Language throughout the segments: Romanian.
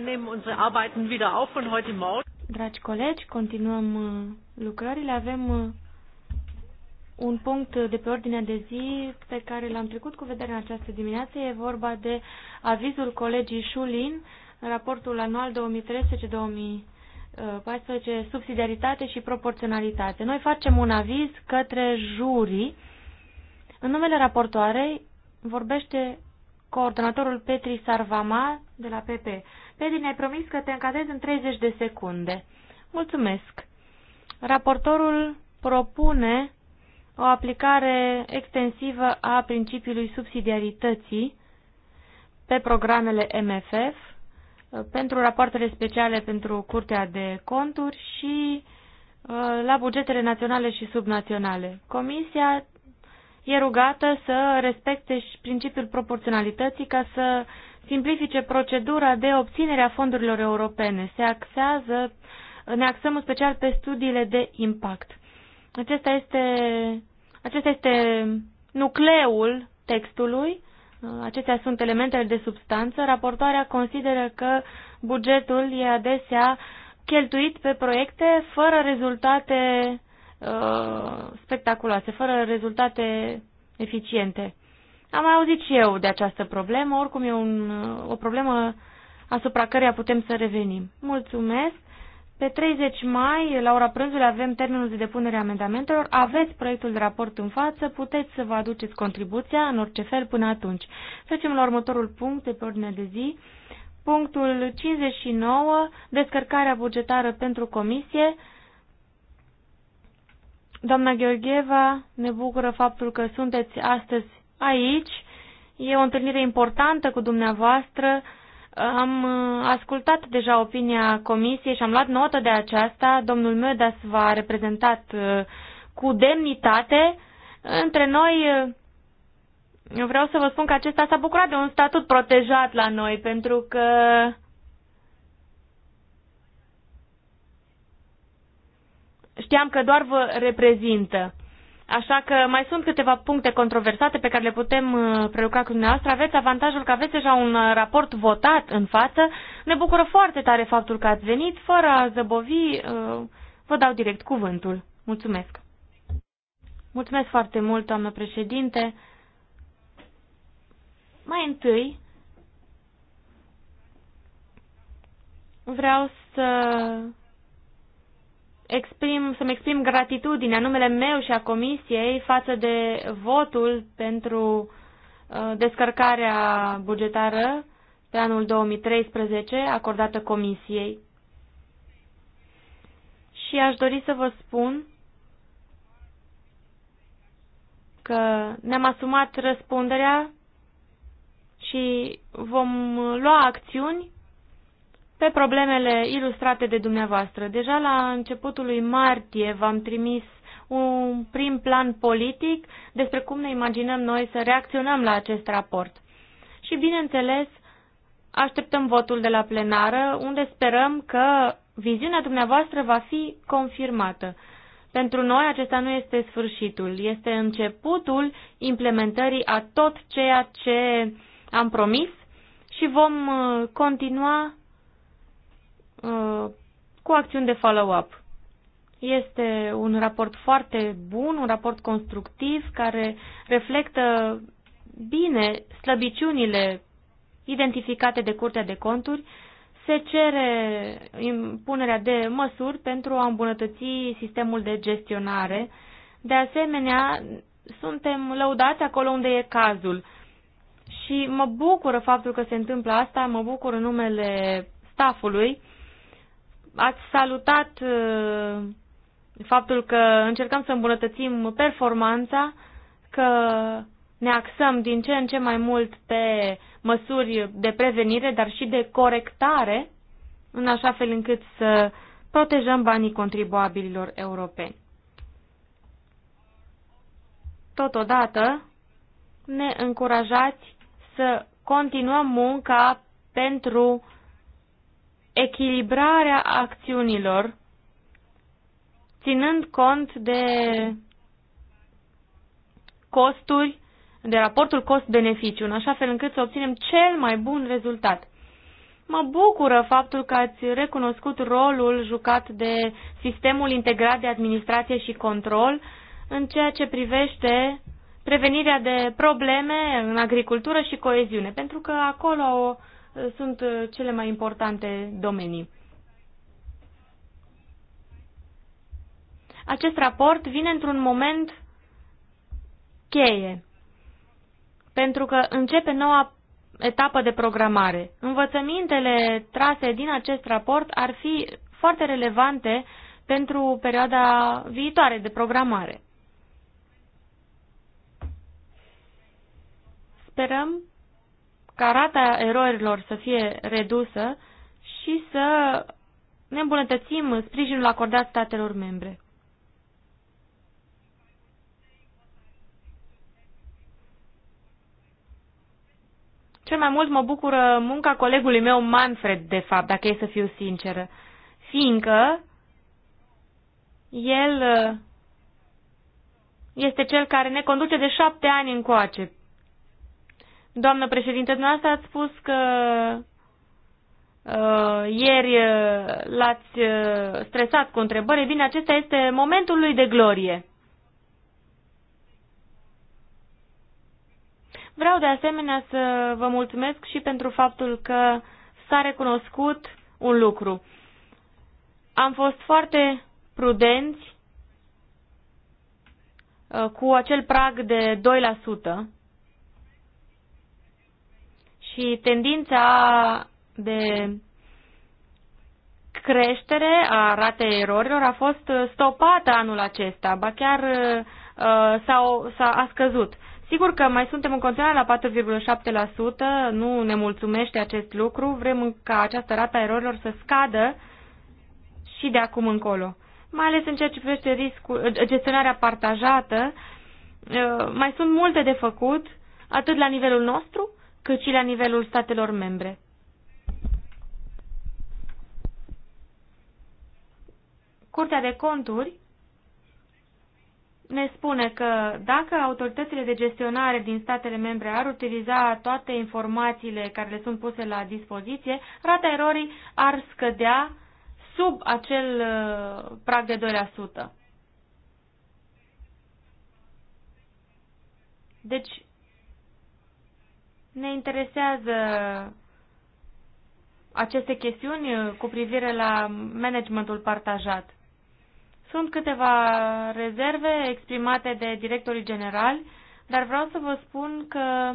unsere Arbeiten wieder auf von heute Morgen. Dragi colegi, continuăm uh, lucrările. Avem uh, un punct de pe ordinea de zi pe care l-am trecut cu vedere în această dimineață. E vorba de avizul colegii Șulin, raportul anual 2013-2014, subsidiaritate și proporționalitate. Noi facem un aviz către jurii. În numele raportoarei vorbește coordonatorul Petri Sarvama de la PP. Lady, ne-ai promis că te încadrezi în 30 de secunde. Mulțumesc. Raportorul propune o aplicare extensivă a principiului subsidiarității pe programele MFF, pentru rapoartele speciale pentru Curtea de Conturi și uh, la bugetele naționale și subnaționale. Comisia e rugată să respecte și principiul proporționalității ca să simplifice procedura de obținere a fondurilor europene. Se axează, ne axăm în special pe studiile de impact. Acesta este, acesta este nucleul textului, acestea sunt elementele de substanță. Raportoarea consideră că bugetul e adesea cheltuit pe proiecte fără rezultate uh, spectaculoase, fără rezultate eficiente. Am mai auzit și eu de această problemă, oricum e un, o problemă asupra căreia putem să revenim. Mulțumesc! Pe 30 mai, la ora prânzului, avem termenul de depunere a amendamentelor. Aveți proiectul de raport în față, puteți să vă aduceți contribuția în orice fel până atunci. Trecem la următorul punct de pe ordine de zi. Punctul 59, descărcarea bugetară pentru comisie. Doamna Gheorgheva, ne bucură faptul că sunteți astăzi aici. E o întâlnire importantă cu dumneavoastră. Am uh, ascultat deja opinia comisiei și am luat notă de aceasta. Domnul Mădas v-a reprezentat uh, cu demnitate. Între noi, uh, eu vreau să vă spun că acesta s-a bucurat de un statut protejat la noi, pentru că știam că doar vă reprezintă. Așa că mai sunt câteva puncte controversate pe care le putem uh, prelucra cu dumneavoastră. Aveți avantajul că aveți deja un uh, raport votat în față. Ne bucură foarte tare faptul că ați venit. Fără a zăbovi, uh, vă dau direct cuvântul. Mulțumesc. Mulțumesc foarte mult, doamnă președinte. Mai întâi, vreau să exprim, să-mi exprim gratitudinea numele meu și a Comisiei față de votul pentru uh, descărcarea bugetară pe anul 2013 acordată Comisiei. Și aș dori să vă spun că ne-am asumat răspunderea și vom lua acțiuni pe problemele ilustrate de dumneavoastră. Deja la începutul lui martie v-am trimis un prim plan politic despre cum ne imaginăm noi să reacționăm la acest raport. Și, bineînțeles, așteptăm votul de la plenară, unde sperăm că viziunea dumneavoastră va fi confirmată. Pentru noi acesta nu este sfârșitul, este începutul implementării a tot ceea ce am promis și vom uh, continua Uh, cu acțiuni de follow-up. Este un raport foarte bun, un raport constructiv care reflectă bine slăbiciunile identificate de Curtea de Conturi. Se cere impunerea de măsuri pentru a îmbunătăți sistemul de gestionare. De asemenea, suntem lăudați acolo unde e cazul. Și mă bucură faptul că se întâmplă asta, mă bucur în numele staffului ați salutat uh, faptul că încercăm să îmbunătățim performanța, că ne axăm din ce în ce mai mult pe măsuri de prevenire, dar și de corectare, în așa fel încât să protejăm banii contribuabililor europeni. Totodată, ne încurajați să continuăm munca pentru echilibrarea acțiunilor, ținând cont de costuri, de raportul cost-beneficiu, în așa fel încât să obținem cel mai bun rezultat. Mă bucură faptul că ați recunoscut rolul jucat de sistemul integrat de administrație și control în ceea ce privește prevenirea de probleme în agricultură și coeziune, pentru că acolo sunt uh, cele mai importante domenii. Acest raport vine într-un moment cheie, pentru că începe noua etapă de programare. Învățămintele trase din acest raport ar fi foarte relevante pentru perioada viitoare de programare. Sperăm ca rata erorilor să fie redusă și să ne îmbunătățim sprijinul acordat statelor membre. Cel mai mult mă bucură munca colegului meu Manfred, de fapt, dacă e să fiu sinceră, fiindcă el uh, este cel care ne conduce de șapte ani încoace Doamnă președinte, dumneavoastră ați spus că uh, ieri uh, l-ați uh, stresat cu întrebări. Bine, acesta este momentul lui de glorie. Vreau de asemenea să vă mulțumesc și pentru faptul că s-a recunoscut un lucru. Am fost foarte prudenți uh, cu acel prag de și tendința de creștere a ratei erorilor a fost stopată anul acesta, ba chiar uh, s-a, a scăzut. Sigur că mai suntem în continuare la 4,7%, nu ne mulțumește acest lucru, vrem ca această rată a erorilor să scadă și de acum încolo. Mai ales în ceea ce privește riscul, uh, gestionarea partajată, uh, mai sunt multe de făcut, atât la nivelul nostru, cât și la nivelul statelor membre. Curtea de conturi ne spune că dacă autoritățile de gestionare din statele membre ar utiliza toate informațiile care le sunt puse la dispoziție, rata erorii ar scădea sub acel uh, prag de 2%. Deci, ne interesează aceste chestiuni cu privire la managementul partajat. Sunt câteva rezerve exprimate de directorii generali, dar vreau să vă spun că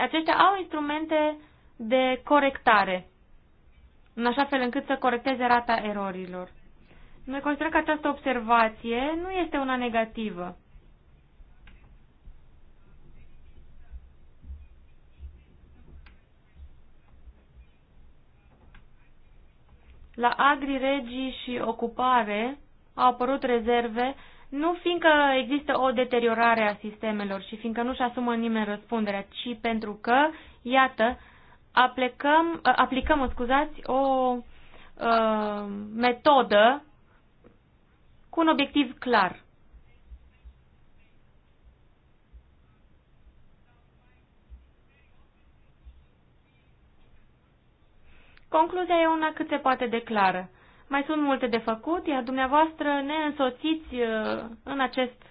aceștia au instrumente de corectare, în așa fel încât să corecteze rata erorilor. Noi considerăm că această observație nu este una negativă. La Agri, Regii și Ocupare au apărut rezerve, nu fiindcă există o deteriorare a sistemelor și fiindcă nu-și asumă nimeni răspunderea, ci pentru că, iată, ă, aplicăm, aplicăm scuzați, o uh, metodă cu un obiectiv clar. Concluzia e una cât se poate de clară. Mai sunt multe de făcut, iar dumneavoastră ne însoțiți uh, în acest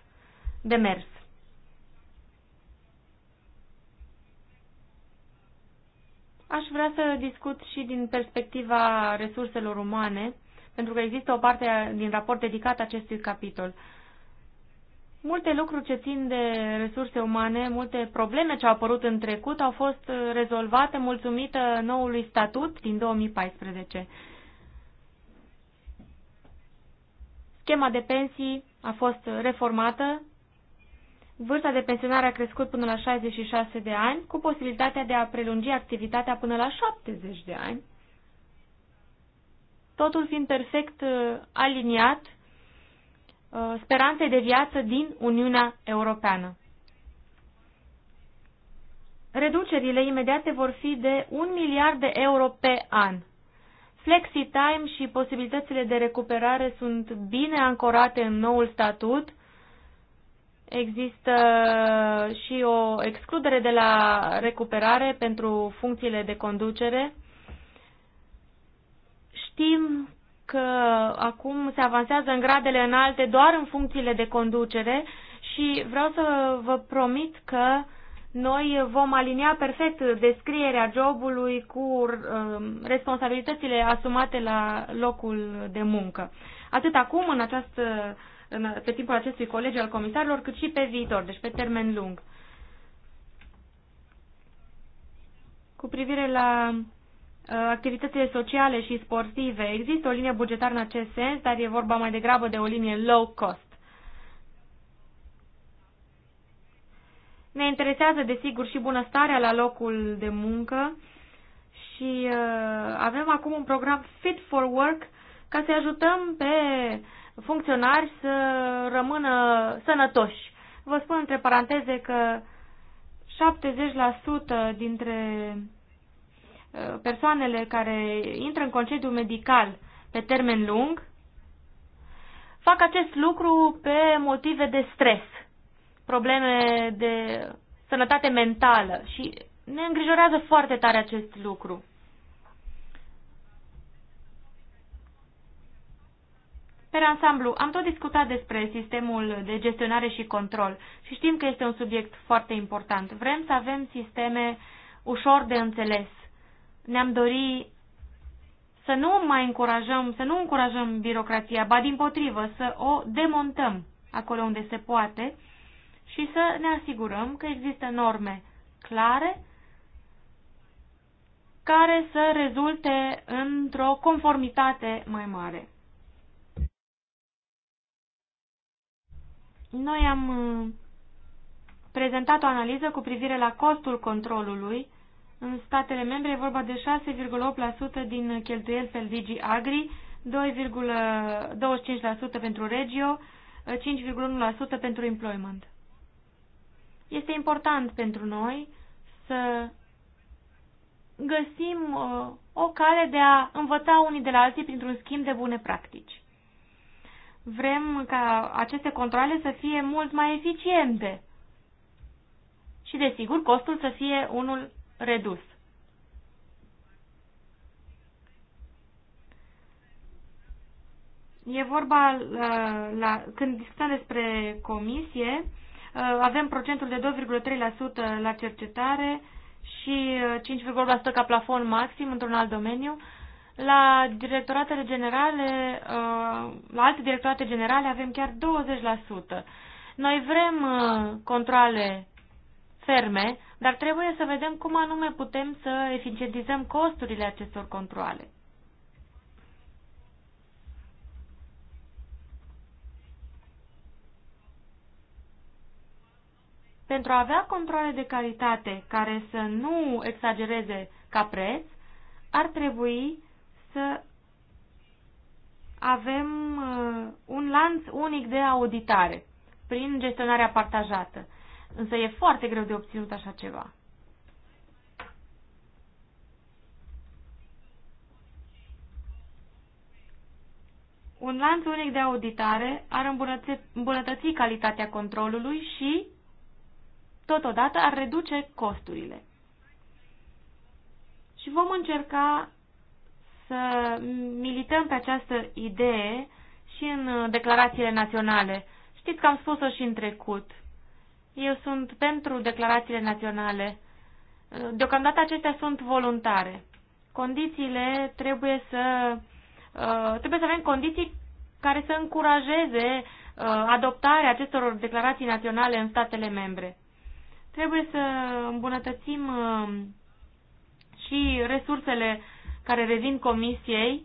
demers. Aș vrea să discut și din perspectiva resurselor umane, pentru că există o parte din raport dedicată acestui capitol multe lucruri ce țin de resurse umane, multe probleme ce au apărut în trecut au fost rezolvate mulțumită noului statut din 2014. Schema de pensii a fost reformată, vârsta de pensionare a crescut până la 66 de ani, cu posibilitatea de a prelungi activitatea până la 70 de ani, totul fiind perfect uh, aliniat Uh, speranțe de viață din Uniunea Europeană. Reducerile imediate vor fi de 1 miliard de euro pe an. Flexi-time și posibilitățile de recuperare sunt bine ancorate în noul statut. Există și o excludere de la recuperare pentru funcțiile de conducere. Știm că acum se avansează în gradele înalte doar în funcțiile de conducere și vreau să vă promit că noi vom alinia perfect descrierea jobului cu um, responsabilitățile asumate la locul de muncă. Atât acum, în această, în, pe timpul acestui colegi al comisarilor, cât și pe viitor, deci pe termen lung. Cu privire la Uh, activitățile sociale și sportive. Există o linie bugetară în acest sens, dar e vorba mai degrabă de o linie low cost. Ne interesează, desigur, și bunăstarea la locul de muncă și uh, avem acum un program Fit for Work ca să ajutăm pe funcționari să rămână sănătoși. Vă spun între paranteze că 70% dintre persoanele care intră în concediu medical pe termen lung fac acest lucru pe motive de stres, probleme de sănătate mentală și ne îngrijorează foarte tare acest lucru. Pe ansamblu, am tot discutat despre sistemul de gestionare și control și știm că este un subiect foarte important. Vrem să avem sisteme ușor de înțeles ne-am dori să nu mai încurajăm, să nu încurajăm birocrația, ba din potrivă, să o demontăm acolo unde se poate și să ne asigurăm că există norme clare care să rezulte într-o conformitate mai mare. Noi am uh, prezentat o analiză cu privire la costul controlului în statele membre e vorba de 6,8% din cheltuieli pe Digi Agri, 2,25% pentru Regio, 5,1% pentru Employment. Este important pentru noi să găsim uh, o cale de a învăța unii de la alții printr-un schimb de bune practici. Vrem ca aceste controle să fie mult mai eficiente și, desigur, costul să fie unul redus. E vorba, la, la, când discutăm despre comisie, uh, avem procentul de 2,3% la cercetare și 5,8% uh, ca plafon maxim într-un alt domeniu. La directoratele generale, uh, la alte directorate generale avem chiar 20%. Noi vrem controle ferme, dar trebuie să vedem cum anume putem să eficientizăm costurile acestor controle. Pentru a avea controle de calitate care să nu exagereze ca preț, ar trebui să avem uh, un lanț unic de auditare prin gestionarea partajată. Însă e foarte greu de obținut așa ceva. Un lanț unic de auditare ar îmbunătăți, îmbunătăți calitatea controlului și, totodată, ar reduce costurile. Și vom încerca să milităm pe această idee și în declarațiile naționale. Știți că am spus-o și în trecut. Eu sunt pentru declarațiile naționale. Deocamdată acestea sunt voluntare. Condițiile trebuie să uh, trebuie să avem condiții care să încurajeze uh, adoptarea acestor declarații naționale în statele membre. Trebuie să îmbunătățim uh, și resursele care revin comisiei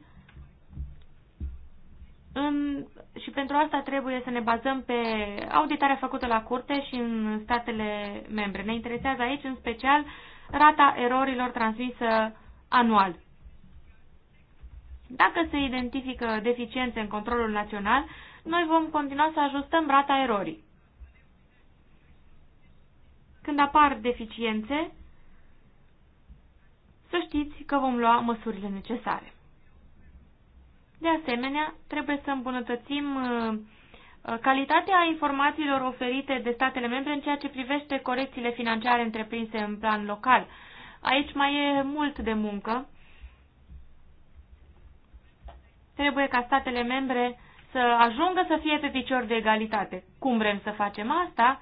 în, și pentru asta trebuie să ne bazăm pe auditarea făcută la curte și în statele membre. Ne interesează aici, în special, rata erorilor transmisă anual. Dacă se identifică deficiențe în controlul național, noi vom continua să ajustăm rata erorii. Când apar deficiențe, să știți că vom lua măsurile necesare. De asemenea, trebuie să îmbunătățim uh, calitatea informațiilor oferite de statele membre în ceea ce privește corecțiile financiare întreprinse în plan local. Aici mai e mult de muncă. Trebuie ca statele membre să ajungă să fie pe picior de egalitate. Cum vrem să facem asta?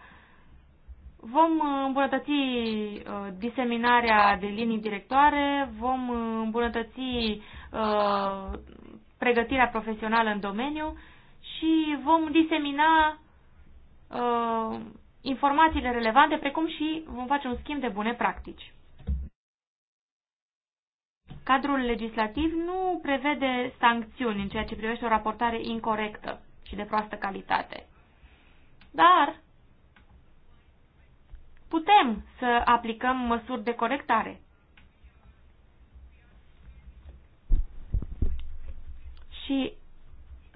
Vom uh, îmbunătăți uh, diseminarea de linii directoare, vom îmbunătăți pregătirea profesională în domeniu și vom disemina uh, informațiile relevante, precum și vom face un schimb de bune practici. Cadrul legislativ nu prevede sancțiuni în ceea ce privește o raportare incorrectă și de proastă calitate. Dar putem să aplicăm măsuri de corectare. și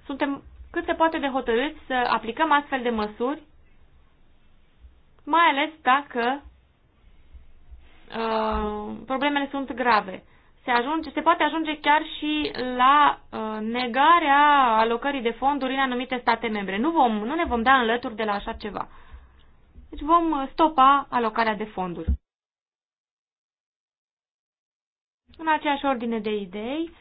suntem cât se poate de hotărâți să aplicăm astfel de măsuri, mai ales dacă uh, problemele sunt grave. Se, ajunge, se poate ajunge chiar și la uh, negarea alocării de fonduri în anumite state membre. Nu, vom, nu ne vom da înlături de la așa ceva. Deci vom uh, stopa alocarea de fonduri. În aceeași ordine de idei,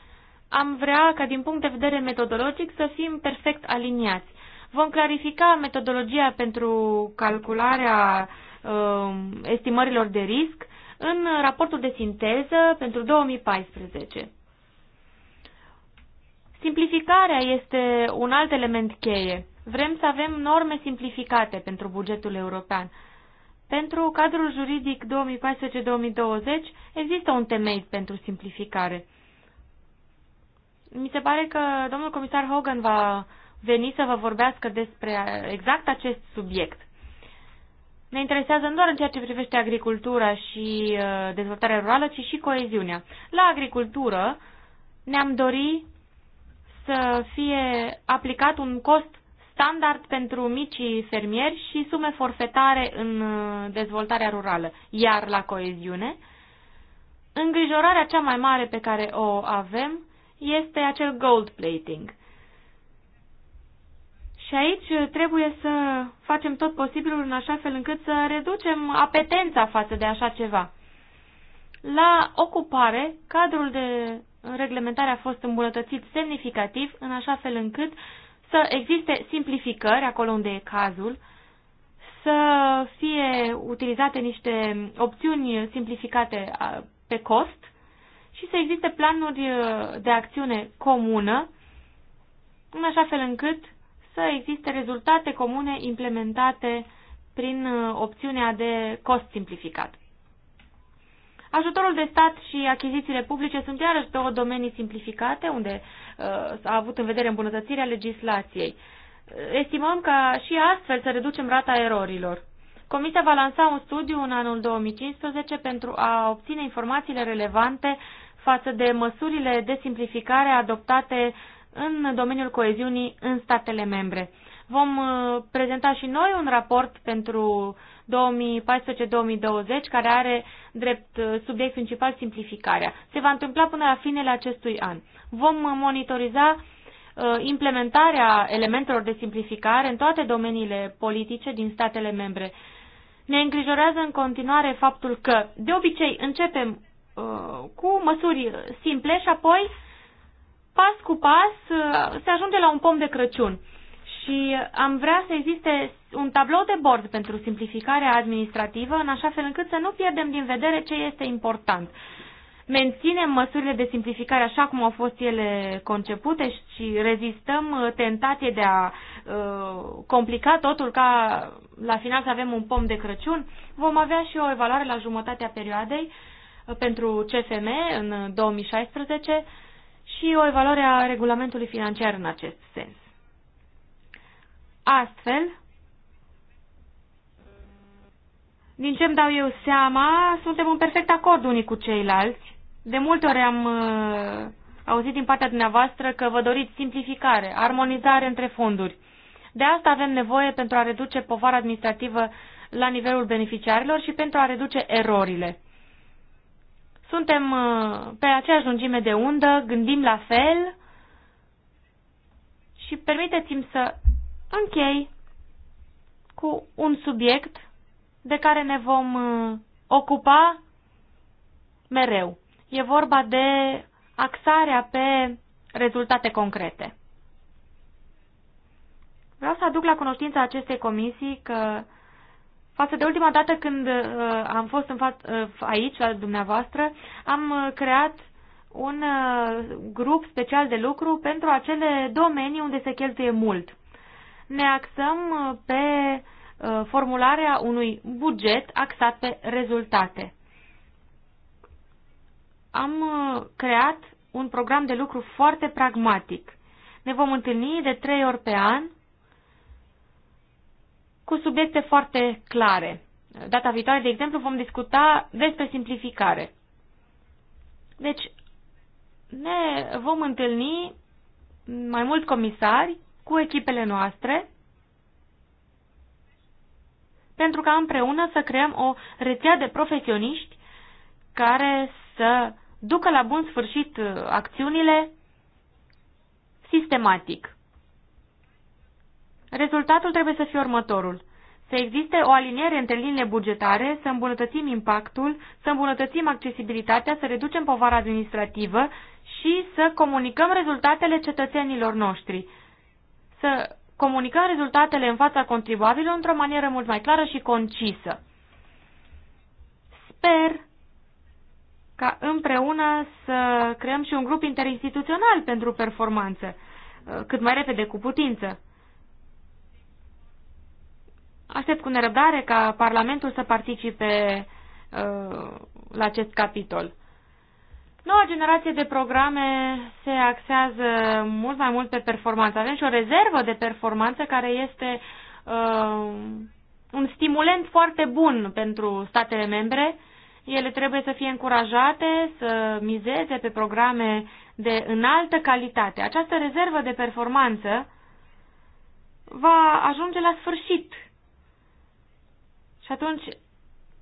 am vrea ca din punct de vedere metodologic să fim perfect aliniați. Vom clarifica metodologia pentru calcularea uh, estimărilor de risc în raportul de sinteză pentru 2014. Simplificarea este un alt element cheie. Vrem să avem norme simplificate pentru bugetul european. Pentru cadrul juridic 2014-2020 există un temei pentru simplificare. Mi se pare că domnul comisar Hogan va veni să vă vorbească despre exact acest subiect. Ne interesează nu doar în ceea ce privește agricultura și uh, dezvoltarea rurală, ci și coeziunea. La agricultură ne-am dorit să fie aplicat un cost standard pentru micii fermieri și sume forfetare în uh, dezvoltarea rurală. Iar la coeziune, îngrijorarea cea mai mare pe care o avem este acel gold plating. Și aici trebuie să facem tot posibilul în așa fel încât să reducem apetența față de așa ceva. La ocupare, cadrul de reglementare a fost îmbunătățit semnificativ în așa fel încât să existe simplificări acolo unde e cazul, să fie utilizate niște opțiuni simplificate pe cost și să existe planuri uh, de acțiune comună, în așa fel încât să existe rezultate comune implementate prin uh, opțiunea de cost simplificat. Ajutorul de stat și achizițiile publice sunt iarăși două domenii simplificate, unde uh, s-a avut în vedere îmbunătățirea legislației. Uh, estimăm că și astfel să reducem rata erorilor. Comisia va lansa un studiu în anul 2015 pentru a obține informațiile relevante față de măsurile de simplificare adoptate în domeniul coeziunii în statele membre. Vom uh, prezenta și noi un raport pentru 2014-2020 care are drept uh, subiect principal simplificarea. Se va întâmpla până la finele acestui an. Vom monitoriza uh, implementarea elementelor de simplificare în toate domeniile politice din statele membre. Ne îngrijorează în continuare faptul că, de obicei, începem Uh, cu măsuri simple și apoi, pas cu pas, uh, da. se ajunge la un pom de Crăciun. Și am vrea să existe un tablou de bord pentru simplificarea administrativă, în așa fel încât să nu pierdem din vedere ce este important. Menținem măsurile de simplificare așa cum au fost ele concepute și rezistăm uh, tentației de a uh, complica totul ca la final să avem un pom de Crăciun. Vom avea și o evaluare la jumătatea perioadei uh, pentru CFM în 2016 și o evaluare a regulamentului financiar în acest sens. Astfel, din ce îmi dau eu seama, suntem în perfect acord unii cu ceilalți. De multe ori am uh, auzit din partea dumneavoastră că vă doriți simplificare, armonizare între fonduri. De asta avem nevoie pentru a reduce povara administrativă la nivelul beneficiarilor și pentru a reduce erorile. Suntem uh, pe aceeași lungime de undă, gândim la fel și permiteți-mi să închei cu un subiect de care ne vom uh, ocupa mereu. E vorba de axarea pe rezultate concrete. Vreau să aduc la cunoștința acestei comisii că Față de ultima dată când uh, am fost în fa- uh, aici, la dumneavoastră, am uh, creat un uh, grup special de lucru pentru acele domenii unde se cheltuie mult. Ne axăm uh, pe uh, formularea unui buget axat pe rezultate. Am uh, creat un program de lucru foarte pragmatic. Ne vom întâlni de trei ori pe an cu subiecte foarte clare. Data viitoare, de exemplu, vom discuta despre simplificare. Deci, ne vom întâlni mai mulți comisari cu echipele noastre pentru ca împreună să creăm o rețea de profesioniști care să ducă la bun sfârșit acțiunile sistematic. Rezultatul trebuie să fie următorul. Să existe o aliniere între liniile bugetare, să îmbunătățim impactul, să îmbunătățim accesibilitatea, să reducem povara administrativă și să comunicăm rezultatele cetățenilor noștri. Să comunicăm rezultatele în fața contribuabililor într-o manieră mult mai clară și concisă. Sper ca împreună să creăm și un grup interinstituțional pentru performanță, cât mai repede cu putință. Aștept cu nerăbdare ca Parlamentul să participe uh, la acest capitol. Noua generație de programe se axează mult mai mult pe performanță. Avem și o rezervă de performanță care este uh, un stimulent foarte bun pentru statele membre. Ele trebuie să fie încurajate să mizeze pe programe de înaltă calitate. Această rezervă de performanță va ajunge la sfârșit și atunci,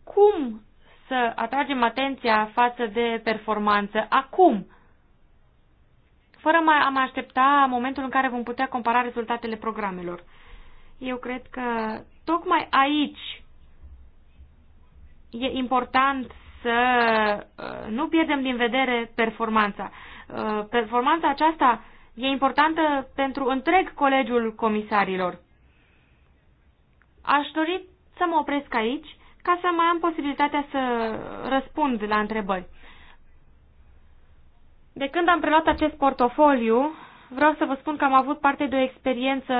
cum să atragem atenția față de performanță acum, fără mai a mai aștepta momentul în care vom putea compara rezultatele programelor? Eu cred că tocmai aici e important să uh, nu pierdem din vedere performanța. Uh, performanța aceasta e importantă pentru întreg colegiul comisarilor. Aș dori să mă opresc aici ca să mai am posibilitatea să răspund la întrebări. De când am preluat acest portofoliu, vreau să vă spun că am avut parte de o experiență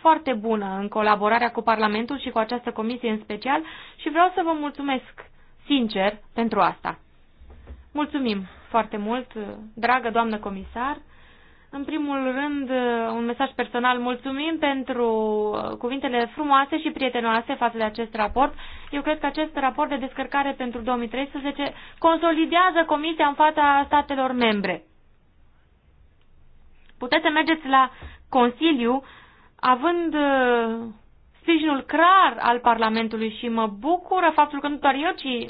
foarte bună în colaborarea cu Parlamentul și cu această comisie în special și vreau să vă mulțumesc sincer pentru asta. Mulțumim foarte mult, dragă doamnă comisar, în primul rând, uh, un mesaj personal. Mulțumim pentru uh, cuvintele frumoase și prietenoase față de acest raport. Eu cred că acest raport de descărcare pentru 2013 consolidează Comisia în fața statelor membre. Puteți să mergeți la Consiliu având uh, sprijinul clar al Parlamentului și mă bucură faptul că nu doar eu, ci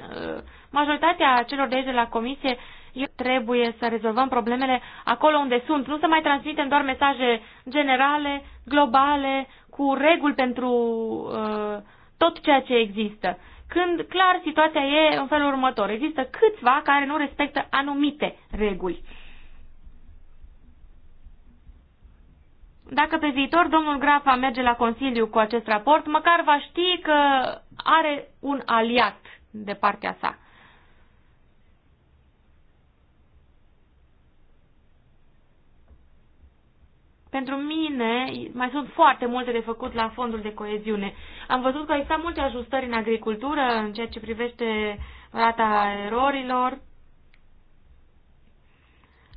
majoritatea celor de aici de la Comisie deci, trebuie să rezolvăm problemele acolo unde sunt, nu să mai transmitem doar mesaje generale, globale, cu reguli pentru uh, tot ceea ce există. Când, clar, situația e în felul următor. Există câțiva care nu respectă anumite reguli. Dacă pe viitor domnul Grafa merge la Consiliu cu acest raport, măcar va ști că are un aliat de partea sa. Pentru mine mai sunt foarte multe de făcut la fondul de coeziune. Am văzut că există multe ajustări în agricultură în ceea ce privește rata erorilor.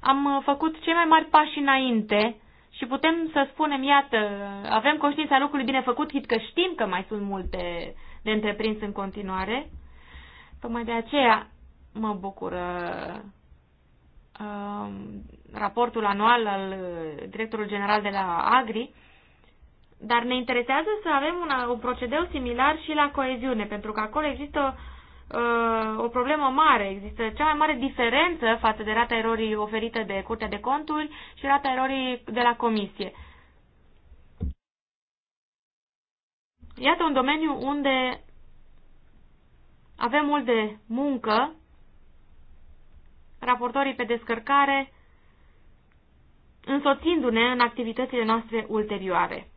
Am uh, făcut cei mai mari pași înainte și putem să spunem, iată, avem conștiința lucrului bine făcut, chit că știm că mai sunt multe de întreprins în continuare. Tocmai de aceea mă bucură Um, raportul anual al uh, directorului general de la Agri, dar ne interesează să avem un, un procedeu similar și la coeziune, pentru că acolo există uh, o problemă mare. Există cea mai mare diferență față de rata erorii oferită de Curtea de Conturi și rata erorii de la Comisie. Iată un domeniu unde avem mult de muncă raportorii pe descărcare, însoțindu-ne în activitățile noastre ulterioare.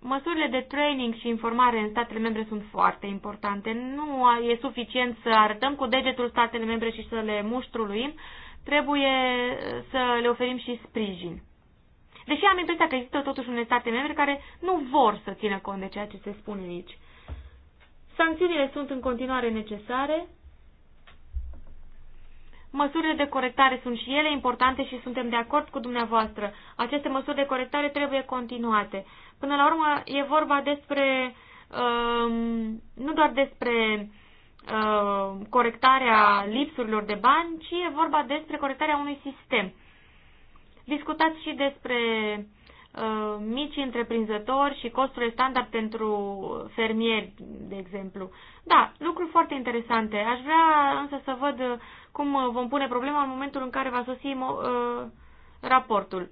Măsurile de training și informare în statele membre sunt foarte importante. Nu e suficient să arătăm cu degetul statele membre și să le muștruluim, trebuie să le oferim și sprijin. Deși am impresia că există totuși unele state membre care nu vor să țină cont de ceea ce se spune aici. Sancțiunile sunt în continuare necesare, Măsurile de corectare sunt și ele importante și suntem de acord cu dumneavoastră. Aceste măsuri de corectare trebuie continuate. Până la urmă, e vorba despre, uh, nu doar despre uh, corectarea lipsurilor de bani, ci e vorba despre corectarea unui sistem. Discutați și despre Uh, mici întreprinzători și costurile standard pentru fermieri, de exemplu. Da, lucruri foarte interesante. Aș vrea însă să văd cum vom pune problema în momentul în care va sosi uh, raportul.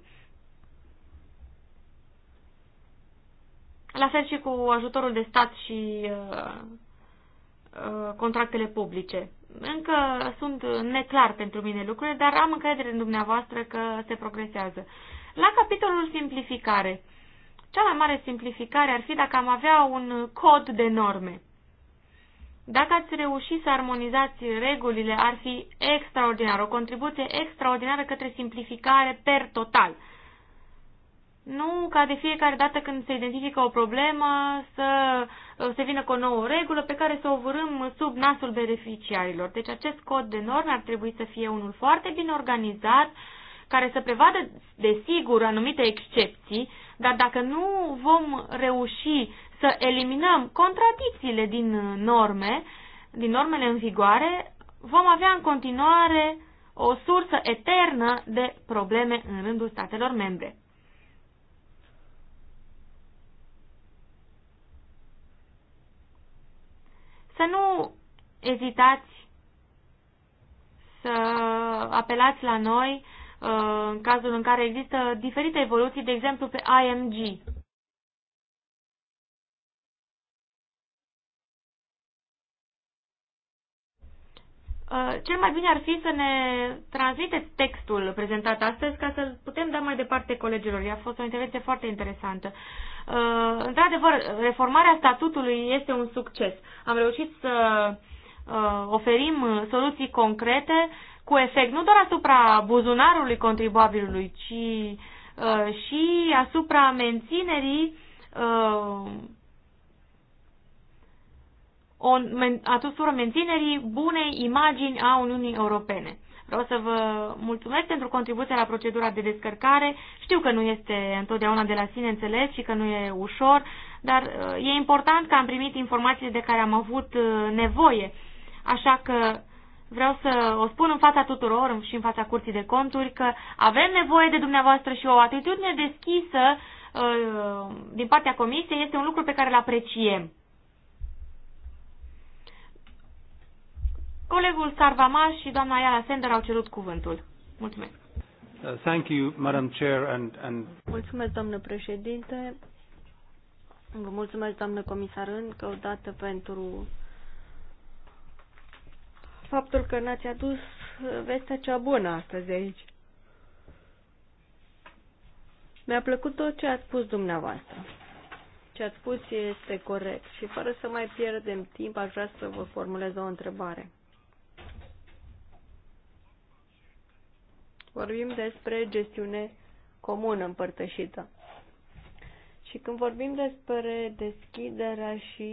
La fel și cu ajutorul de stat și uh, uh, contractele publice. Încă sunt neclar pentru mine lucrurile, dar am încredere în dumneavoastră că se progresează. La capitolul simplificare, cea mai mare simplificare ar fi dacă am avea un cod de norme. Dacă ați reușit să armonizați regulile, ar fi extraordinar, o contribuție extraordinară către simplificare per total. Nu ca de fiecare dată când se identifică o problemă să se vină cu o nouă regulă pe care să o vârâm sub nasul beneficiarilor. Deci acest cod de norme ar trebui să fie unul foarte bine organizat, care să prevadă, desigur, anumite excepții, dar dacă nu vom reuși să eliminăm contradicțiile din uh, norme, din normele în vigoare, vom avea în continuare o sursă eternă de probleme în rândul statelor membre. Să nu ezitați să apelați la noi Uh, în cazul în care există diferite evoluții, de exemplu pe IMG. Uh, cel mai bine ar fi să ne transmiteți textul prezentat astăzi ca să-l putem da mai departe colegilor. I A fost o intervenție foarte interesantă. Uh, într-adevăr, reformarea statutului este un succes. Am reușit să oferim soluții concrete uh, cu efect nu doar asupra buzunarului contribuabilului, ci uh, și asupra menținerii uh, on, men, asupra menținerii bunei imagini a Uniunii Europene. Vreau să vă mulțumesc pentru contribuția la procedura de descărcare. Știu că nu este întotdeauna de la sine înțeles și că nu e ușor, dar uh, e important că am primit informațiile de care am avut uh, nevoie. Așa că vreau să o spun în fața tuturor și în fața curții de conturi că avem nevoie de dumneavoastră și o atitudine deschisă uh, din partea comisiei este un lucru pe care îl apreciem. Colegul Sarvamaș și doamna Iana Sender au cerut cuvântul. Mulțumesc. Uh, thank you, Madam Chair, and, and... Mulțumesc, doamnă președinte. Vă mulțumesc, doamnă comisar, încă o dată pentru faptul că ne-ați adus uh, vestea cea bună astăzi aici. Mi-a plăcut tot ce ați spus dumneavoastră. Ce ați spus este corect și fără să mai pierdem timp, aș vrea să vă formulez o întrebare. Vorbim despre gestiune comună, împărtășită. Și când vorbim despre deschiderea și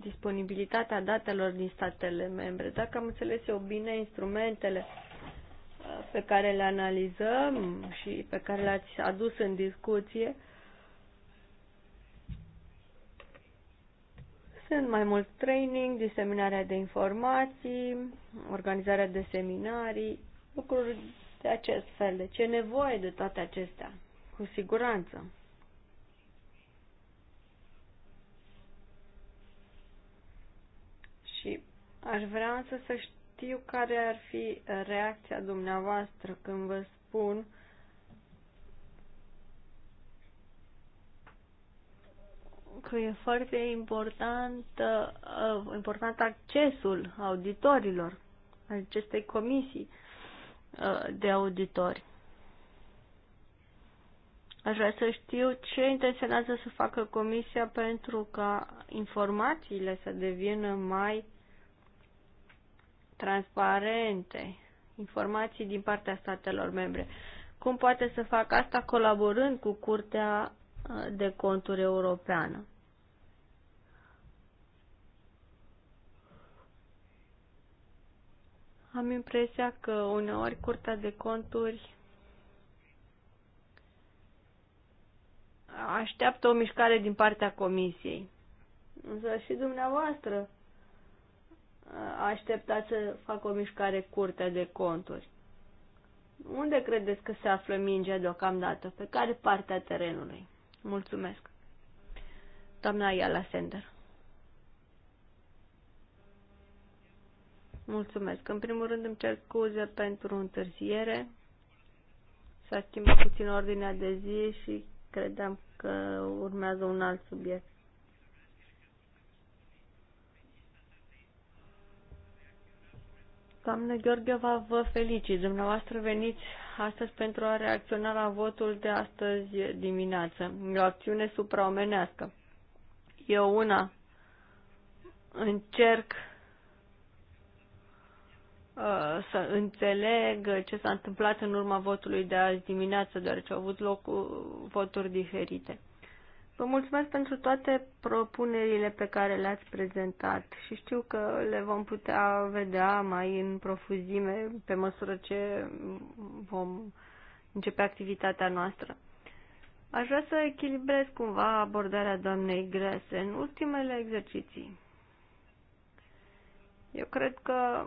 disponibilitatea datelor din statele membre, dacă am înțeles eu bine instrumentele uh, pe care le analizăm și pe care le-ați adus în discuție, Sunt mai mult training, diseminarea de informații, organizarea de seminarii, lucruri de acest fel. Deci e nevoie de toate acestea, cu siguranță. Aș vrea însă să știu care ar fi reacția dumneavoastră când vă spun că e foarte important, uh, important accesul auditorilor acestei comisii uh, de auditori. Aș vrea să știu ce intenționează să facă comisia pentru ca informațiile să devină mai transparente, informații din partea statelor membre. Cum poate să facă asta colaborând cu Curtea uh, de Conturi Europeană? Am impresia că uneori Curtea de Conturi așteaptă o mișcare din partea Comisiei. Însă și dumneavoastră așteptat să facă o mișcare curte de conturi. Unde credeți că se află mingea deocamdată? Pe care parte a terenului? Mulțumesc. Doamna Iala Sender. Mulțumesc. În primul rând îmi cer scuze pentru întârziere. S-a schimbat puțin ordinea de zi și credeam că urmează un alt subiect. Doamne Gheorgheva, vă felicit. Dumneavoastră veniți astăzi pentru a reacționa la votul de astăzi dimineață. E o acțiune supraomenească. Eu una încerc uh, să înțeleg ce s-a întâmplat în urma votului de azi dimineață, deoarece au avut loc uh, voturi diferite. Vă mulțumesc pentru toate propunerile pe care le-ați prezentat și știu că le vom putea vedea mai în profuzime pe măsură ce vom începe activitatea noastră. Aș vrea să echilibrez cumva abordarea doamnei Grese în ultimele exerciții. Eu cred că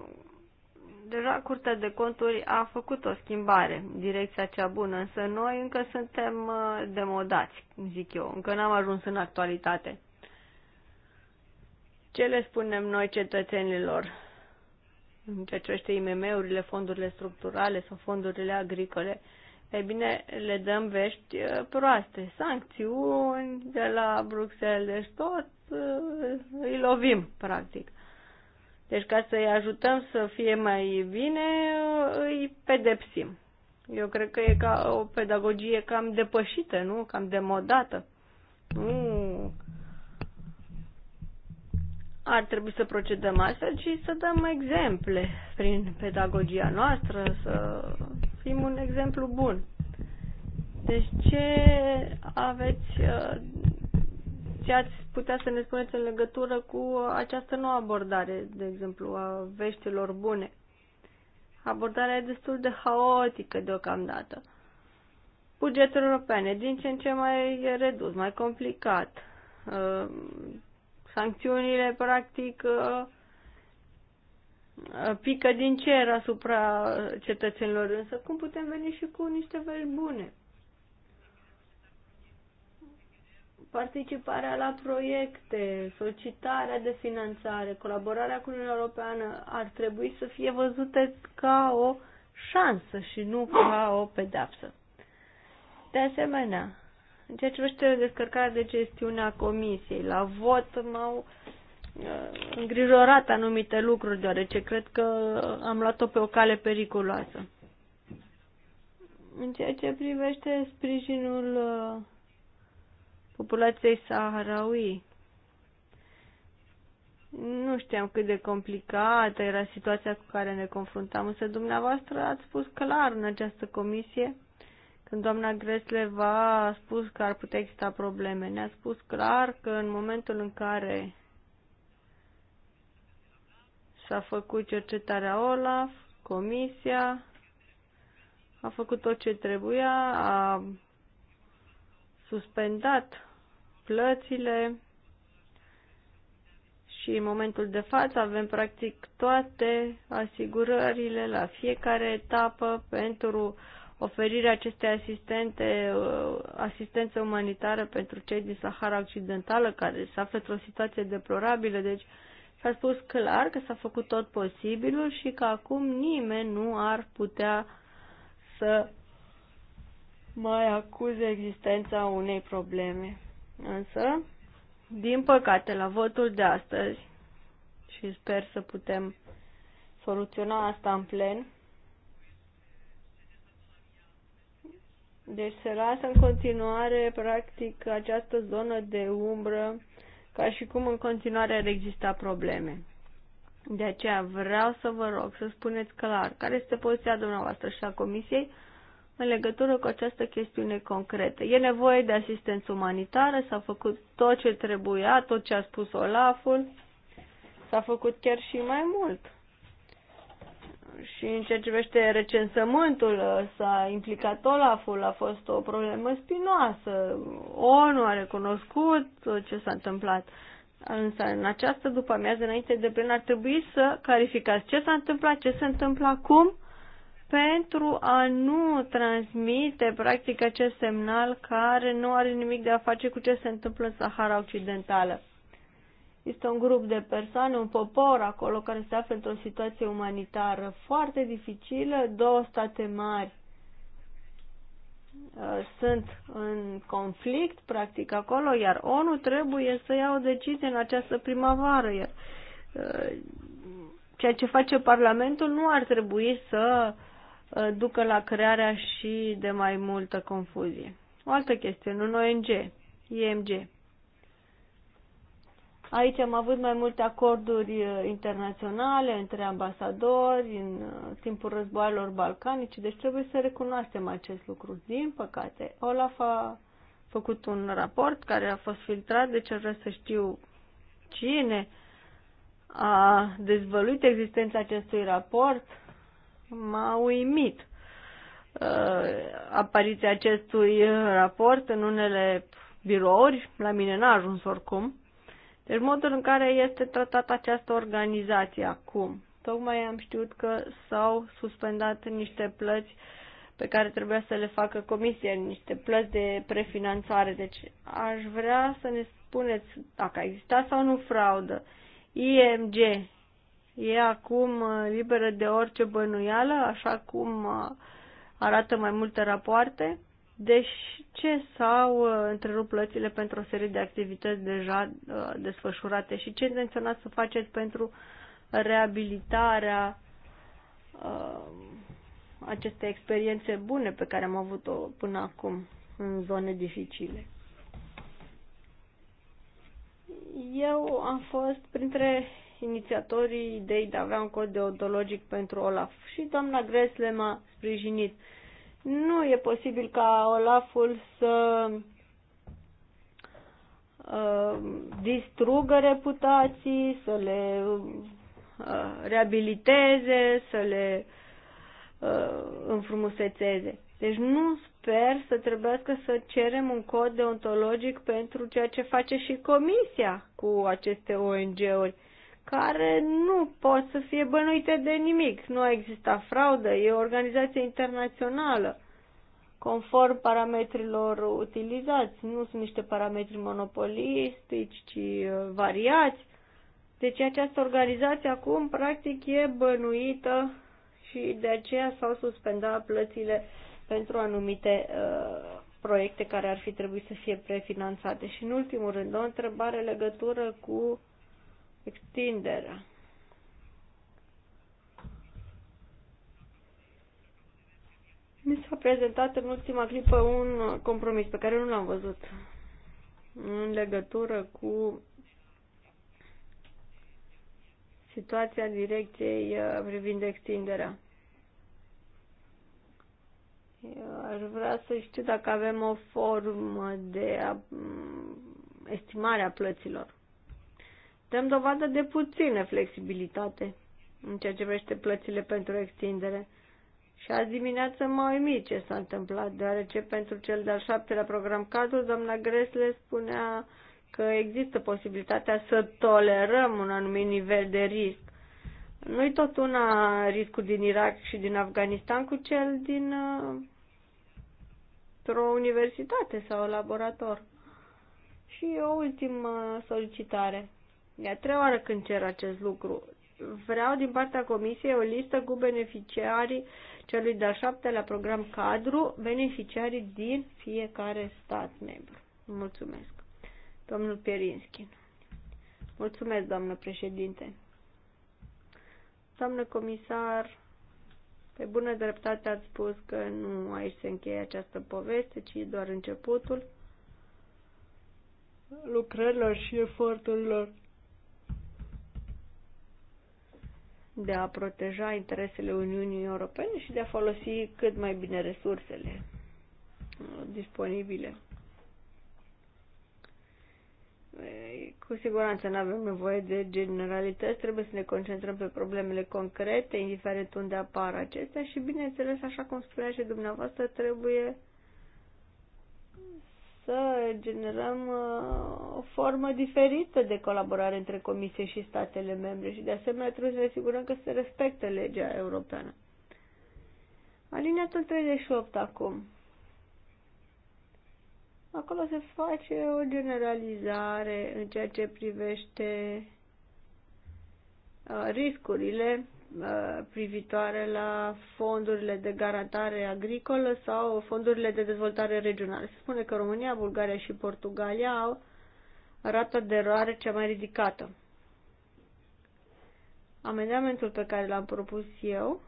deja Curtea de Conturi a făcut o schimbare în direcția cea bună, însă noi încă suntem uh, demodați, zic eu, încă n-am ajuns în actualitate. Ce le spunem noi cetățenilor în ceea ce este IMM-urile, fondurile structurale sau fondurile agricole? E bine, le dăm vești uh, proaste, sancțiuni de la Bruxelles, deci tot uh, îi lovim, practic. Deci ca să-i ajutăm să fie mai bine, îi pedepsim. Eu cred că e ca o pedagogie cam depășită, nu? Cam demodată. Nu ar trebui să procedăm astfel, ci să dăm exemple prin pedagogia noastră, să fim un exemplu bun. Deci ce aveți, uh, ce ați putea să ne spuneți în legătură cu această nouă abordare, de exemplu, a veștilor bune? Abordarea e destul de haotică deocamdată. Bugetul european e din ce în ce mai redus, mai complicat. Uh, sancțiunile, practic, uh, uh, pică din cer asupra cetățenilor, însă cum putem veni și cu niște vești bune? participarea la proiecte, solicitarea de finanțare, colaborarea cu Uniunea Europeană ar trebui să fie văzute ca o șansă și nu ca o pedapsă. De asemenea, în ceea ce privește descărcarea de gestiune a comisiei, la vot m-au uh, îngrijorat anumite lucruri, deoarece cred că am luat-o pe o cale periculoasă. În ceea ce privește sprijinul uh, populației saharaui. Nu știam cât de complicată era situația cu care ne confruntam, însă dumneavoastră ați spus clar în această comisie, când doamna Gresle v-a spus că ar putea exista probleme, ne-a spus clar că în momentul în care s-a făcut cercetarea OLAF, comisia a făcut tot ce trebuia, a suspendat plățile și în momentul de față avem practic toate asigurările la fiecare etapă pentru oferirea acestei asistente, uh, asistență umanitară pentru cei din Sahara Occidentală care se află într-o situație deplorabilă. Deci s-a spus clar că s-a făcut tot posibilul și că acum nimeni nu ar putea să mai acuze existența unei probleme. Însă, din păcate, la votul de astăzi, și sper să putem soluționa asta în plen, deci se lasă în continuare, practic, această zonă de umbră, ca și cum în continuare ar exista probleme. De aceea vreau să vă rog să spuneți clar care este poziția dumneavoastră și a Comisiei în legătură cu această chestiune concretă. E nevoie de asistență umanitară, s-a făcut tot ce trebuia, tot ce a spus Olaful, s-a făcut chiar și mai mult. Și în ceea ce privește recensământul, uh, s-a implicat Olaful, a fost o problemă spinoasă. ONU a recunoscut uh, ce s-a întâmplat. Însă în această după amiază, înainte de plen, ar trebui să clarificați ce s-a întâmplat, ce se întâmplă acum, pentru a nu transmite, practic, acest semnal care nu are nimic de a face cu ce se întâmplă în Sahara Occidentală. Este un grup de persoane, un popor acolo care se află într-o situație umanitară foarte dificilă, două state mari uh, sunt în conflict, practic, acolo, iar ONU trebuie să ia o decizie în această primăvară. Uh, ceea ce face Parlamentul nu ar trebui să uh, Uh, ducă la crearea și de mai multă confuzie. O altă chestie, un ONG, IMG. Aici am avut mai multe acorduri uh, internaționale între ambasadori în uh, timpul războaielor balcanice, deci trebuie să recunoaștem acest lucru. Din păcate, Olaf a făcut un raport care a fost filtrat, deci ar să știu cine a dezvăluit existența acestui raport, m-a uimit uh, apariția acestui raport în unele birouri, la mine n-a ajuns oricum. Deci modul în care este tratată această organizație acum. Tocmai am știut că s-au suspendat niște plăți pe care trebuia să le facă comisia, niște plăți de prefinanțare. Deci aș vrea să ne spuneți dacă a existat sau nu fraudă. IMG e acum uh, liberă de orice bănuială, așa cum uh, arată mai multe rapoarte. Deci ce s-au uh, întrerupt plățile pentru o serie de activități deja desfășurate și ce intenționați să faceți pentru reabilitarea uh, acestei experiențe bune pe care am avut-o până acum în zone dificile. Eu am fost printre inițiatorii ideii de a avea un cod deontologic pentru Olaf și doamna Gresle m-a sprijinit. Nu e posibil ca Olaful să uh, distrugă reputații, să le uh, reabiliteze, să le uh, înfrumusețeze. Deci nu sper să trebuiască să cerem un cod deontologic pentru ceea ce face și comisia cu aceste ONG-uri care nu pot să fie bănuite de nimic. Nu a existat fraudă, e o organizație internațională conform parametrilor utilizați. Nu sunt niște parametri monopolistici, ci uh, variați. Deci această organizație acum practic e bănuită și de aceea s-au suspendat plățile pentru anumite uh, proiecte care ar fi trebuit să fie prefinanțate. Și în ultimul rând, o întrebare legătură cu extinderea. Mi s-a prezentat în ultima clipă un compromis pe care nu l-am văzut în legătură cu situația direcției uh, privind extinderea. Eu aș vrea să știu dacă avem o formă de mm, estimare a plăților dăm dovadă de puțină flexibilitate în ceea ce privește plățile pentru extindere. Și azi dimineață m-a uimit ce s-a întâmplat, deoarece pentru cel de-al șaptelea program cadru, doamna Gresle spunea că există posibilitatea să tolerăm un anumit nivel de risc. Nu-i tot una riscul din Irak și din Afganistan cu cel din uh, o universitate sau laborator. Și o ultimă solicitare. E a treia oară când cer acest lucru. Vreau din partea Comisiei o listă cu beneficiarii celui de-al șaptelea program cadru, beneficiarii din fiecare stat membru. Mulțumesc. Domnul Pierinski. Mulțumesc, doamnă președinte. Doamnă comisar, pe bună dreptate ați spus că nu aici se încheie această poveste, ci doar începutul lucrărilor și eforturilor de a proteja interesele Uniunii Europene și de a folosi cât mai bine resursele uh, disponibile. Cu siguranță nu avem nevoie de generalități, trebuie să ne concentrăm pe problemele concrete, indiferent unde apar acestea și, bineînțeles, așa cum spunea și dumneavoastră, trebuie să generăm uh, o formă diferită de colaborare între Comisie și statele membre și de asemenea trebuie să ne asigurăm că se respectă legea europeană. Aliniatul 38 acum. Acolo se face o generalizare în ceea ce privește uh, riscurile Uh, privitoare la fondurile de garantare agricolă sau fondurile de dezvoltare regională. Se spune că România, Bulgaria și Portugalia au rata de eroare cea mai ridicată. Amendamentul pe care l-am propus eu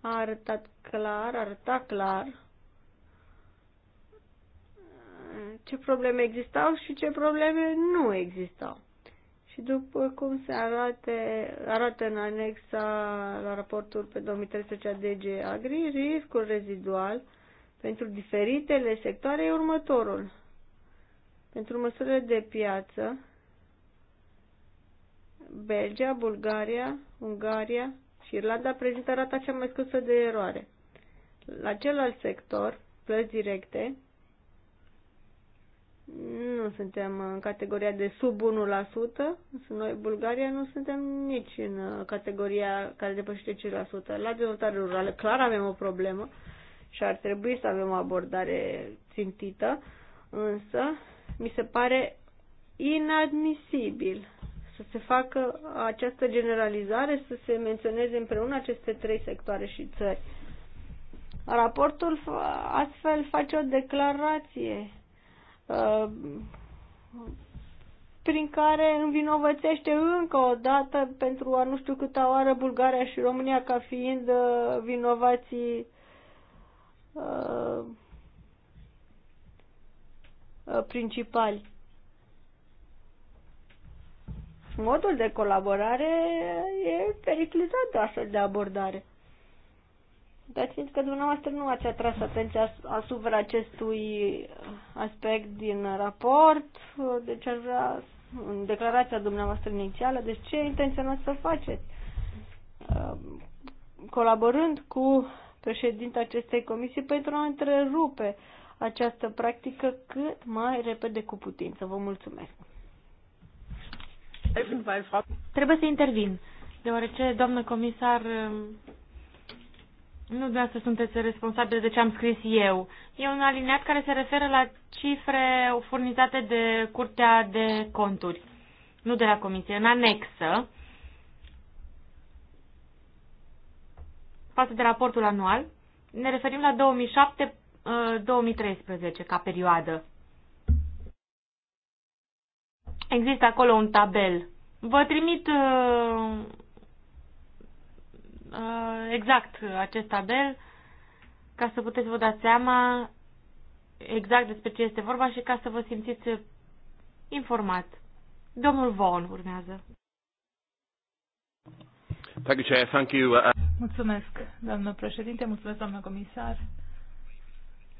a arătat clar, arăta clar ce probleme existau și ce probleme nu existau. Și după cum se arate, arată în anexa la raportul pe 2013 a DG Agri, riscul rezidual pentru diferitele sectoare e următorul. Pentru măsurile de piață, Belgia, Bulgaria, Ungaria și Irlanda prezintă rata cea mai scăzută de eroare. La celălalt sector, plăți directe, nu suntem în categoria de sub 1%, noi, Bulgaria, nu suntem nici în uh, categoria care depășește 5%. La dezvoltare rurală clar avem o problemă și ar trebui să avem o abordare țintită, însă mi se pare inadmisibil să se facă această generalizare, să se menționeze împreună aceste trei sectoare și țări. Raportul astfel face o declarație Uh, prin care învinovățește încă o dată pentru a nu știu câta oară Bulgaria și România ca fiind uh, vinovații uh, principali. Modul de colaborare e periclitat de astfel de abordare. Dar că dumneavoastră nu ați atras atenția asupra acestui aspect din raport, deci aș vrea în declarația dumneavoastră inițială, deci ce intenționați să faceți? Um, colaborând cu președinta acestei comisii pentru a întrerupe această practică cât mai repede cu putință. Vă mulțumesc. Trebuie să intervin, deoarece, doamnă comisar, um, nu dumneavoastră sunteți responsabili de ce am scris eu. E un alineat care se referă la cifre furnizate de Curtea de Conturi. Nu de la Comisie, în anexă. Față de raportul anual, ne referim la 2007-2013 uh, ca perioadă. Există acolo un tabel. Vă trimit uh, Uh, exact acest tabel ca să puteți vă dați seama exact despre ce este vorba și ca să vă simțiți informat. Domnul Vaughan urmează. Uh, mulțumesc, doamnă președinte, mulțumesc, doamnă comisar.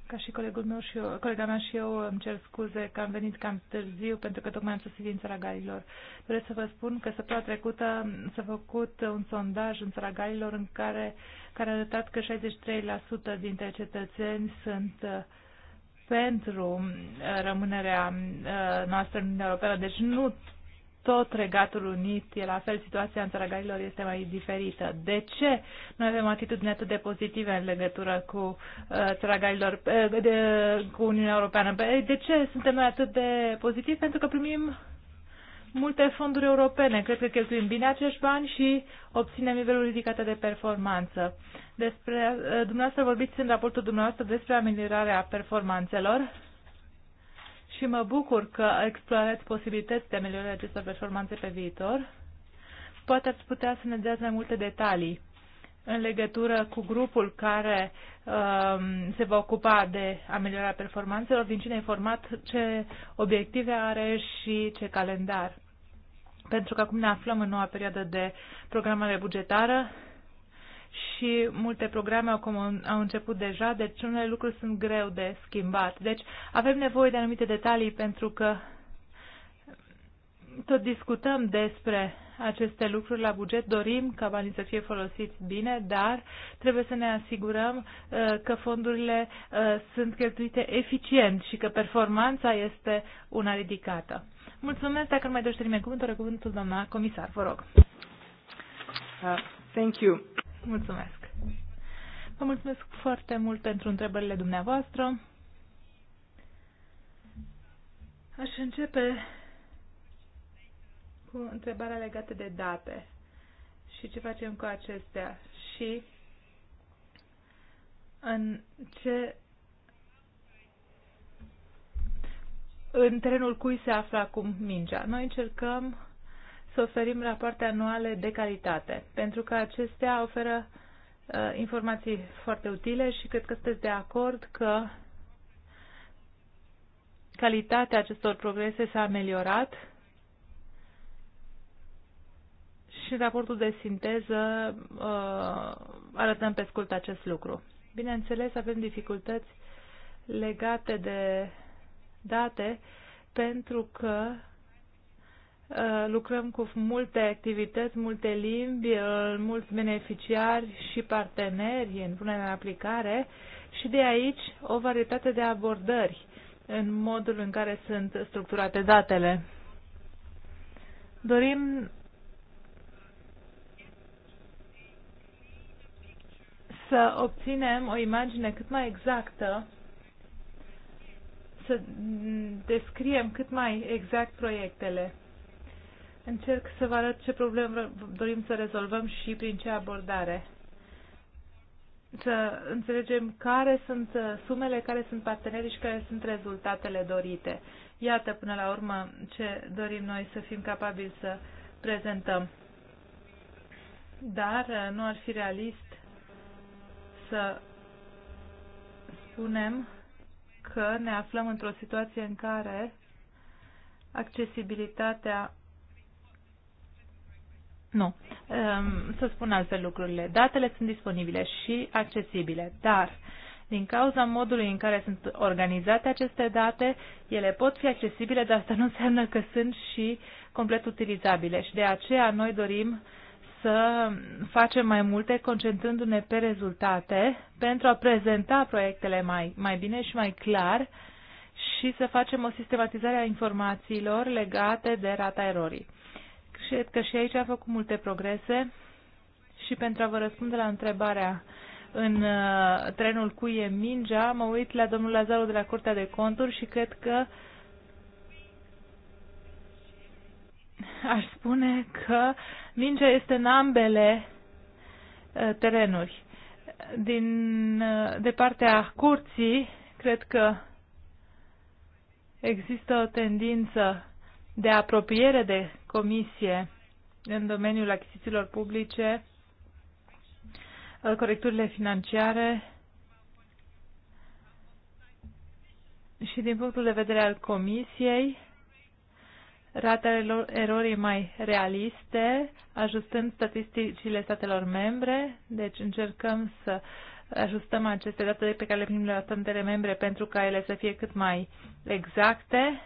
Ca și colegul meu și eu, colega mea și eu îmi cer scuze că am venit cam târziu pentru că tocmai am sosit din țara Galilor. Vreau să vă spun că săptămâna trecută s-a făcut un sondaj în țara Galilor în care, care a arătat că 63% dintre cetățeni sunt uh, pentru uh, rămânerea uh, noastră în Uniunea Europeană. Deci nu tot Regatul Unit e la fel, situația înțelăgărilor este mai diferită. De ce noi avem atitudine atât de pozitive în legătură cu înțelăgărilor, uh, uh, cu Uniunea Europeană? De ce suntem noi atât de pozitivi? Pentru că primim multe fonduri europene. Cred că cheltuim bine acești bani și obținem niveluri ridicate de performanță. Despre, uh, dumneavoastră vorbiți în raportul dumneavoastră despre ameliorarea performanțelor și mă bucur că explorați posibilități de ameliorare acestor performanțe pe viitor. Poate ați putea să ne dați mai multe detalii în legătură cu grupul care um, se va ocupa de ameliorarea performanțelor, din cine e format, ce obiective are și ce calendar. Pentru că acum ne aflăm în noua perioadă de programare bugetară și multe programe au, au început deja, deci unele lucruri sunt greu de schimbat. Deci avem nevoie de anumite detalii pentru că tot discutăm despre aceste lucruri la buget, dorim ca banii să fie folosiți bine, dar trebuie să ne asigurăm uh, că fondurile uh, sunt cheltuite eficient și că performanța este una ridicată. Mulțumesc, dacă nu mai dorește nimeni cuvântul, cuvântul doamna comisar, vă rog. Uh, thank you. Mulțumesc. Vă mulțumesc foarte mult pentru întrebările dumneavoastră. Aș începe cu întrebarea legată de date și ce facem cu acestea și în ce în terenul cui se află acum mingea. Noi încercăm să oferim rapoarte anuale de calitate, pentru că acestea oferă uh, informații foarte utile și cred că sunteți de acord că calitatea acestor progrese s-a ameliorat și în raportul de sinteză uh, arătăm pe scurt acest lucru. Bineînțeles, avem dificultăți legate de date pentru că Uh, lucrăm cu multe activități, multe limbi, uh, mulți beneficiari și parteneri în punerea în aplicare și de aici o varietate de abordări în modul în care sunt structurate datele. Dorim să obținem o imagine cât mai exactă, să descriem cât mai exact proiectele. Încerc să vă arăt ce probleme dorim să rezolvăm și prin ce abordare. Să înțelegem care sunt uh, sumele, care sunt partenerii și care sunt rezultatele dorite. Iată până la urmă ce dorim noi să fim capabili să prezentăm. Dar uh, nu ar fi realist să spunem că ne aflăm într-o situație în care accesibilitatea nu. Ehm, să spun altfel lucrurile. Datele sunt disponibile și accesibile, dar din cauza modului în care sunt organizate aceste date, ele pot fi accesibile, dar asta nu înseamnă că sunt și complet utilizabile. Și de aceea noi dorim să facem mai multe concentrându-ne pe rezultate pentru a prezenta proiectele mai, mai bine și mai clar și să facem o sistematizare a informațiilor legate de rata erorii. Cred că și aici a făcut multe progrese și pentru a vă răspunde la întrebarea în uh, trenul cu e mingea, mă uit la domnul Lazaru de la Curtea de Conturi și cred că aș spune că mingea este în ambele uh, terenuri. Din, uh, de partea curții, cred că există o tendință de apropiere de comisie în domeniul achizițiilor publice, uh, corecturile financiare și din punctul de vedere al comisiei, ratele erorii mai realiste, ajustând statisticile statelor membre, deci încercăm să ajustăm aceste date pe care le primim la statele membre pentru ca ele să fie cât mai exacte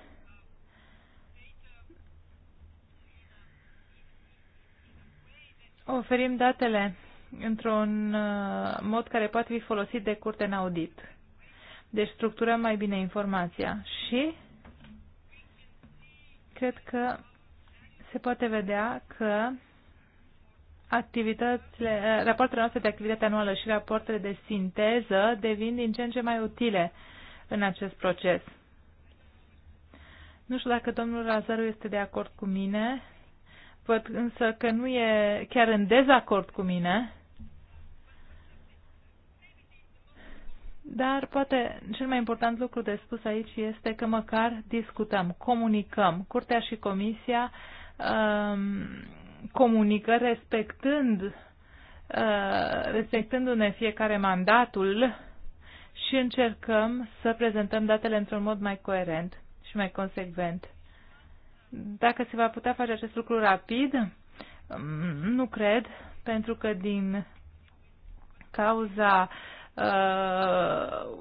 oferim datele într-un uh, mod care poate fi folosit de curte în audit. Deci structurăm mai bine informația și cred că se poate vedea că activitățile, uh, rapoartele noastre de activitate anuală și rapoartele de sinteză devin din ce în ce mai utile în acest proces. Nu știu dacă domnul Razaru este de acord cu mine, Văd însă că nu e chiar în dezacord cu mine. Dar poate cel mai important lucru de spus aici este că măcar discutăm, comunicăm. Curtea și Comisia um, comunică respectând, uh, respectându-ne fiecare mandatul și încercăm să prezentăm datele într-un mod mai coerent și mai consecvent. Dacă se va putea face acest lucru rapid, mm, nu cred, pentru că din cauza uh,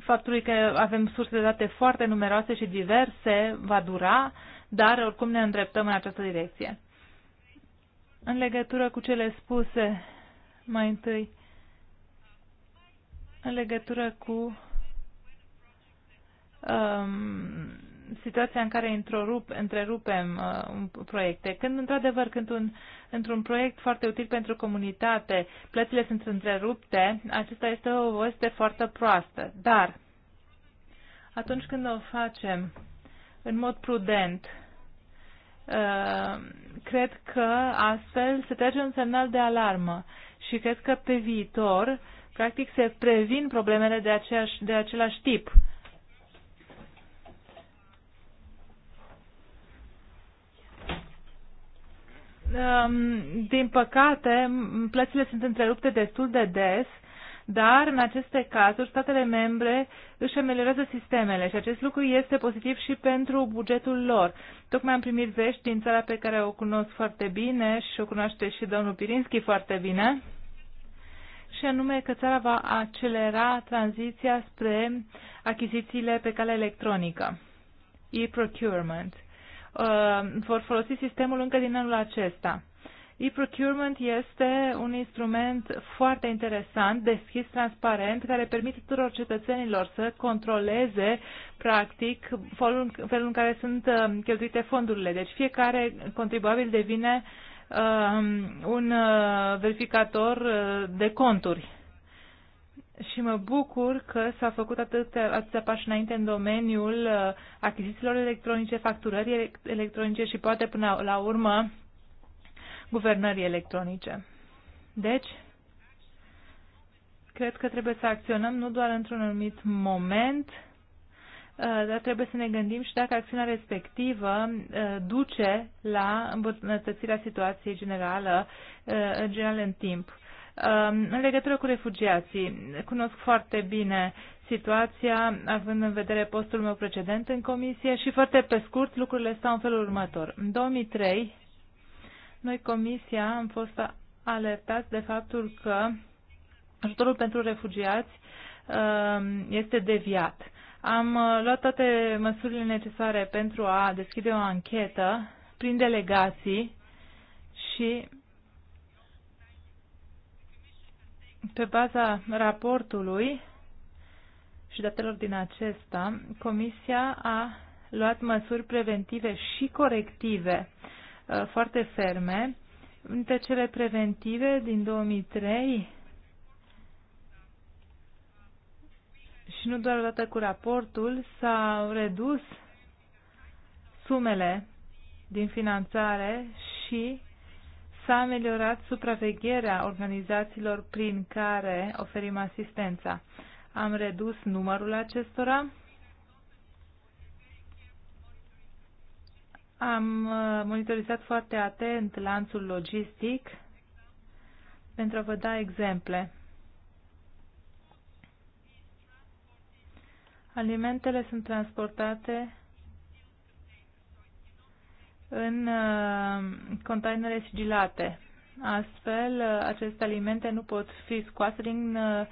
faptului că avem surse de date foarte numeroase și diverse va dura, dar oricum ne îndreptăm în această direcție. În legătură cu cele spuse mai întâi, în legătură cu um, situația în care întrerup, întrerupem uh, proiecte. Când, într-adevăr, când un, într-un proiect foarte util pentru comunitate, plățile sunt întrerupte, acesta este o veste foarte proastă. Dar, atunci când o facem în mod prudent, uh, cred că astfel se trage un semnal de alarmă și cred că pe viitor, practic, se previn problemele de, aceeași, de același tip. Uh, Um, din păcate, plățile sunt întrerupte destul de des, dar în aceste cazuri statele membre își ameliorează sistemele și acest lucru este pozitiv și pentru bugetul lor. Tocmai am primit vești din țara pe care o cunosc foarte bine și o cunoaște și domnul Pirinski foarte bine, și anume că țara va accelera tranziția spre achizițiile pe cale electronică, e-procurement. Uh, vor folosi sistemul încă din anul acesta. E-procurement este un instrument foarte interesant, deschis, transparent, care permite tuturor cetățenilor să controleze, practic, felul în care sunt uh, cheltuite fondurile. Deci fiecare contribuabil devine uh, un verificator de conturi și mă bucur că s-a făcut atâtea, atâtea pași înainte în domeniul uh, achizițiilor electronice, facturării electronice și poate până la urmă guvernării electronice. Deci, cred că trebuie să acționăm nu doar într-un anumit moment, uh, dar trebuie să ne gândim și dacă acțiunea respectivă uh, duce la îmbunătățirea situației generală, în general în timp. Um, în legătură cu refugiații, cunosc foarte bine situația, având în vedere postul meu precedent în comisie și foarte pe scurt lucrurile stau în felul următor. În 2003, noi comisia am fost alertați de faptul că ajutorul pentru refugiați um, este deviat. Am uh, luat toate măsurile necesare pentru a deschide o anchetă prin delegații și Pe baza raportului și datelor din acesta, Comisia a luat măsuri preventive și corective uh, foarte ferme. Între cele preventive din 2003 și nu doar odată cu raportul, s-au redus sumele din finanțare și s-a ameliorat supravegherea organizațiilor prin care oferim asistența. Am redus numărul acestora, am uh, monitorizat foarte atent lanțul logistic pentru a vă da exemple. Alimentele sunt transportate în uh, containere sigilate. Astfel, uh, aceste alimente nu pot fi scoase din uh,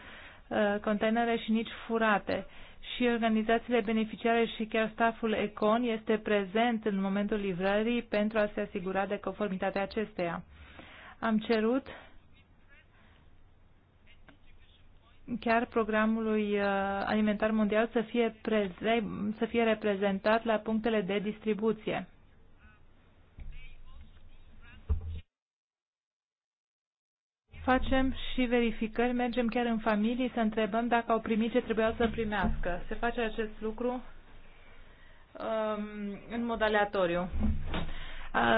containere și nici furate. Și organizațiile beneficiare și chiar Staful Econ este prezent în momentul livrării pentru a se asigura de conformitatea acesteia. Am cerut chiar programului alimentar mondial să fie, preze, să fie reprezentat la punctele de distribuție. facem și verificări, mergem chiar în familii să întrebăm dacă au primit ce trebuiau să primească. Se face acest lucru um, în mod aleatoriu.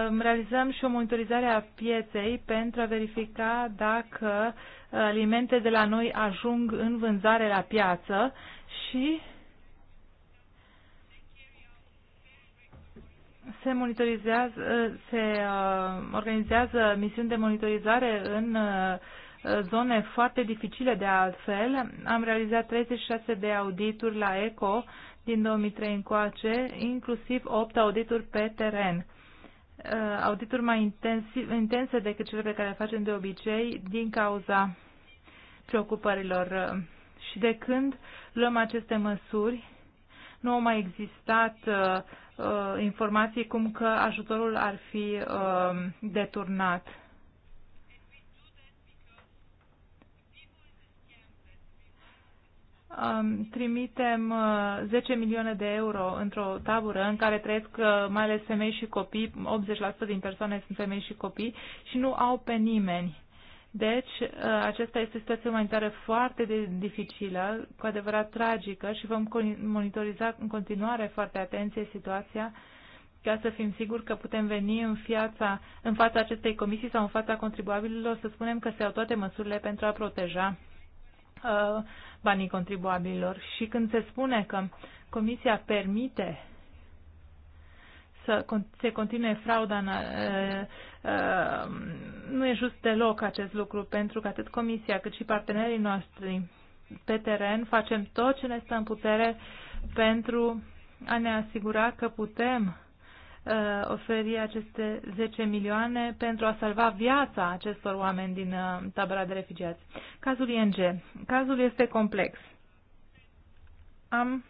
Um, realizăm și o monitorizare a pieței pentru a verifica dacă alimente de la noi ajung în vânzare la piață și se monitorizează, se uh, organizează misiuni de monitorizare în uh, zone foarte dificile de altfel. Am realizat 36 de audituri la ECO din 2003 încoace, inclusiv 8 audituri pe teren. Uh, audituri mai intense decât cele pe care le facem de obicei din cauza preocupărilor. Și de când luăm aceste măsuri, nu au mai existat uh, uh, informații cum că ajutorul ar fi uh, deturnat. Um, trimitem 10 uh, milioane de euro într-o tabură în care trăiesc uh, mai ales femei și copii, 80% din persoane sunt femei și copii și nu au pe nimeni deci, uh, aceasta este o situație umanitară foarte de dificilă, cu adevărat tragică și vom monitoriza în continuare foarte atenție situația ca să fim siguri că putem veni în, fiața, în fața acestei comisii sau în fața contribuabililor să spunem că se iau toate măsurile pentru a proteja uh, banii contribuabililor. Și când se spune că comisia permite să se continue frauda în, uh, uh, nu e just deloc acest lucru, pentru că atât Comisia cât și partenerii noștri pe teren facem tot ce ne stă în putere pentru a ne asigura că putem uh, oferi aceste 10 milioane pentru a salva viața acestor oameni din tabăra de refugiați. Cazul ING. Cazul este complex. Am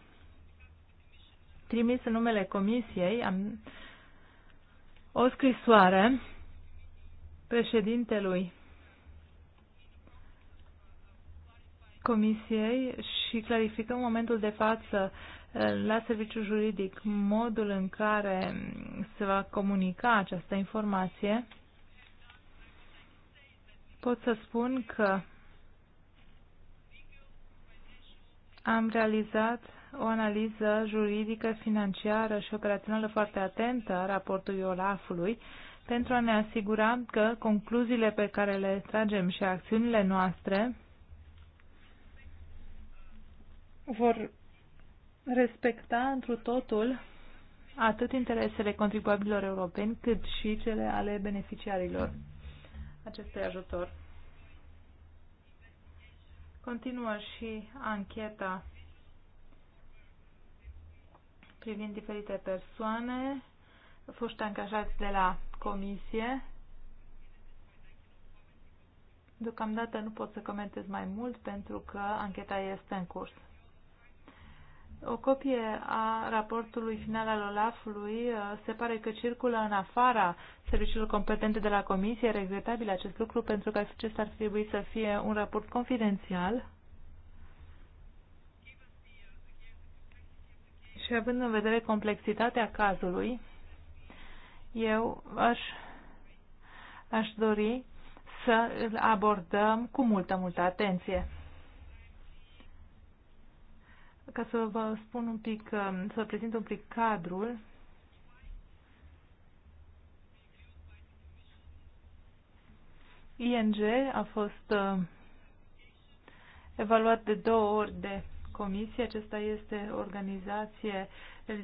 trimis în numele Comisiei am, o scrisoare președintelui Comisiei și clarificăm momentul de față eh, la serviciu juridic modul în care se va comunica această informație. Pot să spun că am realizat o analiză juridică, financiară și operațională foarte atentă a raportului Olafului pentru a ne asigura că concluziile pe care le tragem și acțiunile noastre vor respecta întru totul atât interesele contribuabililor europeni cât și cele ale beneficiarilor acestui ajutor. Continuă și ancheta privind diferite persoane, foști angajați de la comisie. Deocamdată nu pot să comentez mai mult pentru că ancheta este în curs. O copie a raportului final al Olafului uh, se pare că circulă în afara serviciilor competente de la Comisie. Regretabil acest lucru pentru că acesta ar trebui să fie un raport confidențial Și având în vedere complexitatea cazului, eu aș, aș dori să îl abordăm cu multă, multă atenție. Ca să vă spun un pic, um, să vă prezint un pic cadrul, ING a fost um, evaluat de două ori de comisie. Acesta este organizație eh,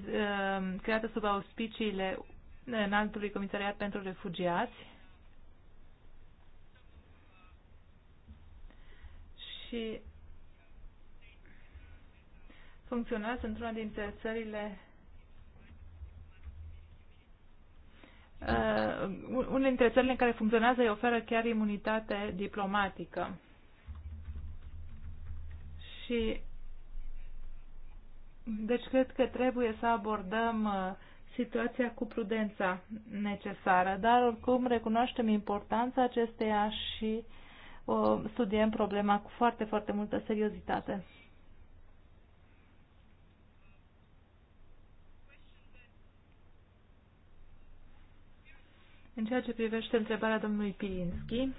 creată sub auspiciile Înaltului Comisariat pentru Refugiați. Și funcționează într-una dintre țările Uh, eh, unul dintre țările în care funcționează îi oferă chiar imunitate diplomatică. Și deci cred că trebuie să abordăm uh, situația cu prudența necesară, dar oricum recunoaștem importanța acesteia și o uh, studiem problema cu foarte, foarte multă seriozitate. În ceea ce privește întrebarea domnului Pirinski,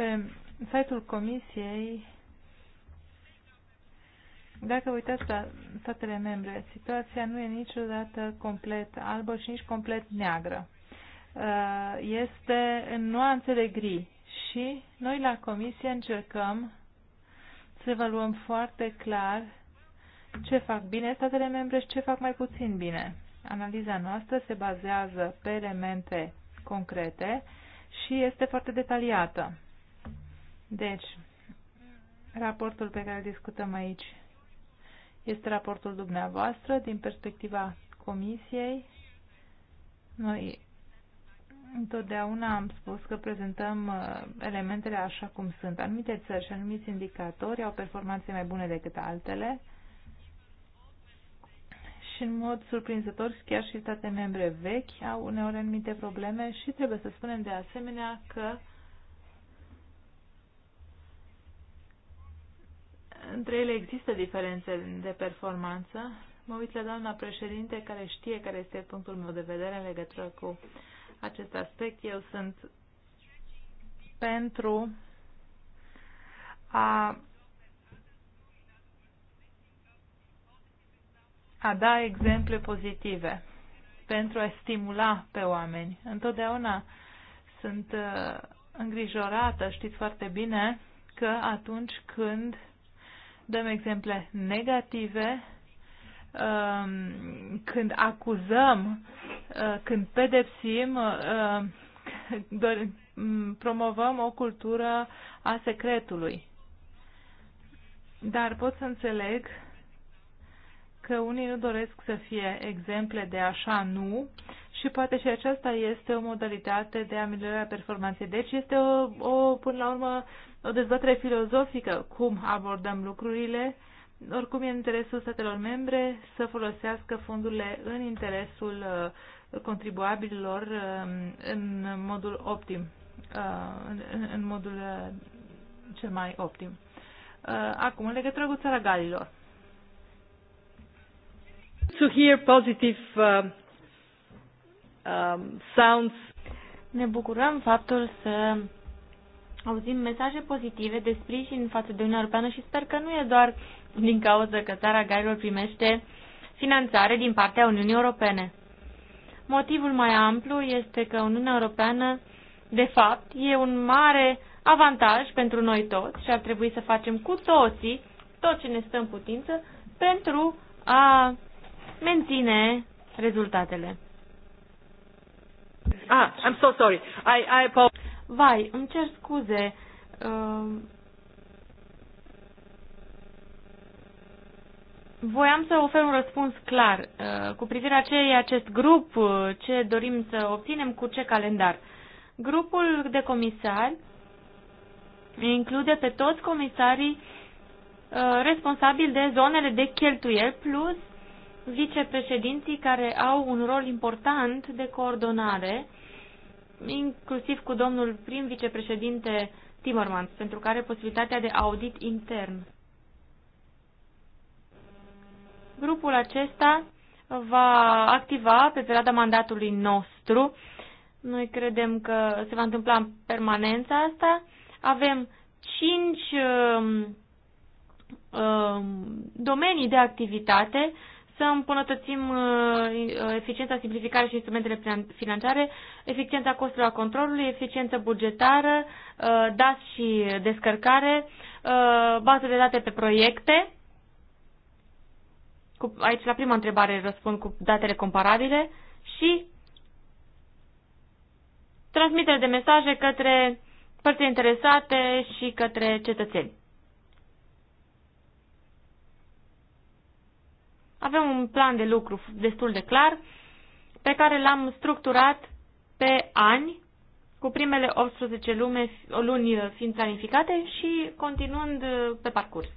Pe site-ul Comisiei, dacă uitați la statele membre, situația nu e niciodată complet albă și nici complet neagră. Uh, este în nuanțele gri și noi la Comisie încercăm să evaluăm foarte clar ce fac bine statele membre și ce fac mai puțin bine. Analiza noastră se bazează pe elemente concrete și este foarte detaliată. Deci, raportul pe care îl discutăm aici este raportul dumneavoastră din perspectiva comisiei. Noi întotdeauna am spus că prezentăm uh, elementele așa cum sunt. Anumite țări și anumiți indicatori au performanțe mai bune decât altele și în mod surprinzător chiar și state membre vechi au uneori anumite probleme și trebuie să spunem de asemenea că între ele există diferențe de performanță. Mă uit la doamna președinte care știe care este punctul meu de vedere în legătură cu acest aspect. Eu sunt pentru a, a da exemple pozitive, pentru a stimula pe oameni. Întotdeauna sunt uh, îngrijorată, știți foarte bine, că atunci când dăm exemple negative um, când acuzăm, uh, când pedepsim, uh, promovăm o cultură a secretului. Dar pot să înțeleg că unii nu doresc să fie exemple de așa nu, și poate și aceasta este o modalitate de ameliorare a performanței. Deci este o, o până la urmă, o dezbatere filozofică cum abordăm lucrurile. Oricum e în interesul statelor membre să folosească fondurile în interesul uh, contribuabililor uh, în modul optim, uh, în modul cel mai optim. Acum, în legătură cu țara Galilor. To hear positive uh, um, sounds. Ne bucurăm faptul să auzim mesaje pozitive de sprijin față de Uniunea Europeană și sper că nu e doar din cauza că țara Galilor primește finanțare din partea Uniunii Europene. Motivul mai amplu este că Uniunea Europeană, de fapt, e un mare avantaj pentru noi toți și ar trebui să facem cu toții tot ce ne stă în putință pentru a menține rezultatele. Ah, I'm so sorry. I, I apologize. Vai, îmi cer scuze. Uh, voiam să ofer un răspuns clar uh, cu privire la ce e acest grup, uh, ce dorim să obținem, cu ce calendar. Grupul de comisari include pe toți comisarii uh, responsabili de zonele de cheltuieli plus vicepreședinții care au un rol important de coordonare, inclusiv cu domnul prim vicepreședinte Timmermans, pentru care are posibilitatea de audit intern. Grupul acesta va activa pe perioada mandatului nostru. Noi credem că se va întâmpla în permanența asta. Avem cinci um, um, domenii de activitate să îmbunătățim uh, eficiența, simplificare și instrumentele financiare, eficiența costurilor a controlului, eficiența bugetară, uh, DAS și descărcare, uh, bază de date pe proiecte. Cu, aici la prima întrebare răspund cu datele comparabile și transmitere de mesaje către părți interesate și către cetățeni. Avem un plan de lucru destul de clar pe care l-am structurat pe ani, cu primele 18 lume, luni uh, fiind planificate și continuând uh, pe parcurs.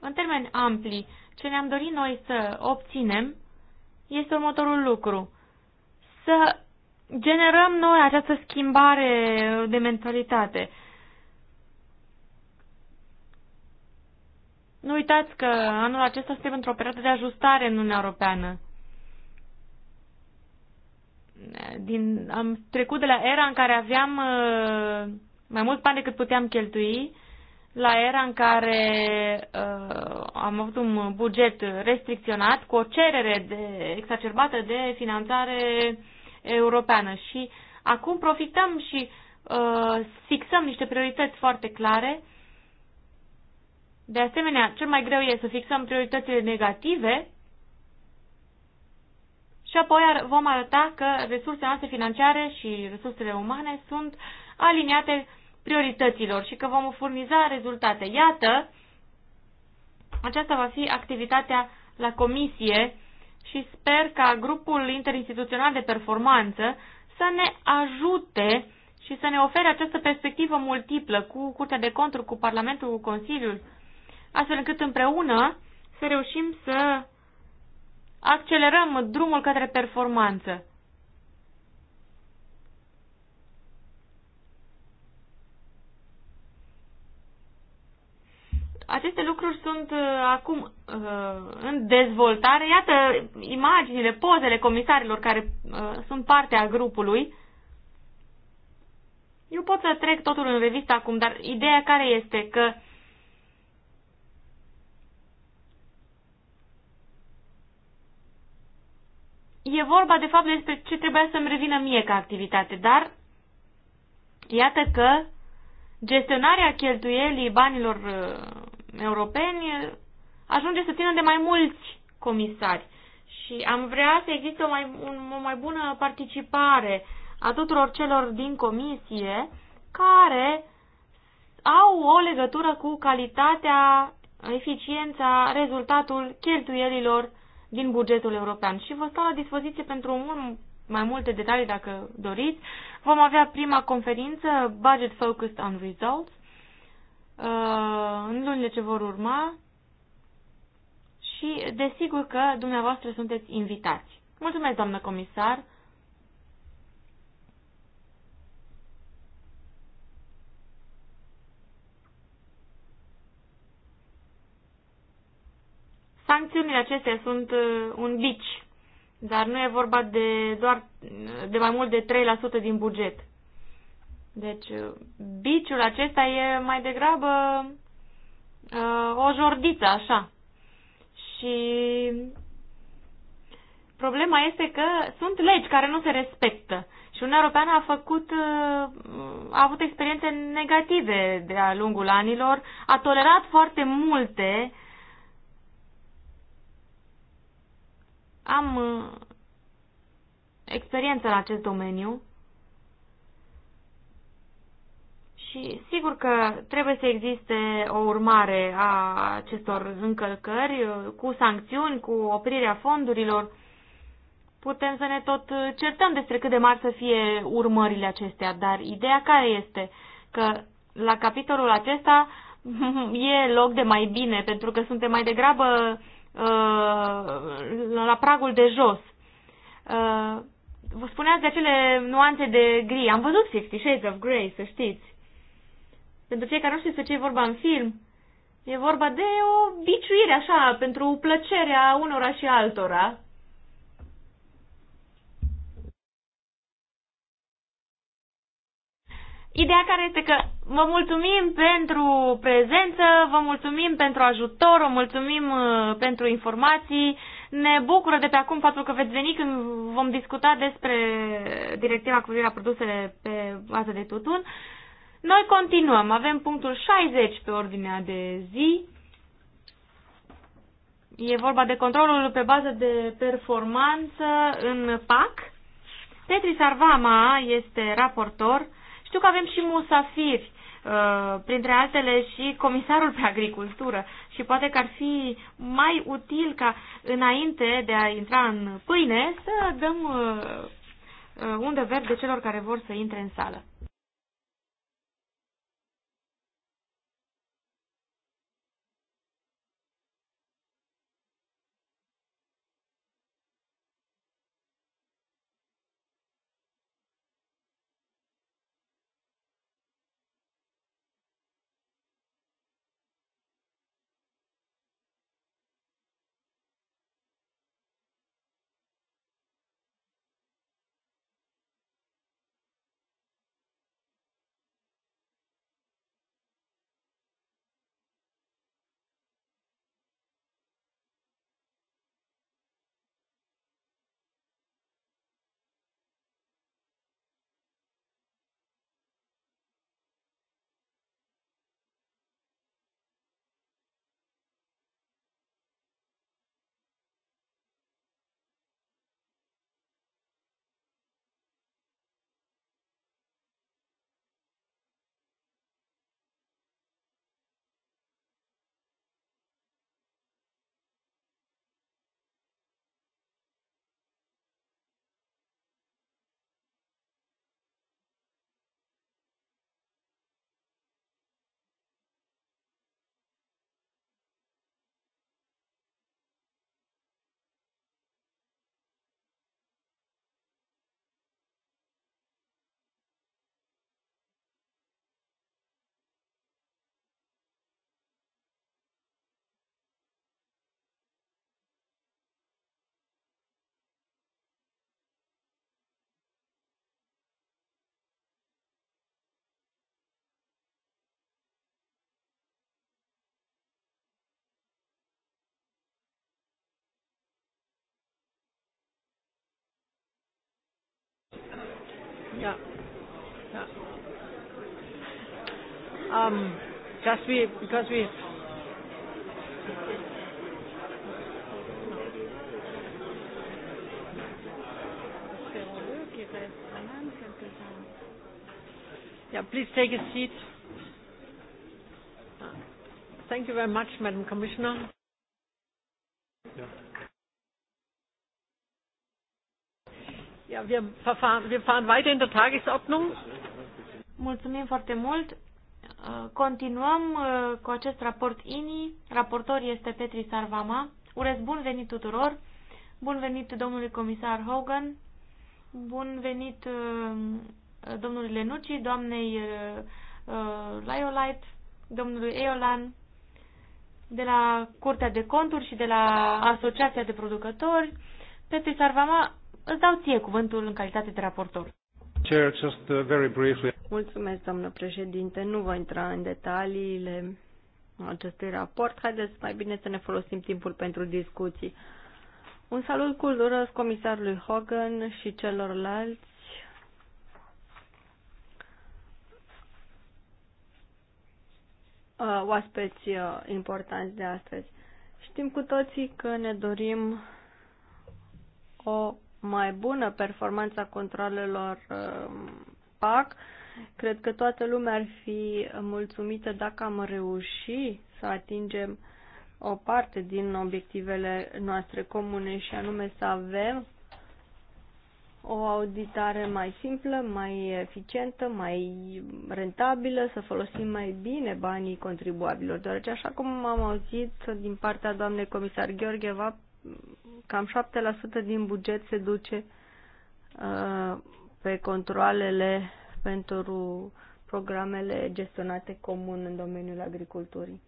În termeni ampli, ce ne-am dorit noi să obținem este următorul lucru. Să generăm noi această schimbare de mentalitate. Nu uitați că anul acesta suntem într-o perioadă de ajustare în Uniunea Europeană. Din, am trecut de la era în care aveam uh, mai mult bani decât puteam cheltui, la era în care uh, am avut un buget restricționat cu o cerere de, exacerbată de finanțare europeană. Și acum profităm și uh, fixăm niște priorități foarte clare uh, de asemenea, cel mai greu e să fixăm prioritățile negative și apoi vom arăta că resursele noastre financiare și resursele umane sunt aliniate priorităților și că vom furniza rezultate. Iată, aceasta va fi activitatea la comisie și sper ca grupul interinstituțional de performanță să ne ajute și să ne ofere această perspectivă multiplă cu Curtea de Conturi, cu Parlamentul, cu Consiliul, astfel încât împreună să reușim să accelerăm drumul către performanță. aceste lucruri sunt uh, acum uh, în dezvoltare. Iată imaginile, pozele comisarilor care uh, sunt parte a grupului. Eu pot să trec totul în revistă acum, dar ideea care este că E vorba, de fapt, despre ce trebuia să-mi revină mie ca activitate, dar iată că gestionarea cheltuielii banilor uh, europeni uh, ajunge să țină de mai mulți comisari și am vrea să existe o mai, o mai bună participare a tuturor celor din comisie care au o legătură cu calitatea, eficiența, rezultatul cheltuielilor din bugetul european și vă stau la dispoziție pentru mult mai multe detalii dacă doriți. Vom avea prima conferință Budget Focused on Results uh, în lunile ce vor urma și desigur că dumneavoastră sunteți invitați. Mulțumesc, doamnă comisar! Sancțiunile acestea sunt uh, un bici, dar nu e vorba de, doar, uh, de mai mult de 3% din buget. Deci, uh, biciul acesta e mai degrabă uh, o jordiță, așa. Și problema este că sunt legi care nu se respectă. Și Uniunea Europeană a făcut, a avut experiențe negative de-a lungul anilor, a tolerat foarte multe Am uh, experiență în acest domeniu și sigur că trebuie să existe o urmare a acestor încălcări uh, cu sancțiuni, cu oprirea fondurilor. Putem să ne tot uh, certăm despre cât de mari să fie urmările acestea, dar ideea care este? Că la capitolul acesta e loc de mai bine, pentru că suntem mai degrabă Uh, la pragul de jos. Uh, vă spuneați de acele nuanțe de gri. Am văzut Fifty Shades of Grey, să știți. Pentru cei care nu știți ce e vorba în film, e vorba de o biciuire așa, pentru plăcerea unora și altora. Ideea care este că vă mulțumim pentru prezență, vă mulțumim pentru ajutor, vă mulțumim uh, pentru informații. Ne bucură de pe acum faptul că veți veni când vom discuta despre directiva cu privire la produsele pe bază de tutun. Noi continuăm. Avem punctul 60 pe ordinea de zi. E vorba de controlul pe bază de performanță în PAC. Petri Sarvama este raportor. Știu că avem și musafiri, uh, printre altele și comisarul pe agricultură și poate că ar fi mai util ca înainte de a intra în pâine să dăm uh, uh, unde verde celor care vor să intre în sală. Ja. ja. Um, just we, because we Yeah, please take a seat. Thank you very much, Madam Commissioner. Yeah. Ja, wir wir fahren weiter in der Tagesordnung. Mulțumim foarte mult. Uh, continuăm uh, cu acest raport INI. Raportor este Petri Sarvama. Urez bun venit tuturor. Bun venit domnului comisar Hogan. Bun venit uh, domnului Lenuci, doamnei Laiolite, domnului Eolan, de la Curtea de Conturi și de la Asociația de Producători. Petri Sarvama Îți dau ție cuvântul în calitate de raportor. Chair, just uh, very briefly. Mulțumesc, doamnă președinte. Nu voi intra în detaliile acestui raport. Haideți mai bine să ne folosim timpul pentru discuții. Un salut culturos comisarului Hogan și celorlalți uh, oaspeți uh, importanți de astăzi. Știm cu toții că ne dorim o mai bună performanța controlelor um, PAC, cred că toată lumea ar fi mulțumită dacă am reușit să atingem o parte din obiectivele noastre comune și anume să avem o auditare mai simplă, mai eficientă, mai rentabilă, să folosim mai bine banii contribuabilor, deoarece așa cum am auzit din partea doamnei comisar Gheorgheva, cam 7% din buget se duce uh, pe controlele pentru programele gestionate comun în domeniul agriculturii.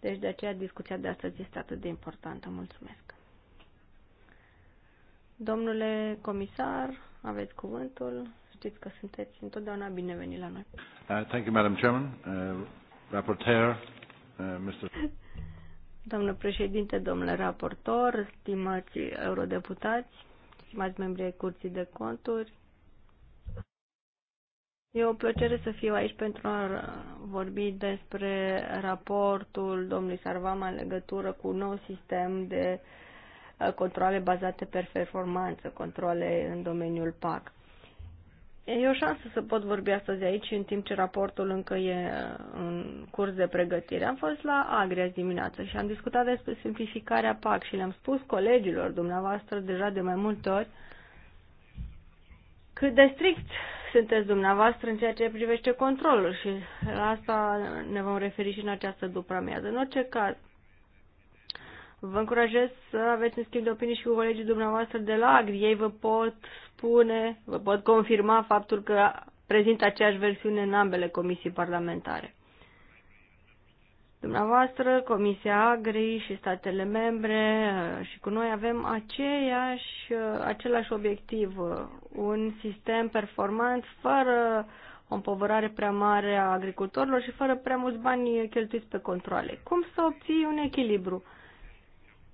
Deci de aceea discuția de astăzi este atât de importantă. Mulțumesc. Domnule comisar, aveți cuvântul. Știți că sunteți întotdeauna binevenit la noi. Uh, thank you, Madam Chairman. Uh, rapporteur, uh, Mr. Domnule președinte, domnule raportor, stimați eurodeputați, stimați membri ai Curții de Conturi, E o plăcere să fiu aici pentru a vorbi despre raportul domnului Sarvama în legătură cu un nou sistem de controle bazate pe performanță, controle în domeniul PAC. E o șansă să pot vorbi astăzi aici, în timp ce raportul încă e în curs de pregătire. Am fost la Agria dimineață și am discutat despre simplificarea PAC și le-am spus colegilor dumneavoastră deja de mai multe ori cât de strict sunteți dumneavoastră în ceea ce privește controlul și la asta ne vom referi și în această după amiază. În orice caz, Vă încurajez să aveți un schimb de opinii și cu colegii dumneavoastră de la Agri. Ei vă pot spune, vă pot confirma faptul că prezintă aceeași versiune în ambele comisii parlamentare. Dumneavoastră, Comisia Agri și statele membre uh, și cu noi avem aceeași, uh, același obiectiv, uh, un sistem performant fără o împovărare prea mare a agricultorilor și fără prea mulți bani cheltuiți pe controle. Cum să obții un echilibru?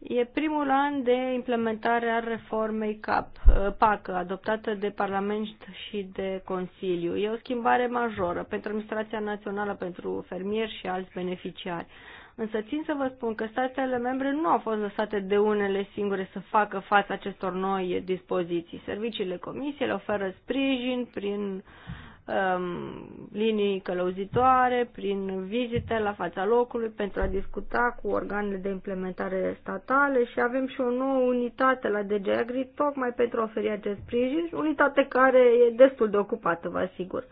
E primul an de implementare a reformei CAP, uh, PAC, adoptată de Parlament și de Consiliu. E o schimbare majoră pentru Administrația Națională, pentru fermieri și alți beneficiari. Însă țin să vă spun că statele membre nu au fost lăsate de unele singure să facă față acestor noi dispoziții. Serviciile Comisiei le oferă sprijin prin uh, um, linii călăuzitoare, prin vizite la fața locului pentru a discuta cu organele de implementare statale și avem și o nouă unitate la DG Agri tocmai pentru a oferi acest sprijin, unitate care e destul de ocupată, vă asigur.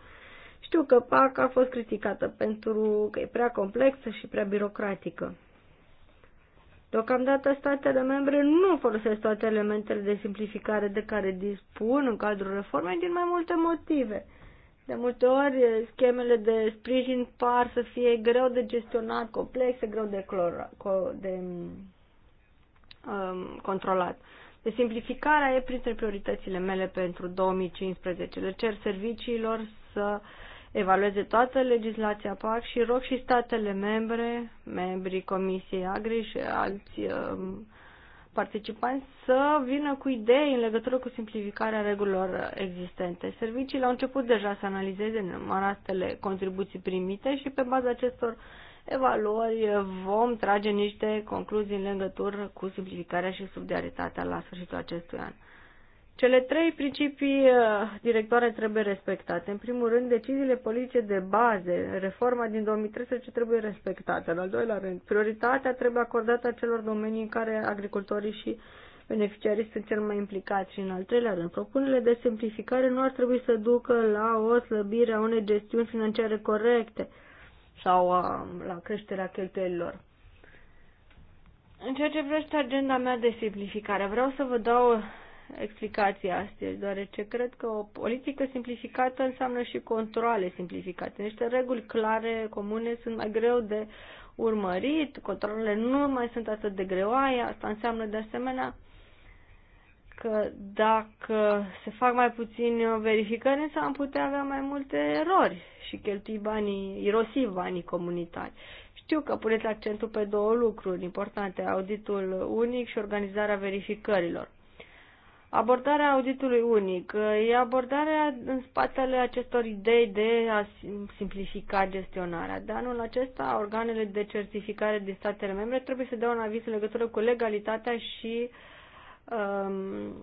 Știu că PAC a fost criticată pentru că e prea complexă și prea birocratică. Deocamdată statele membre nu folosesc toate elementele de simplificare de care dispun în cadrul reformei din mai multe motive – de multe ori, eh, schemele de sprijin par să fie greu de gestionat, complexe, greu de, clora, de um, controlat. De deci, simplificarea e printre prioritățile mele pentru 2015. Le cer serviciilor să evalueze toată legislația PAC și rog și statele membre, membrii Comisiei Agri și alți um, participanți să vină cu idei în legătură cu simplificarea regulilor existente. Serviciile au început deja să analizeze numaratele contribuții primite și pe baza acestor evaluări vom trage niște concluzii în legătură cu simplificarea și subsidiaritatea la sfârșitul acestui an. Cele trei principii uh, directoare trebuie respectate. În primul rând, deciziile politice de bază, reforma din 2013 trebuie respectată. În al doilea rând, prioritatea trebuie acordată celor domenii în care agricultorii și beneficiarii sunt cel mai implicați. Și în al treilea rând, propunerile de simplificare nu ar trebui să ducă la o slăbire a unei gestiuni financiare corecte sau a, uh, la creșterea cheltuielilor. În ceea ce vrește agenda mea de simplificare, vreau să vă dau explicații astăzi, deoarece cred că o politică simplificată înseamnă și controle simplificate. Niște reguli clare, comune, sunt mai greu de urmărit, controlele nu mai sunt atât de greoaie, asta înseamnă de asemenea că dacă se fac mai puțini verificări, însă am putea avea mai multe erori și cheltui banii, irosi banii comunitari. Știu că puneți accentul pe două lucruri importante, auditul unic și organizarea verificărilor. Abordarea auditului unic e abordarea în spatele acestor idei de a simplifica gestionarea. De anul acesta, organele de certificare din statele membre trebuie să dea un aviz în legătură cu legalitatea și um, um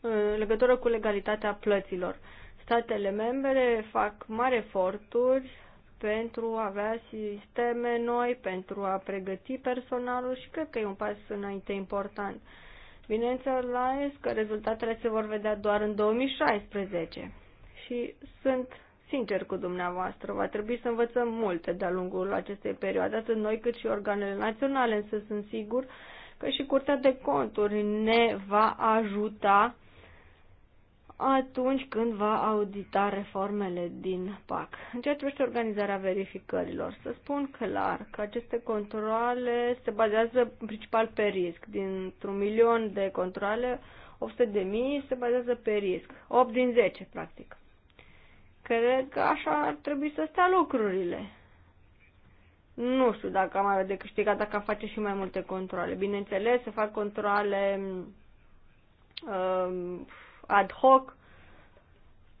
în legătură cu legalitatea plăților. Statele membre fac mari eforturi pentru a avea sisteme noi, pentru a pregăti personalul și cred că e un pas înainte important. Bineînțeles că rezultatele se vor vedea doar în 2016 și sunt sincer cu dumneavoastră, va trebui să învățăm multe de-a lungul acestei perioade, atât noi cât și organele naționale, însă sunt sigur că și Curtea de Conturi ne va ajuta atunci când va audita reformele din PAC. În ceea ce privește organizarea verificărilor, să spun clar că aceste controle se bazează în principal pe risc. Dintr-un milion de controle, 800 de mii se bazează pe risc. 8 din 10, practic. Cred că așa ar trebui să stea lucrurile. Nu știu dacă am avea de câștigat dacă am face și mai multe controle. Bineînțeles, să fac controle uh, ad hoc,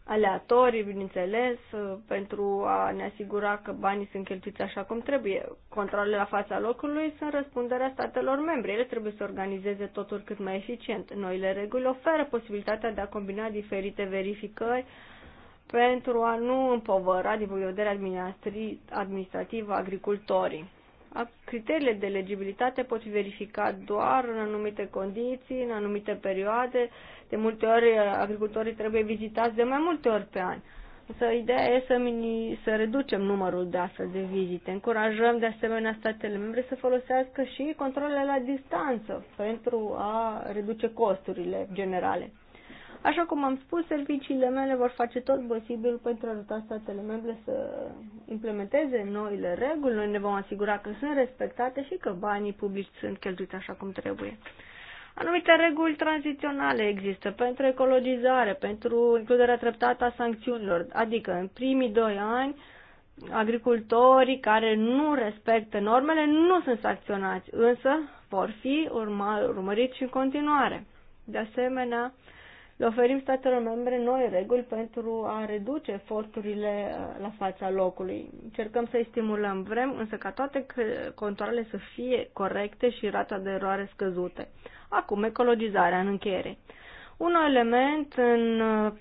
aleatorii, bineînțeles, pentru a ne asigura că banii sunt cheltuiți așa cum trebuie. Controlele la fața locului sunt răspunderea statelor membre. Ele trebuie să organizeze totul cât mai eficient. Noile reguli oferă posibilitatea de a combina diferite verificări pentru a nu împovăra din punct de vedere administrativ agricultorii criteriile de legibilitate pot fi verificate doar în anumite condiții, în anumite perioade. De multe ori uh, agricultorii trebuie vizitați de mai multe ori pe an. Însă ideea e să, mini, să reducem numărul de astfel de vizite. Încurajăm de asemenea statele membre să folosească și controlele la distanță pentru a reduce costurile generale. Așa cum am spus, serviciile mele vor face tot posibil pentru a ajuta statele membre să implementeze noile reguli. Noi ne vom asigura că sunt respectate și că banii publici sunt cheltuiți așa cum trebuie. Anumite reguli tranziționale există pentru ecologizare, pentru includerea treptată a sancțiunilor, adică în primii doi ani agricultorii care nu respectă normele nu sunt sancționați, însă vor fi urma, urmăriți și în continuare. De asemenea, le oferim statelor membre noi reguli pentru a reduce eforturile uh, la fața locului. Încercăm să-i stimulăm, vrem însă ca toate controlele să fie corecte și rata de eroare scăzute. Acum, ecologizarea în încheiere. Un element în, uh,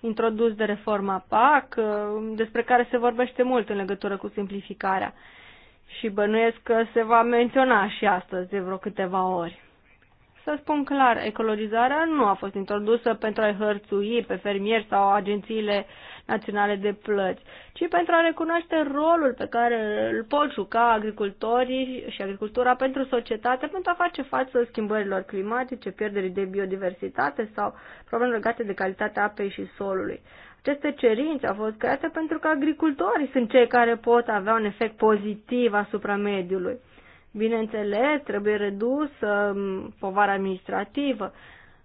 introdus de reforma PAC, uh, despre care se vorbește mult în legătură cu simplificarea. Și bănuiesc că se va menționa și astăzi de vreo câteva ori. Să spun clar, ecologizarea nu a fost introdusă pentru a-i hărțui pe fermieri sau agențiile naționale de plăți, ci pentru a recunoaște rolul pe care îl pot juca agricultorii și agricultura pentru societate, pentru a face față schimbărilor climatice, pierderii de biodiversitate sau probleme legate de calitatea apei și solului. Aceste cerințe au fost create pentru că agricultorii sunt cei care pot avea un efect pozitiv asupra mediului. Bineînțeles, trebuie redusă um, povara administrativă,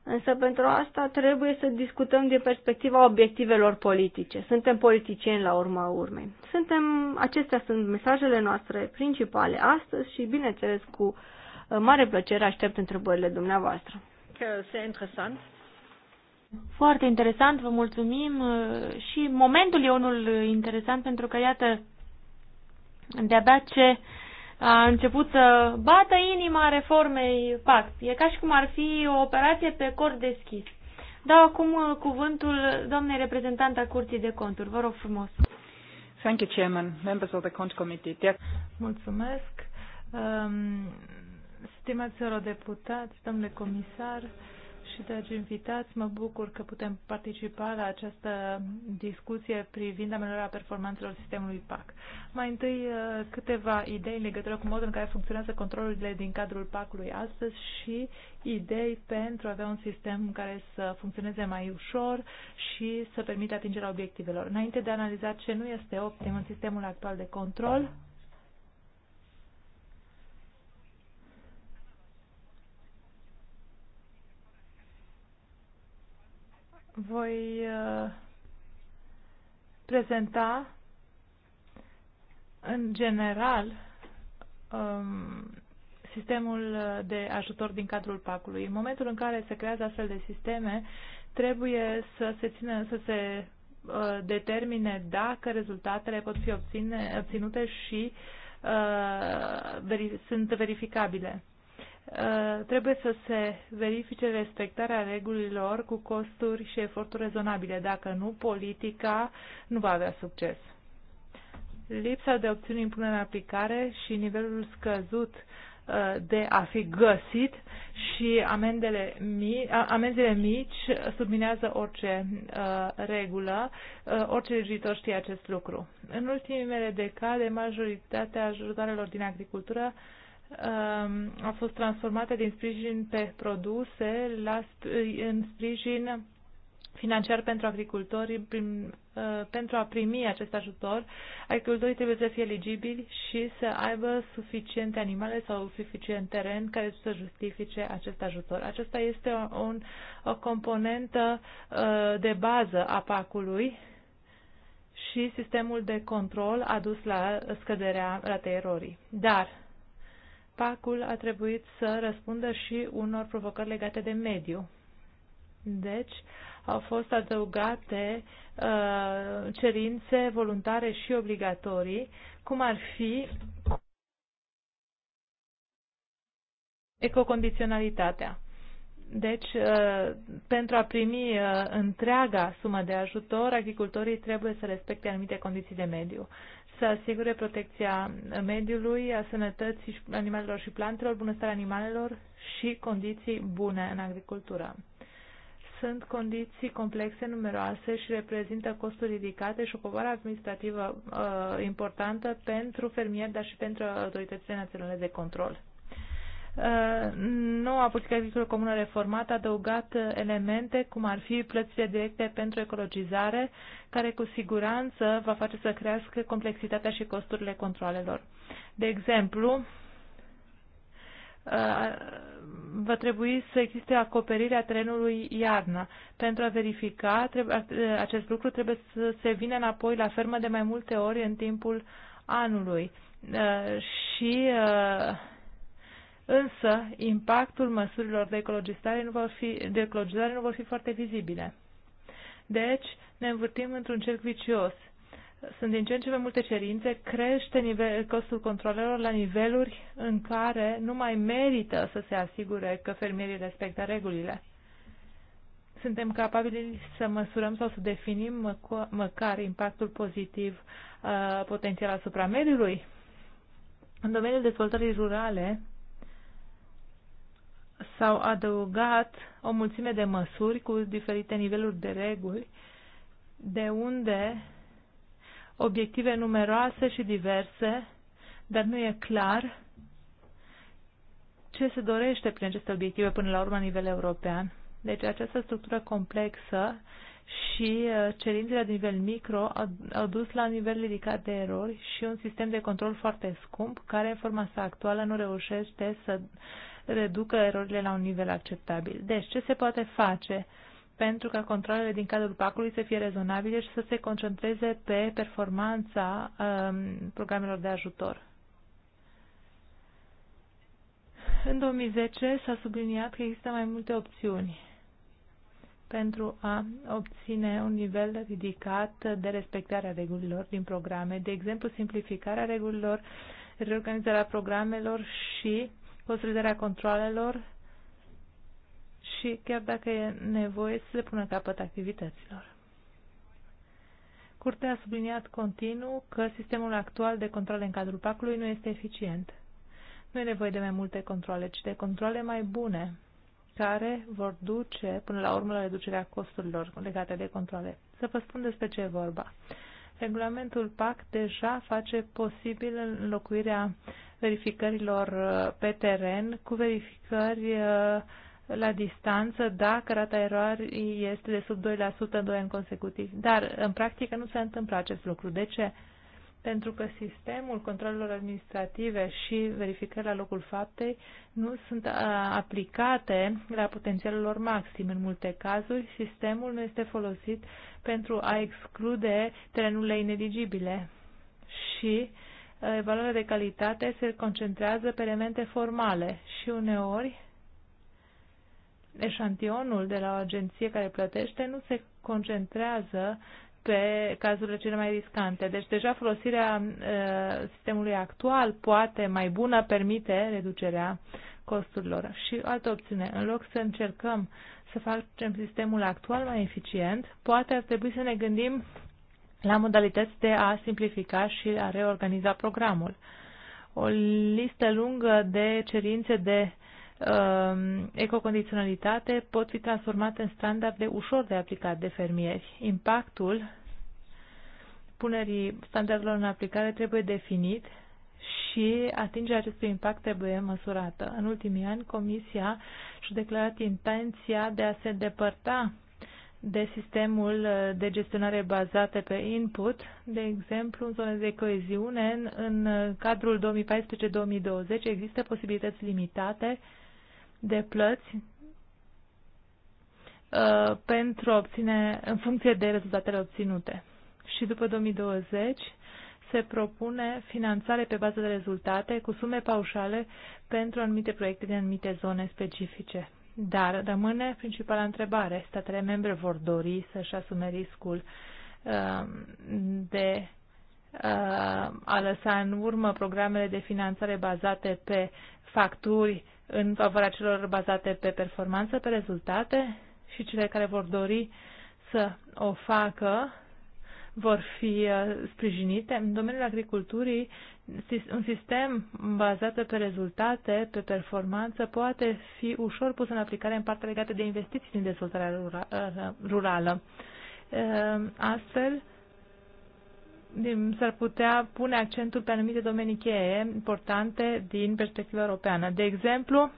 însă pentru asta trebuie să discutăm din perspectiva obiectivelor politice. Suntem politicieni la urma urmei. Suntem, acestea sunt mesajele noastre principale astăzi și, bineînțeles, cu uh, mare plăcere aștept întrebările dumneavoastră. interesant. Foarte interesant, vă mulțumim uh, și momentul e unul interesant pentru că, iată, de-abia ce a început să bată inima reformei PACT. E ca și cum ar fi o operație pe cor deschis. Dau acum uh, cuvântul doamnei reprezentant a Curții de Conturi. Vă rog frumos. Thank you, Chairman, members of the Cont Committee. Mulțumesc. Um, stimați eurodeputați, domnule comisar, uh, și dragi invitați, mă bucur că putem participa la această discuție privind ameliorarea performanțelor sistemului PAC. Mai întâi uh, câteva idei în legătură cu modul în care funcționează controlurile din cadrul PAC-ului astăzi și idei pentru a avea un sistem care să funcționeze mai ușor și să permită atingerea obiectivelor. Înainte de a analiza ce nu este optim în sistemul actual de control, voi uh, prezenta în general um, sistemul de ajutor din cadrul PAC-ului. În momentul în care se creează astfel de sisteme, trebuie să se țină, să se uh, determine dacă rezultatele pot fi obține, obținute și uh, veri, sunt verificabile. Uh, trebuie să se verifice respectarea regulilor cu costuri și eforturi rezonabile. Dacă nu, politica nu va avea succes. Lipsa de opțiuni în punere în aplicare și nivelul scăzut uh, de a fi găsit și amendele mici, amenzile mici subminează orice uh, regulă, uh, orice legitor știe acest lucru. În ultimele decade, majoritatea ajutoarelor din agricultură uh, Um, a fost transformată din sprijin pe produse la, în sprijin financiar pentru agricultori prim, uh, pentru a primi acest ajutor. Agricultorii trebuie să fie eligibili și să aibă suficiente animale sau suficient teren care să justifice acest ajutor. Acesta este o, un, o componentă uh, de bază a pacului și sistemul de control a dus la scăderea ratei erorii. Dar PAC-ul a trebuit să răspundă și unor provocări legate de mediu. Deci, au fost adăugate uh, cerințe voluntare și obligatorii, cum ar fi ecocondiționalitatea. Deci, uh, pentru a primi uh, întreaga sumă de ajutor, agricultorii trebuie să respecte anumite condiții de mediu să asigure protecția mediului, a sănătății animalelor și plantelor, bunăstarea animalelor și condiții bune în agricultură. Sunt condiții complexe, numeroase și reprezintă costuri ridicate și o povară administrativă uh, importantă pentru fermieri, dar și pentru autoritățile naționale de control. Uh, noua politică agricolă comună reformată a adăugat uh, elemente cum ar fi plățile directe pentru ecologizare, care cu siguranță va face să crească complexitatea și costurile controlelor. De exemplu, uh, va trebui să existe acoperirea terenului iarna. Pentru a verifica acest lucru trebuie să se vină înapoi la fermă de mai multe ori în timpul anului. Și însă impactul măsurilor de ecologizare nu vor fi, de ecologizare nu vor fi foarte vizibile. Deci, ne învârtim într-un cerc vicios. Sunt din ce în ce mai multe cerințe, crește nivel, costul controlelor la niveluri în care nu mai merită să se asigure că fermierii respectă regulile. Suntem capabili să măsurăm sau să definim măco, măcar impactul pozitiv uh, potențial asupra mediului? În domeniul dezvoltării rurale, s-au adăugat o mulțime de măsuri cu diferite niveluri de reguli, de unde obiective numeroase și diverse, dar nu e clar ce se dorește prin aceste obiective până la urmă la nivel european. Deci această structură complexă și uh, cerințele de nivel micro au dus la nivel ridicat de erori și un sistem de control foarte scump care în forma sa actuală nu reușește să reducă erorile la un nivel acceptabil. Deci, ce se poate face pentru ca controlele din cadrul pacului să fie rezonabile și să se concentreze pe performanța um, programelor de ajutor? În 2010 s-a subliniat că există mai multe opțiuni pentru a obține un nivel ridicat de respectare a regulilor din programe, de exemplu simplificarea regulilor, reorganizarea programelor și consolidarea controlelor și chiar dacă e nevoie să se pună capăt activităților. Curtea a subliniat continuu că sistemul actual de controle în cadrul pacului nu este eficient. Nu e nevoie de mai multe controle, ci de controle mai bune, care vor duce până la urmă la reducerea costurilor legate de controle. Să vă spun despre ce e vorba. Regulamentul PAC deja face posibil înlocuirea verificărilor uh, pe teren cu verificări uh, la distanță dacă rata erorii este de sub 2% în 2 ani consecutivi. Dar în practică nu se întâmplă acest lucru. De ce? Pentru că sistemul controlelor administrative și verificări la locul faptei nu sunt uh, aplicate la potențialul lor maxim. În multe cazuri, sistemul nu este folosit pentru a exclude terenurile ineligibile și uh, Eh, evaluarea de calitate se concentrează pe elemente formale și uneori eșantionul de la o agenție care plătește nu se concentrează pe cazurile cele mai riscante. Deci deja folosirea uh, sistemului actual poate mai bună permite reducerea costurilor. Și altă opțiune, în loc să încercăm să facem sistemul actual mai eficient, poate ar trebui să ne gândim la modalități de a simplifica și a reorganiza programul. O listă lungă de cerințe de uh, ecocondiționalitate pot fi transformate în standarde ușor de aplicat de fermieri. Impactul punerii standardelor în aplicare trebuie definit și atingerea acestui impact trebuie măsurată. În ultimii ani, Comisia și-a declarat intenția de a se depărta de sistemul de gestionare bazată pe input, de exemplu, în zone de coeziune, în cadrul 2014-2020 există posibilități limitate de plăți uh, pentru a obține, în funcție de rezultatele obținute. Și după 2020 se propune finanțare pe bază de rezultate cu sume paușale pentru anumite proiecte din anumite zone specifice. Dar rămâne principala întrebare. Statele membre vor dori să-și asume riscul uh, de uh, a lăsa în urmă programele de finanțare bazate pe facturi în favoarea celor bazate pe performanță, pe rezultate și cele care vor dori să o facă vor fi uh, sprijinite. În domeniul agriculturii, un sistem bazat pe rezultate, pe performanță, poate fi ușor pus în aplicare în partea legată de investiții din dezvoltarea uh, rurală. Uh, astfel, s-ar putea pune accentul pe anumite domenii cheie importante din perspectiva europeană. De exemplu,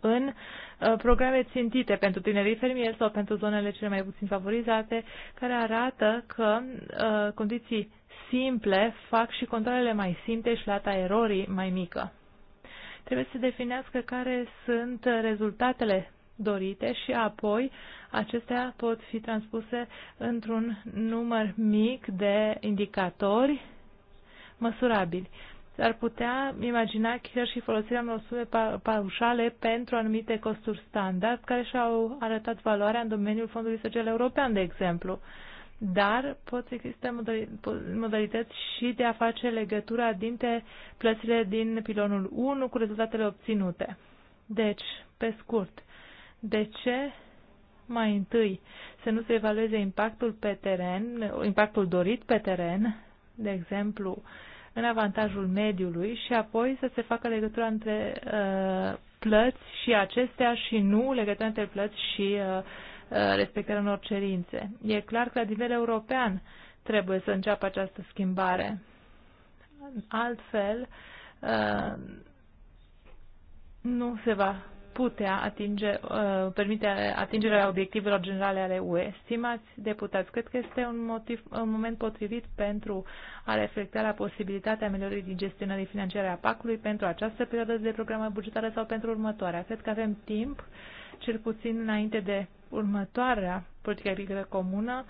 în uh, Uh, programe țintite pentru tinerii fermieri sau pentru zonele cele mai puțin favorizate, care arată că uh, condiții simple fac și controlele mai simple și lata erorii mai mică. Trebuie să definească care sunt rezultatele dorite și apoi acestea pot fi transpuse într-un număr mic de indicatori măsurabili s-ar putea imagina chiar și folosirea unor sume paușale pentru anumite costuri standard care și-au arătat valoarea în domeniul Fondului Social European, de exemplu. Dar pot exista modalități și de a face legătura dintre plățile din pilonul 1 cu rezultatele obținute. Deci, pe scurt, de ce mai întâi să nu se evalueze impactul pe teren, impactul dorit pe teren, de exemplu, în avantajul mediului și apoi să se facă legătura între uh, plăți și acestea și nu legătura între plăți și uh, uh respectarea unor cerințe. E clar că la nivel european trebuie să înceapă această schimbare. Altfel, uh, nu se va putea atinge, uh, permite atingerea obiectivelor generale ale UE. Stimați deputați, cred că este un, motiv, un moment potrivit pentru a reflecta la posibilitatea ameliorării din gestionării financiare a PAC-ului pentru această perioadă de programă bugetară sau pentru următoarea. Cred că avem timp, cel puțin înainte de următoarea politică agricolă comună,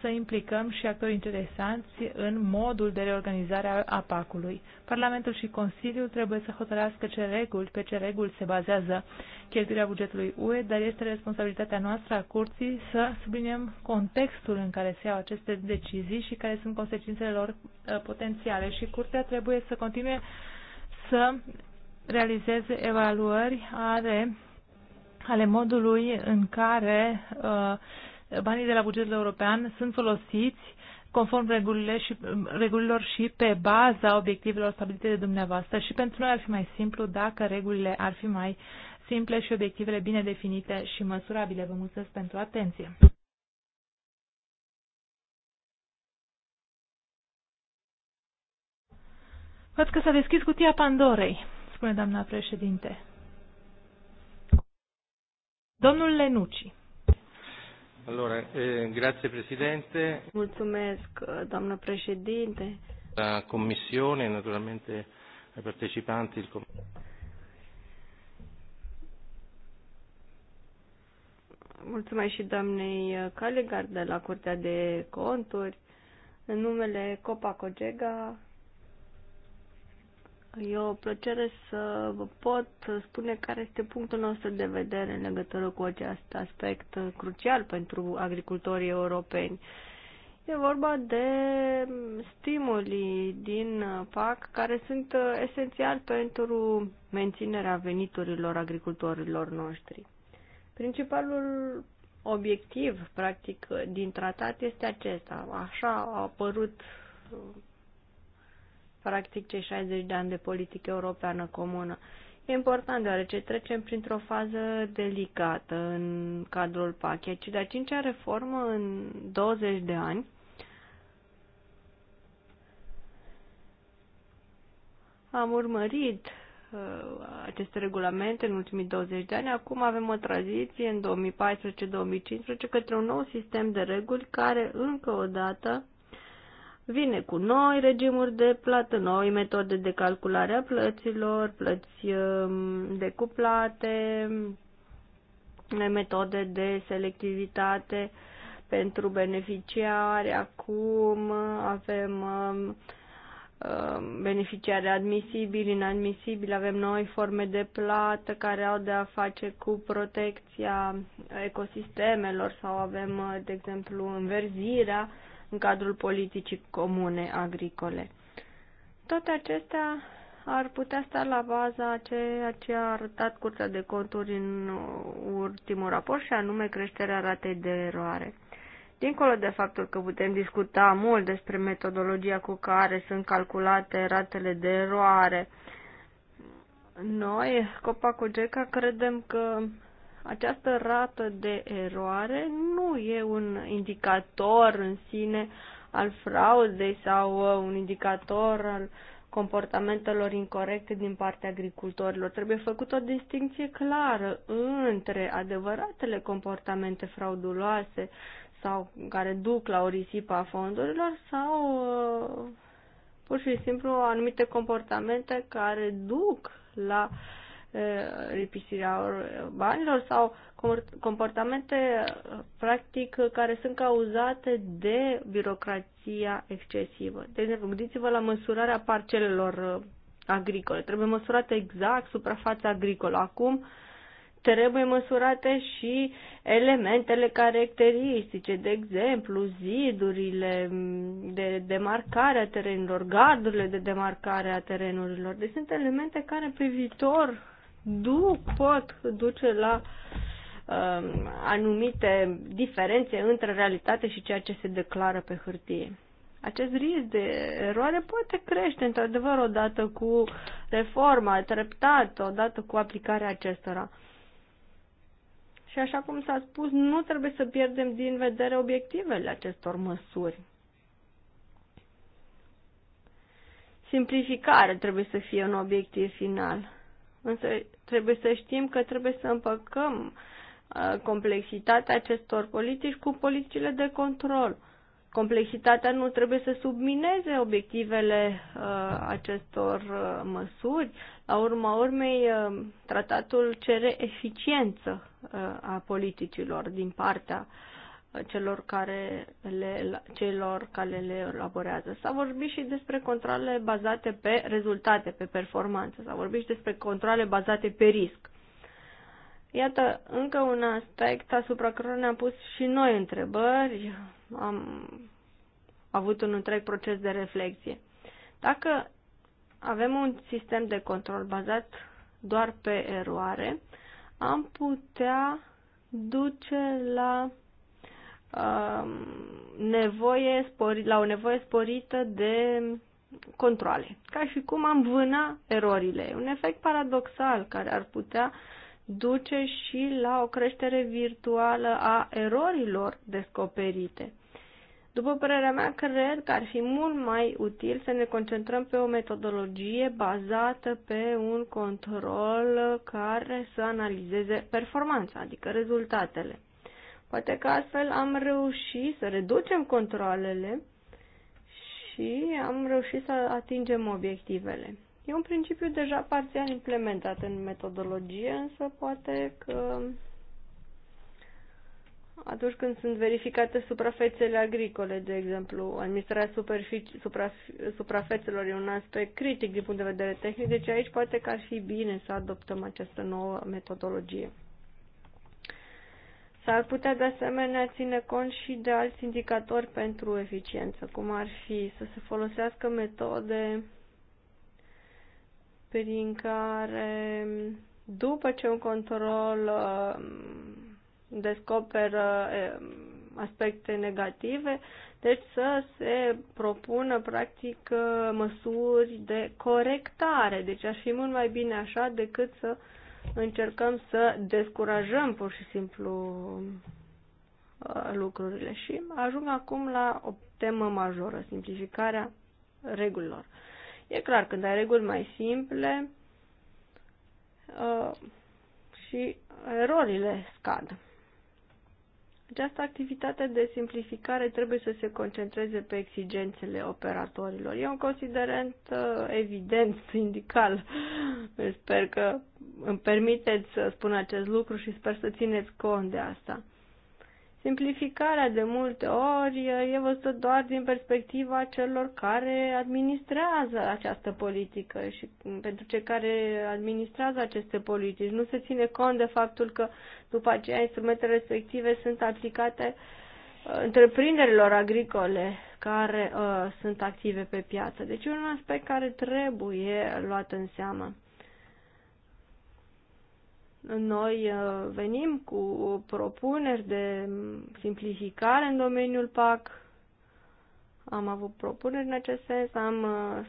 să implicăm și actori interesanți în modul de reorganizare a PAC-ului. Parlamentul și Consiliul trebuie să hotărească ce reguli, pe ce reguli se bazează cheltuirea bugetului UE, dar este responsabilitatea noastră a curții să subliniem contextul în care se iau aceste decizii și care sunt consecințele lor uh, potențiale și curtea trebuie să continue să realizeze evaluări ale ale modului în care uh, banii de la bugetul european sunt folosiți conform regulile și, regulilor și pe baza obiectivelor stabilite de dumneavoastră și pentru noi ar fi mai simplu dacă regulile ar fi mai simple și obiectivele bine definite și măsurabile. Vă mulțumesc pentru atenție. Văd că s-a deschis cutia Pandorei, spune doamna președinte. Domnul Lenuci. Allora, eh, grazie Presidente. Mulțumesc, eh, doamnă președinte. La Commissione, naturalmente ai partecipanti. Il com- Mulțumesc și doamnei eh, Calegar de la Curtea de Conturi. În numele Copa Cogega E o plăcere să vă pot spune care este punctul nostru de vedere în legătură cu acest aspect crucial pentru agricultorii europeni. E vorba de stimuli din PAC care sunt esențiali pentru menținerea veniturilor agricultorilor noștri. Principalul obiectiv, practic, din tratat este acesta. Așa a apărut practic cei 60 de ani de politică europeană comună. E important deoarece trecem printr-o fază delicată în cadrul pachet și de-a cincea reformă în 20 de ani am urmărit uh, aceste regulamente în ultimii 20 de ani. Acum avem o tranziție în 2014-2015 către un nou sistem de reguli care încă o dată vine cu noi regimuri de plată, noi metode de calculare a plăților, plăți um, decuplate, metode de selectivitate pentru beneficiari. Acum avem um, um, beneficiari admisibili, inadmisibili, avem noi forme de plată care au de a face cu protecția ecosistemelor sau avem, de exemplu, înverzirea uh, în cadrul politicii comune agricole. Toate acestea ar putea sta la baza ceea ce a arătat Curtea de Conturi în ultimul raport și anume creșterea ratei de eroare. Dincolo de faptul că putem discuta mult despre metodologia cu care sunt calculate ratele de eroare, noi, Copa Cogeca, credem că această rată de eroare nu e un indicator în sine al fraudei sau uh, un indicator al comportamentelor incorrecte din partea agricultorilor. Trebuie făcut o distinție clară între adevăratele comportamente frauduloase sau care duc la o risipă a fondurilor sau uh, pur și simplu anumite comportamente care duc la uh, ripisirea eh, banilor sau comportamente eh, practic care sunt cauzate de birocrația excesivă. exemplu, gândiți-vă la măsurarea parcelelor eh, agricole. Trebuie măsurată exact suprafața agricolă. Acum trebuie măsurate și elementele caracteristice, de exemplu, zidurile mm, de demarcare a terenurilor, gardurile de demarcare a terenurilor. Deci sunt elemente care pe viitor du, pot duce la uh, anumite diferențe între realitate și ceea ce se declară pe hârtie. Acest risc de eroare poate crește într-adevăr odată cu reforma treptat, odată cu aplicarea acestora. Și așa cum s-a spus, nu trebuie să pierdem din vedere obiectivele acestor măsuri. Simplificare trebuie să fie un obiectiv final. Însă trebuie să știm că trebuie să împăcăm uh, complexitatea acestor politici cu politicile de control. Complexitatea nu trebuie să submineze obiectivele uh, acestor uh, măsuri. La urma urmei, uh, tratatul cere eficiență uh, a politicilor din partea uh, celor care le, celor care le elaborează. S-a vorbit și despre controle bazate pe rezultate, pe performanță. S-a vorbit și despre controle bazate pe risc. Iată, încă un aspect asupra cărora ne-am pus și noi întrebări. Am avut un întreg proces de reflexie. Dacă avem un sistem de control bazat doar pe eroare, am putea duce la Um, nevoie spori, la o nevoie sporită de controle. Ca și cum am vâna erorile. Un efect paradoxal care ar putea duce și la o creștere virtuală a erorilor descoperite. După părerea mea, cred că ar fi mult mai util să ne concentrăm pe o metodologie bazată pe un control care să analizeze performanța, adică rezultatele. Poate că astfel am reușit să reducem controlele și am reușit să atingem obiectivele. E un principiu deja parțial implementat în metodologie, însă poate că atunci când sunt verificate suprafețele agricole, de exemplu, administrarea supraf suprafețelor e un aspect critic din punct de vedere tehnic, deci aici poate că ar fi bine să adoptăm această nouă metodologie. S-ar putea de asemenea ține cont și de alți indicatori pentru eficiență, cum ar fi să se folosească metode prin care după ce un control um, descoperă um, aspecte negative, deci să se propună practic uh, măsuri de corectare. Deci ar fi mult mai bine așa decât să uh, încercăm să descurajăm pur și simplu uh, lucrurile și ajung acum la o temă majoră, simplificarea regulilor. E clar, când ai reguli mai simple uh, și erorile scad. Această activitate de simplificare trebuie să se concentreze pe exigențele operatorilor. E un considerent uh, evident, sindical. Sper că îmi permiteți să spun acest lucru și sper să țineți cont de asta. Simplificarea de multe ori e văzută doar din perspectiva celor care administrează această politică și pentru cei care administrează aceste politici. Nu se ține cont de faptul că după aceea instrumentele respective sunt aplicate uh, întreprinderilor agricole care uh, sunt active pe piață. Deci e un aspect care trebuie luat în seamă. Noi uh, venim cu propuneri de simplificare în domeniul PAC. Am avut propuneri în acest sens. Am,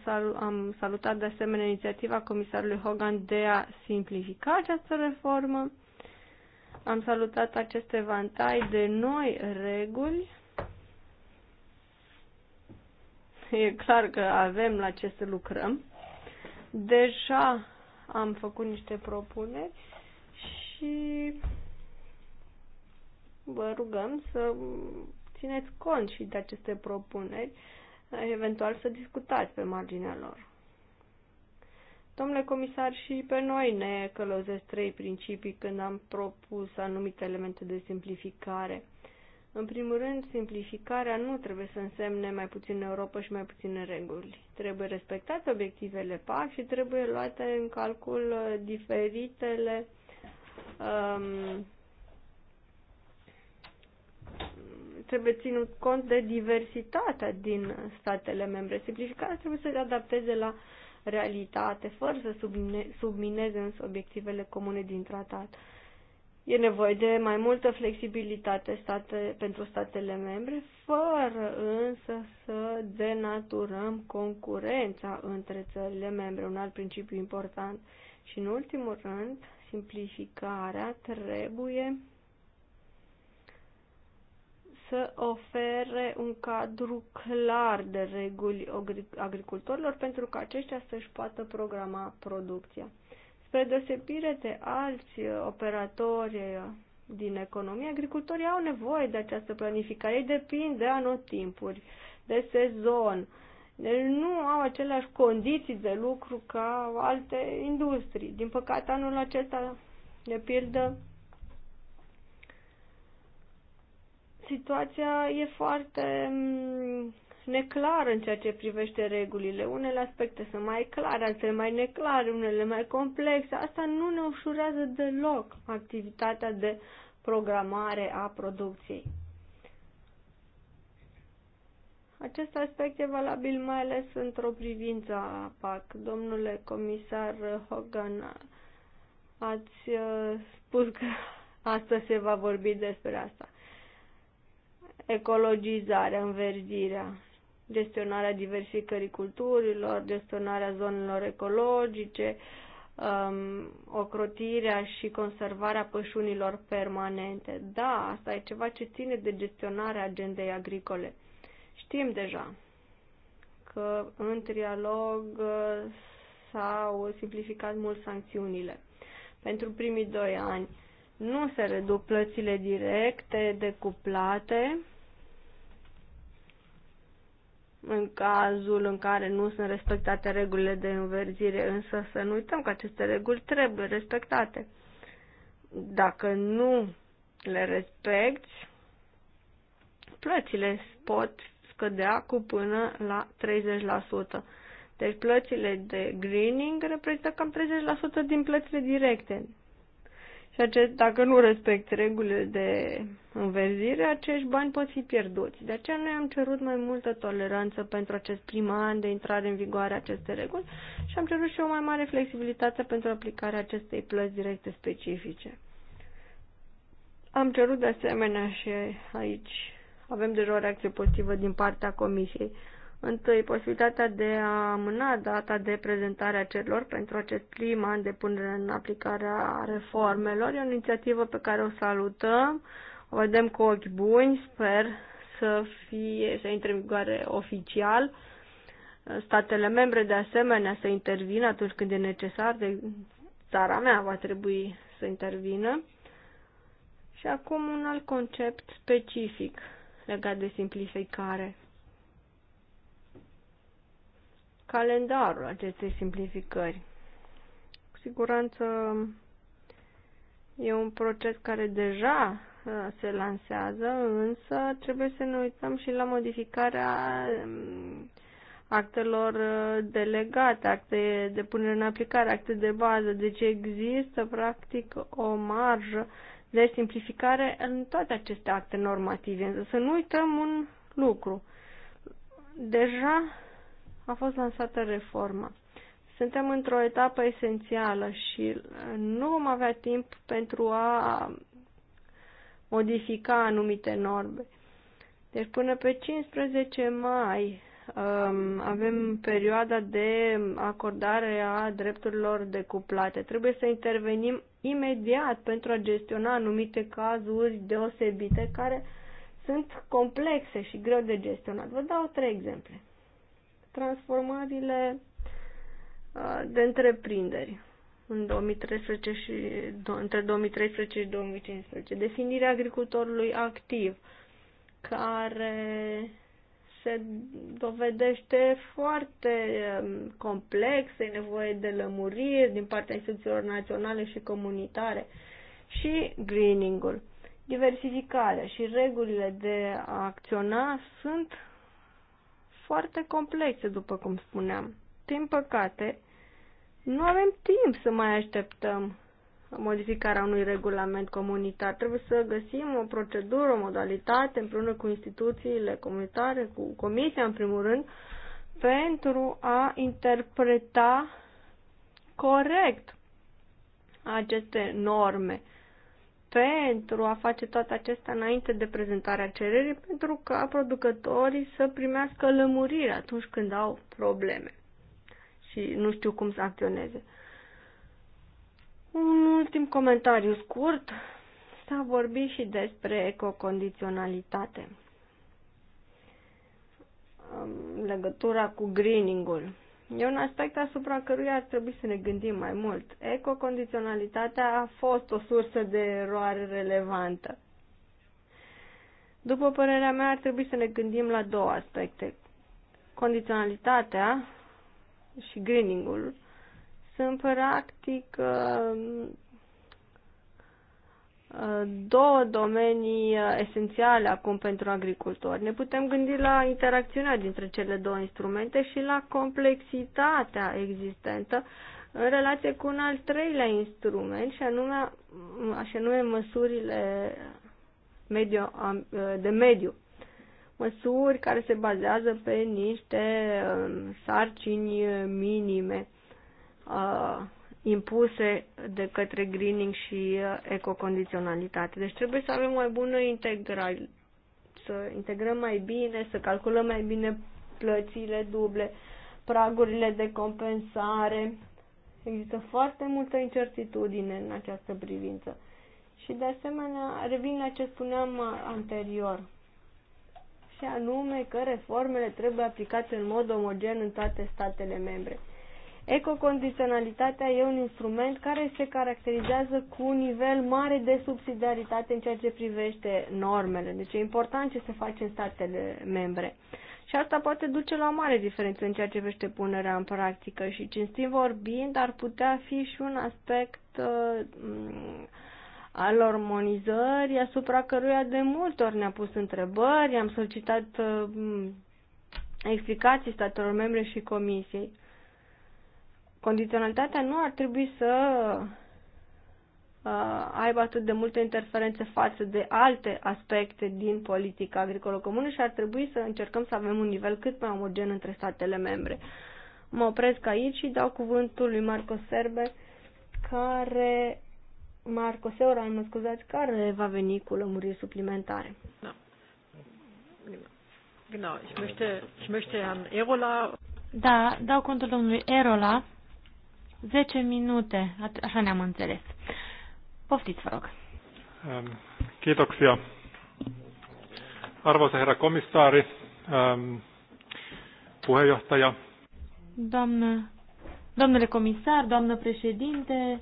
uh, am salutat de asemenea inițiativa comisarului Hogan de a simplifica această reformă. Am salutat aceste evantai de noi reguli. E clar că avem la ce să lucrăm. Deja am făcut niște propuneri și vă rugăm să țineți cont și de aceste propuneri, eventual să discutați pe marginea lor. Domnule comisar, și pe noi ne călăuzesc trei principii când am propus anumite elemente de simplificare. În primul rând, simplificarea nu trebuie să însemne mai puțin Europa și mai puține reguli. Trebuie respectate obiectivele PAC și trebuie luate în calcul diferitele uh, um, trebuie ținut cont de diversitatea din statele membre. Simplificarea trebuie să se adapteze la realitate, fără să submine, submineze însă obiectivele comune din tratat. E nevoie de mai multă flexibilitate state, pentru statele membre, fără însă să denaturăm concurența între țările membre, un alt principiu important. Și în ultimul rând, simplificarea trebuie să ofere un cadru clar de reguli agricultorilor pentru că aceștia să-și poată programa producția. Spre deosebire de alți operatori din economie, agricultorii au nevoie de această planificare. Ei depind de anotimpuri, de sezon, deci nu au aceleași condiții de lucru ca alte industrii. Din păcate, anul acesta, de pildă, situația e foarte mm, neclară în ceea ce privește regulile. Unele aspecte sunt mai clare, altele mai neclare, unele mai complexe. Asta nu ne ușurează deloc activitatea de programare a producției. Acest aspect e valabil mai ales într-o privință a PAC. Domnule comisar Hogan, ați uh, spus că astăzi se va vorbi despre asta. Ecologizarea, înverzirea, gestionarea diversificării culturilor, gestionarea zonelor ecologice, um, ocrotirea și conservarea pășunilor permanente. Da, asta e ceva ce ține de gestionarea agendei agricole. Știm deja că în trialog uh, s-au simplificat mult sancțiunile. Pentru primii doi ani nu se reduc plățile directe decuplate în cazul în care nu sunt respectate regulile de înverzire, însă să nu uităm că aceste reguli trebuie respectate. Dacă nu le respecti, plățile pot scădea cu până la 30%. Deci plățile de greening reprezintă cam 30% din plățile directe. Și acest, dacă nu respect regulile de înverzire, acești bani pot fi pierduți. De aceea noi am cerut mai multă toleranță pentru acest prim an de intrare în vigoare a acestei reguli și am cerut și o mai mare flexibilitate pentru aplicarea acestei plăți directe specifice. Am cerut de asemenea și aici avem deja o reacție pozitivă din partea Comisiei. Întâi, posibilitatea de a amâna data de prezentare a cerilor pentru acest prim an de punere în aplicare a reformelor. E o inițiativă pe care o salutăm, o vedem cu ochi buni, sper să, fie, să intre în vigoare oficial. Statele membre, de asemenea, să intervină atunci când e necesar, de țara mea va trebui să intervină. Și acum un alt concept specific legat de simplificare. Calendarul acestei simplificări. Cu siguranță e un proces care deja uh, se lansează, însă trebuie să ne uităm și la modificarea mm, actelor uh, delegate, acte de punere în aplicare, acte de bază. Deci există practic o marjă deci simplificare în toate aceste acte normative. Însă să nu uităm un lucru. Deja a fost lansată reforma. Suntem într-o etapă esențială și nu vom avea timp pentru a modifica anumite norme. Deci până pe 15 mai Um, avem perioada de acordare a drepturilor decuplate. Trebuie să intervenim imediat pentru a gestiona anumite cazuri deosebite care sunt complexe și greu de gestionat. Vă dau trei exemple. Transformările uh, de întreprinderi în 2013 și, între 2013 și 2015. Definirea agricultorului activ care se dovedește foarte um, complex, e nevoie de lămuriri din partea instituțiilor naționale și comunitare și greening-ul. Diversificarea și regulile de a acționa sunt foarte complexe, după cum spuneam. Din păcate, nu avem timp să mai așteptăm modificarea unui regulament comunitar. Trebuie să găsim o procedură, o modalitate împreună cu instituțiile comunitare, cu comisia în primul rând, pentru a interpreta corect aceste norme pentru a face toate acestea înainte de prezentarea cererii, pentru ca producătorii să primească lămurire atunci când au probleme și nu știu cum să acționeze. Un ultim comentariu scurt. S-a vorbit și despre ecocondiționalitate. Legătura cu greening-ul. E un aspect asupra căruia ar trebui să ne gândim mai mult. Ecocondiționalitatea a fost o sursă de eroare relevantă. După părerea mea, ar trebui să ne gândim la două aspecte. Condiționalitatea și greening-ul sunt practic uh, uh, două domenii uh, esențiale acum pentru agricultori. Ne putem gândi la interacțiunea dintre cele două instrumente și la complexitatea existentă în relație cu un al treilea instrument și anume, așa nume măsurile medio, de mediu. Măsuri care se bazează pe niște um, sarcini minime uh, impuse de către greening și uh, ecocondiționalitate. Deci trebuie să avem mai bună integrare, să integrăm mai bine, să calculăm mai bine plățile duble, pragurile de compensare. Există foarte multă incertitudine în această privință. Și de asemenea, revin la ce spuneam uh, anterior, și anume că reformele trebuie aplicate în mod omogen în toate statele membre. Ecocondiționalitatea e un instrument care se caracterizează cu un nivel mare de subsidiaritate în ceea ce privește normele. Deci e important ce se face în statele membre. Și asta poate duce la mare diferență în ceea ce privește punerea în practică și cinstit vorbind ar putea fi și un aspect uh, mm, al ormonizării asupra căruia de multe ori ne-a pus întrebări, am solicitat uh, mm, explicații statelor membre și comisiei. Condiționalitatea nu ar trebui să uh, aibă atât de multe interferențe față de alte aspecte din politica agricolă comună și ar trebui să încercăm să avem un nivel cât mai omogen între statele membre. Mă opresc aici și dau cuvântul lui Marco Serbe, care Marco Seura, mă scuzați, care va veni cu lămuriri suplimentare. Da. Genau, ich möchte, ich möchte Herrn Erola. Da, dau contul domnului Erola 10 minute, așa ne-am înțeles. Poftiți, vă rog. Ehm, kiitoksia. Arvoisa herra komissaari, ehm, puheenjohtaja. Doamnă, domnule comisar, doamnă președinte,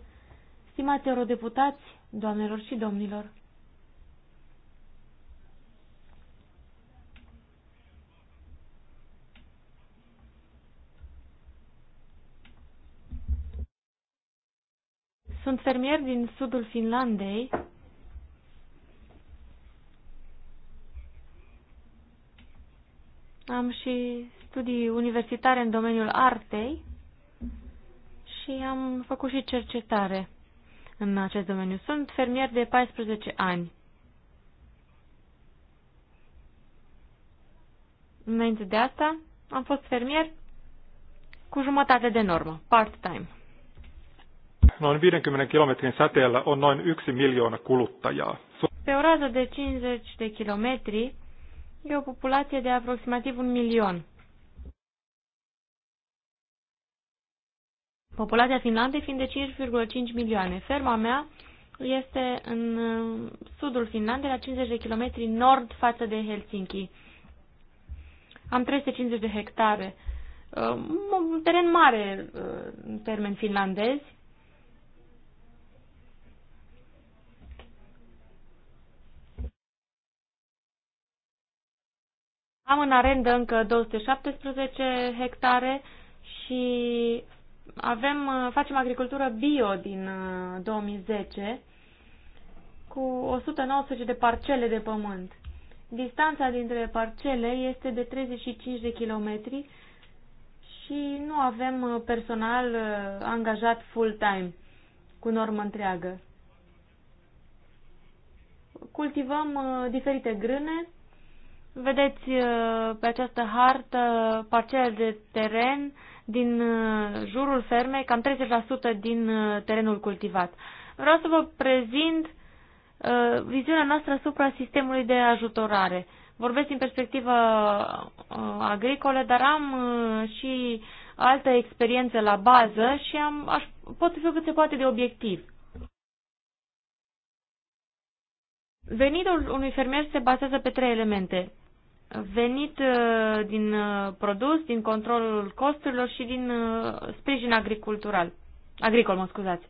stimați eurodeputați, doamnelor și domnilor. Sunt fermier din sudul Finlandei Am și studii universitare în domeniul artei și am făcut și cercetare în acest domeniu. Sunt fermier de 14 ani. Înainte de asta, am fost fermier cu jumătate de normă, part-time. Noin 50 kilometrin säteellä on noin 1 miljoona kuluttajaa. Pe o rază de 50 de kilometri e o populație de aproximativ un milion. Populația Finlandei fiind de 5,5 milioane. Ferma mea este în uh, sudul Finlandei, la 50 de kilometri nord față de Helsinki. Am 350 de hectare. Uh, un teren mare uh, în termen finlandezi Am în arendă încă 217 hectare și avem, uh, facem agricultură bio din 2010 uh, cu 190 de parcele de pământ. Distanța dintre parcele este de 35 de kilometri și nu avem uh, personal angajat full-time cu normă întreagă. Cultivăm diferite grâne, Vedeți uh, pe această hartă parcele de teren din uh, jurul fermei, cam 30% din uh, terenul cultivat. Vreau să vă prezint viziunea noastră asupra sistemului de ajutorare. Vorbesc din perspectivă agricolă, dar am și altă experiență la bază și am, aș, pot fi cât se poate de obiectiv. Venitul unui fermier se bazează pe trei elemente venit uh, din uh, produs, din controlul costurilor și din uh, sprijin agricultural. Agricol, mă scuzați.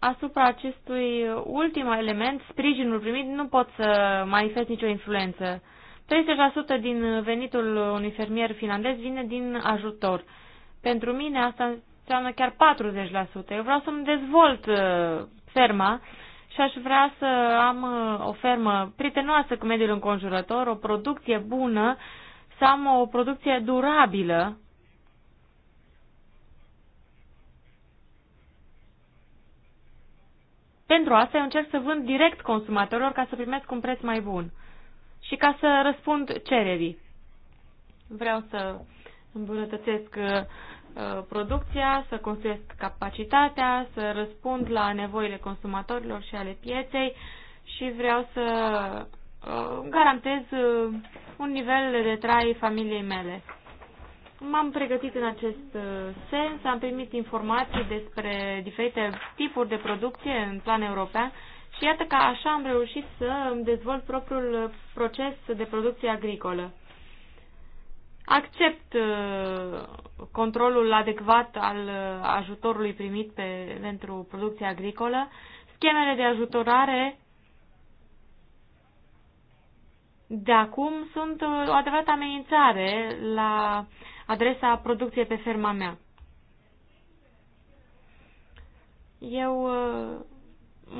Asupra acestui ultim element, sprijinul primit, nu pot să manifest nicio influență. 30% din venitul unui fermier finlandez vine din ajutor. Pentru mine asta înseamnă chiar 40%. Eu vreau să-mi dezvolt ferma și aș vrea să am uh, o fermă prietenoasă cu mediul înconjurător, o producție bună, să am o producție durabilă. Pentru asta eu încerc să vând direct consumatorilor ca să primesc un preț mai bun și ca să răspund cererii. Vreau să îmbunătățesc uh, Uh, producția, să construiesc capacitatea, să răspund la nevoile consumatorilor și ale pieței și vreau să uh, garantez uh, un nivel de trai familiei mele. M-am pregătit în acest sens, am primit informații despre diferite tipuri de producție în plan european și iată că așa am reușit să îmi dezvolt propriul proces de producție agricolă accept uh, controlul adecvat al uh, ajutorului primit pe, pentru producția agricolă, schemele de ajutorare de acum sunt uh, o adevărată amenințare la adresa producției pe ferma mea. Eu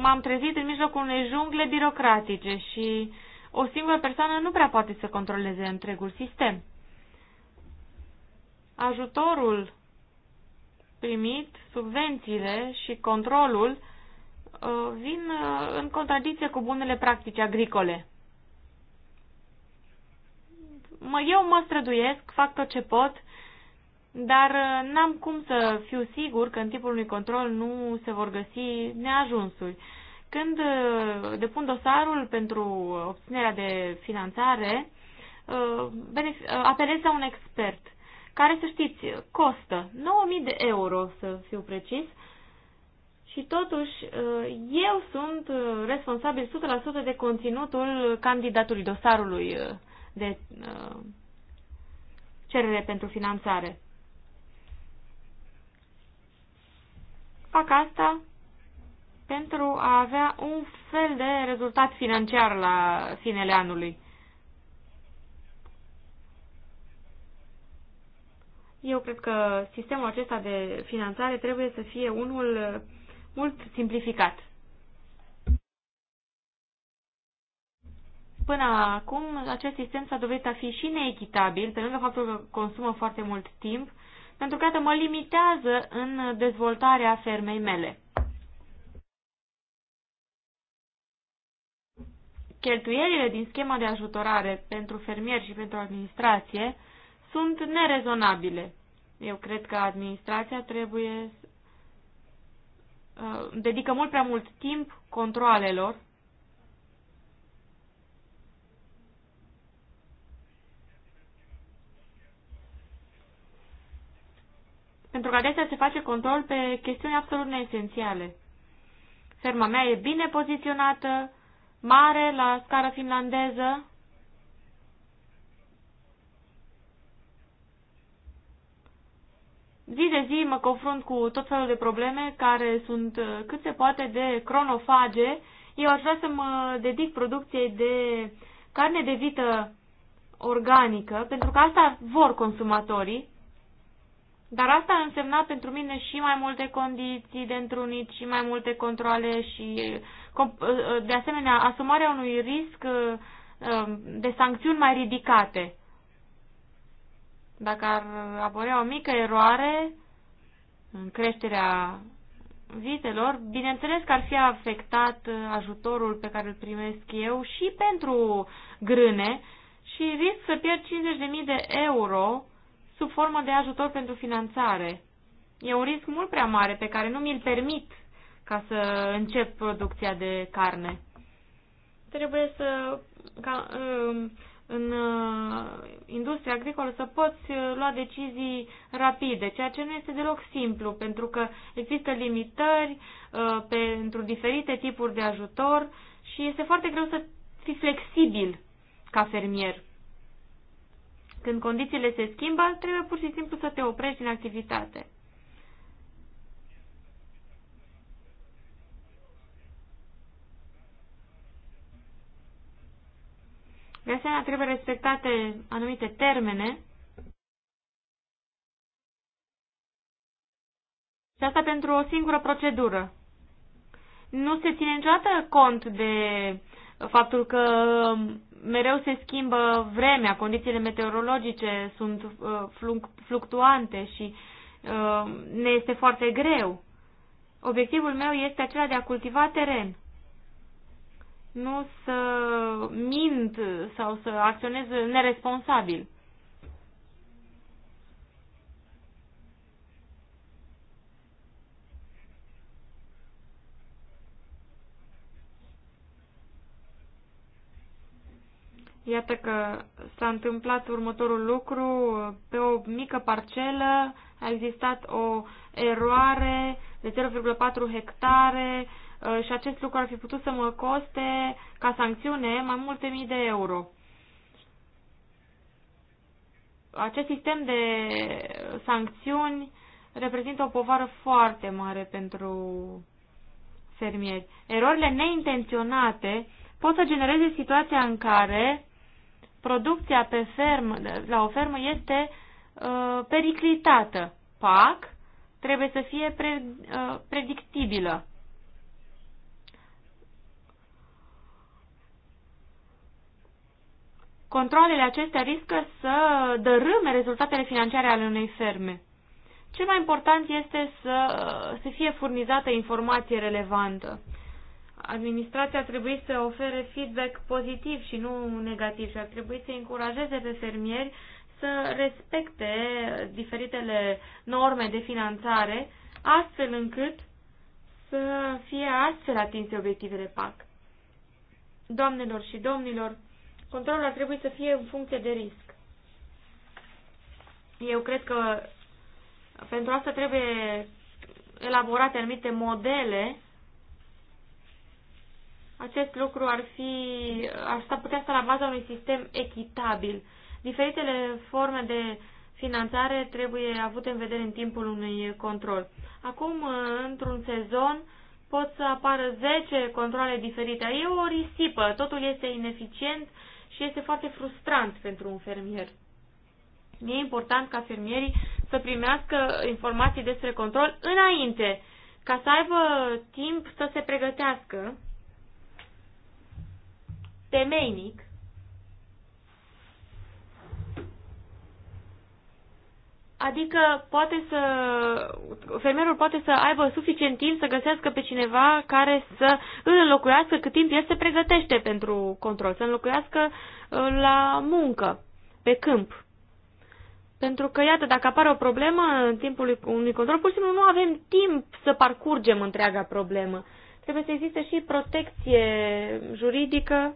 m-am trezit în mijlocul unei jungle birocratice și o singură persoană nu prea poate să controleze întregul sistem ajutorul primit, subvențiile și controlul uh, vin uh, în contradicție cu bunele practici agricole. Eu mă străduiesc, fac tot ce pot, dar uh, n-am cum să fiu sigur că în timpul unui control nu se vor găsi neajunsuri. Când depun dosarul pentru obținerea de finanțare, apelez la un expert – care, să știți, costă 9.000 de euro, să fiu precis, și totuși eh, eu sunt eh, responsabil 100% de conținutul candidatului, dosarului eh, de cerere pentru finanțare. Fac asta pentru a avea un fel de rezultat financiar la finele anului. Eu cred că sistemul acesta de finanțare trebuie să fie unul mult simplificat. Până acum, acest sistem s-a dovedit a fi și neechitabil, pe lângă faptul că consumă foarte mult timp, pentru că mă limitează în dezvoltarea fermei mele. Cheltuielile din schema de ajutorare pentru fermieri și pentru administrație sunt nerezonabile. Eu cred că administrația trebuie să uh, dedică mult prea mult timp controalelor pentru că adesea se face control pe chestiuni absolut neesențiale. Ferma mea e bine poziționată, mare, la scară finlandeză, Zi de zi mă confrunt cu tot felul de probleme care sunt uh, cât se poate de cronofage. Eu aș vrea să mă dedic producției de carne de vită organică, pentru că asta vor consumatorii, dar asta însemnat pentru mine și mai multe condiții de întrunit, și mai multe controle și, uh, uh, de asemenea, asumarea unui risc um, de sancțiuni mai ridicate. Dacă ar apărea o mică eroare în creșterea vitelor, bineînțeles că ar fi afectat uh, ajutorul pe care îl primesc eu și pentru grâne și risc să pierd 50.000 de euro sub formă de ajutor pentru finanțare. E un risc mult prea mare pe care nu mi-l permit ca să încep producția de carne. Trebuie să ca, um, în uh, industria agricolă să poți uh, lua decizii rapide, ceea ce nu este deloc simplu, pentru că există limitări uh, pentru diferite tipuri de ajutor și este foarte greu să fii flexibil ca fermier. Când condițiile se schimbă, trebuie pur și simplu să te oprești din activitate. De asemenea, trebuie respectate anumite termene și asta pentru o singură procedură. Nu se ține niciodată cont de faptul că mereu se schimbă vremea, condițiile meteorologice sunt uh, fluctuante și uh, ne este foarte greu. Obiectivul meu este acela de a cultiva teren nu să mint sau să acționez neresponsabil. Iată că s-a întâmplat următorul lucru. Pe o mică parcelă a existat o eroare de 0,4 hectare Uh, și acest lucru ar fi putut să mă coste ca sancțiune mai multe mii de euro. Acest sistem de sancțiuni reprezintă o povară foarte mare pentru fermieri. Erorile neintenționate pot să genereze situația în care producția pe fermă, la o fermă este uh, periclitată. PAC trebuie să fie pre, uh, predictibilă. Controlele acestea riscă să dărâme rezultatele financiare ale unei ferme. Cel mai important este să, să fie furnizată informație relevantă. Administrația trebuie să ofere feedback pozitiv și nu negativ și ar trebui să încurajeze pe fermieri să respecte diferitele norme de finanțare, astfel încât să fie astfel atinse obiectivele PAC. Doamnelor și domnilor, Controlul ar trebui să fie în funcție de risc. Eu cred că pentru asta trebuie elaborate anumite modele. Acest lucru ar fi, ar sta, putea sta la baza unui sistem echitabil. Diferitele forme de finanțare trebuie avute în vedere în timpul unui control. Acum, într-un sezon, pot să apară 10 controle diferite. E o risipă, totul este ineficient și este foarte frustrant pentru un fermier. E important ca fermierii să primească informații despre control înainte, ca să aibă timp să se pregătească temeinic Adică poate să, fermierul poate să aibă suficient timp să găsească pe cineva care să îl înlocuiască cât timp el se pregătește pentru control, să înlocuiască uh, la muncă, pe câmp. Pentru că, iată, dacă apare o problemă în timpul unui control, pur și simplu nu avem timp să parcurgem întreaga problemă. Trebuie să existe și protecție juridică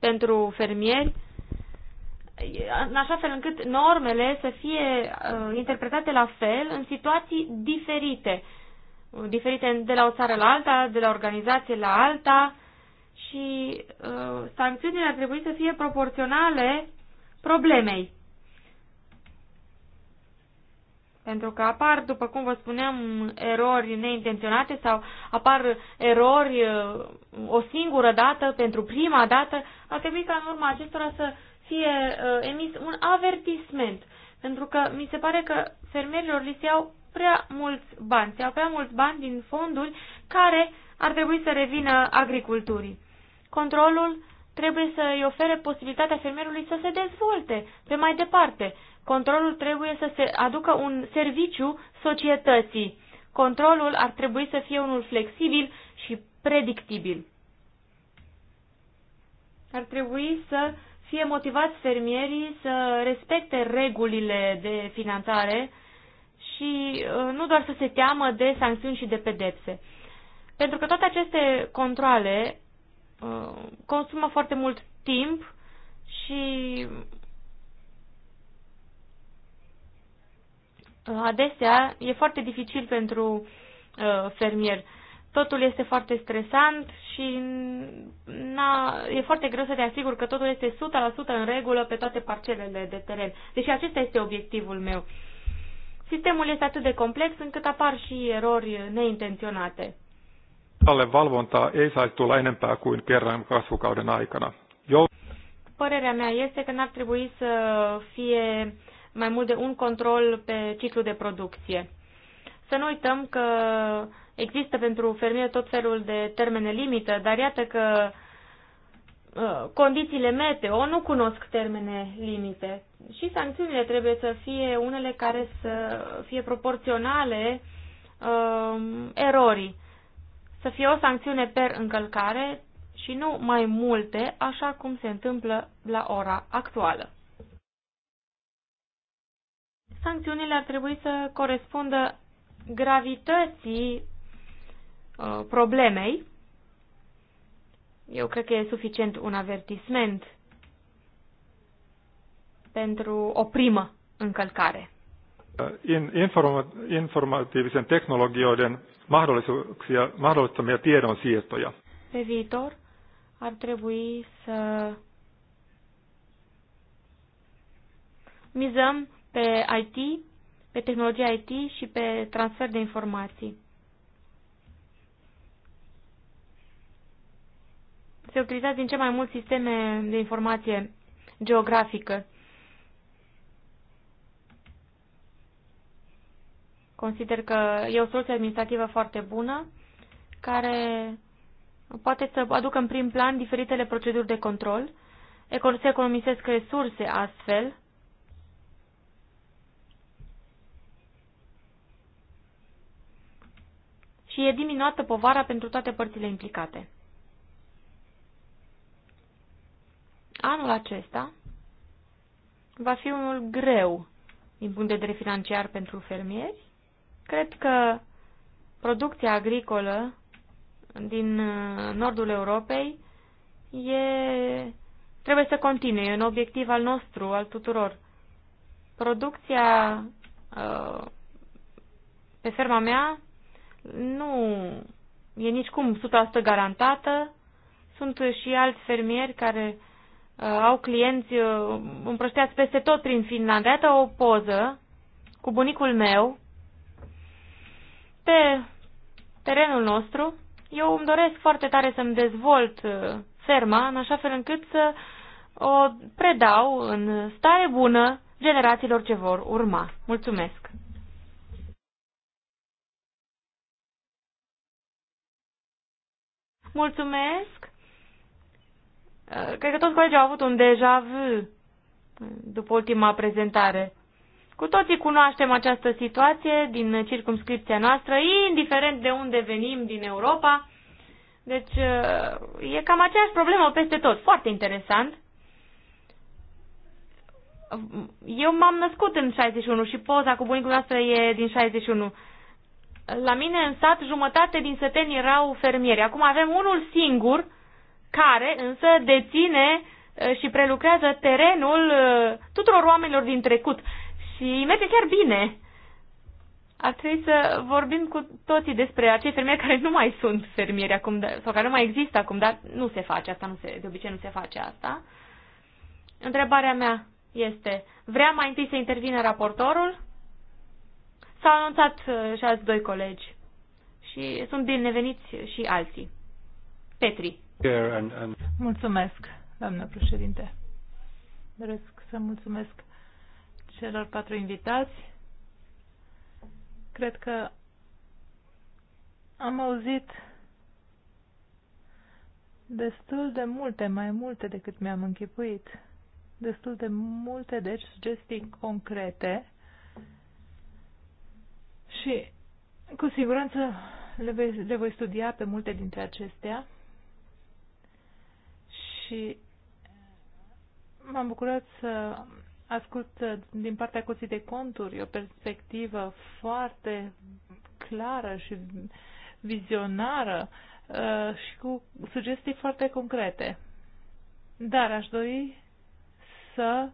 pentru fermieri, în așa fel încât normele să fie uh, interpretate la fel în situații diferite, diferite de la o țară la alta, de la organizație la alta și uh, sancțiunile ar trebui să fie proporționale problemei. Pentru că apar, după cum vă spuneam, erori neintenționate sau apar erori uh, o singură dată, pentru prima dată, ar trebui ca în urma acestora să fie uh, emis un avertisment, pentru că mi se pare că fermierilor li se iau prea mulți bani, se iau prea mulți bani din fonduri care ar trebui să revină agriculturii. Controlul trebuie să îi ofere posibilitatea fermierului să se dezvolte pe mai departe. Controlul trebuie să se aducă un serviciu societății. Controlul ar trebui să fie unul flexibil și predictibil. Ar trebui să fie motivați fermierii să respecte regulile de finanțare și uh, nu doar să se teamă de sancțiuni și de pedepse. Pentru că toate aceste controle uh, consumă foarte mult timp și uh, adesea e foarte dificil pentru fermier totul este foarte stresant și na, e foarte greu să te asiguri că totul este 100% în regulă pe toate parcelele de teren. Deși acesta este obiectivul meu. Sistemul este atât de complex încât apar și erori neintenționate. Alle valvontaa ei saisi tulla enempää kuin kerran kasvukauden aikana. Jo... Părerea mea este că n-ar trebui să fie mai mult de un control pe ciclu de producție. Să nu uităm că Există pentru fermier tot felul de termene limită, dar iată că uh, condițiile meteo nu cunosc termene limite și sancțiunile trebuie să fie unele care să fie proporționale um, erorii. Să fie o sancțiune per încălcare și nu mai multe, așa cum se întâmplă la ora actuală. Sancțiunile ar trebui să corespundă gravității Uh, problemei, eu cred că e suficient un avertisment pentru o primă încălcare. Uh, in, informa, informatiivisen teknologioiden mahdollisuuksia, mahdollistamia siirtoja. Pe viitor ar trebui să mizăm pe IT, pe tehnologia IT și pe transfer de informații. se utilizează din ce mai mult sisteme de informație geografică. Consider că e o soluție administrativă foarte bună care poate să aducă în prim plan diferitele proceduri de control, se economisesc resurse astfel, și e diminuată povara pentru toate părțile implicate. Anul acesta va fi unul greu din punct de vedere financiar pentru fermieri. Cred că producția agricolă din uh, nordul Europei e, trebuie să continue, e un obiectiv al nostru, al tuturor. Producția uh, pe ferma mea nu e nici cum 100% garantată. Sunt și alți fermieri care Uh, au clienți uh, împrășteați peste tot prin Finlandia. Iată o poză cu bunicul meu pe terenul nostru. Eu îmi doresc foarte tare să-mi dezvolt uh, ferma în așa fel încât să o predau în stare bună generațiilor ce vor urma. Mulțumesc! Mulțumesc! Eh, cred că toți colegii au avut un deja vu după ultima prezentare. Cu toții cunoaștem această situație din circumscripția noastră, indiferent de unde venim din Europa. Deci eh, e cam aceeași problemă peste tot. Foarte interesant. Eu m-am născut în 61 și poza cu bunicul noastră e din 61. La mine în sat jumătate din săteni erau fermieri. Acum avem unul singur care însă deține și prelucrează terenul tuturor oamenilor din trecut. Și merge chiar bine. Ar trebui să vorbim cu toții despre acei fermieri care nu mai sunt fermieri acum, sau care nu mai există acum, dar nu se face asta, nu se, de obicei nu se face asta. Întrebarea mea este, vrea mai întâi să intervină raportorul? S-au anunțat și alți doi colegi și sunt bineveniți și alții. Petri. Mulțumesc, doamnă președinte. Doresc să mulțumesc celor patru invitați. Cred că am auzit destul de multe, mai multe decât mi-am închipuit. Destul de multe, deci, sugestii concrete și cu siguranță le voi, le voi studia pe multe dintre acestea și m-am bucurat să ascult din partea Curții de Conturi o perspectivă foarte clară și vizionară uh, și cu sugestii foarte concrete. Dar aș dori să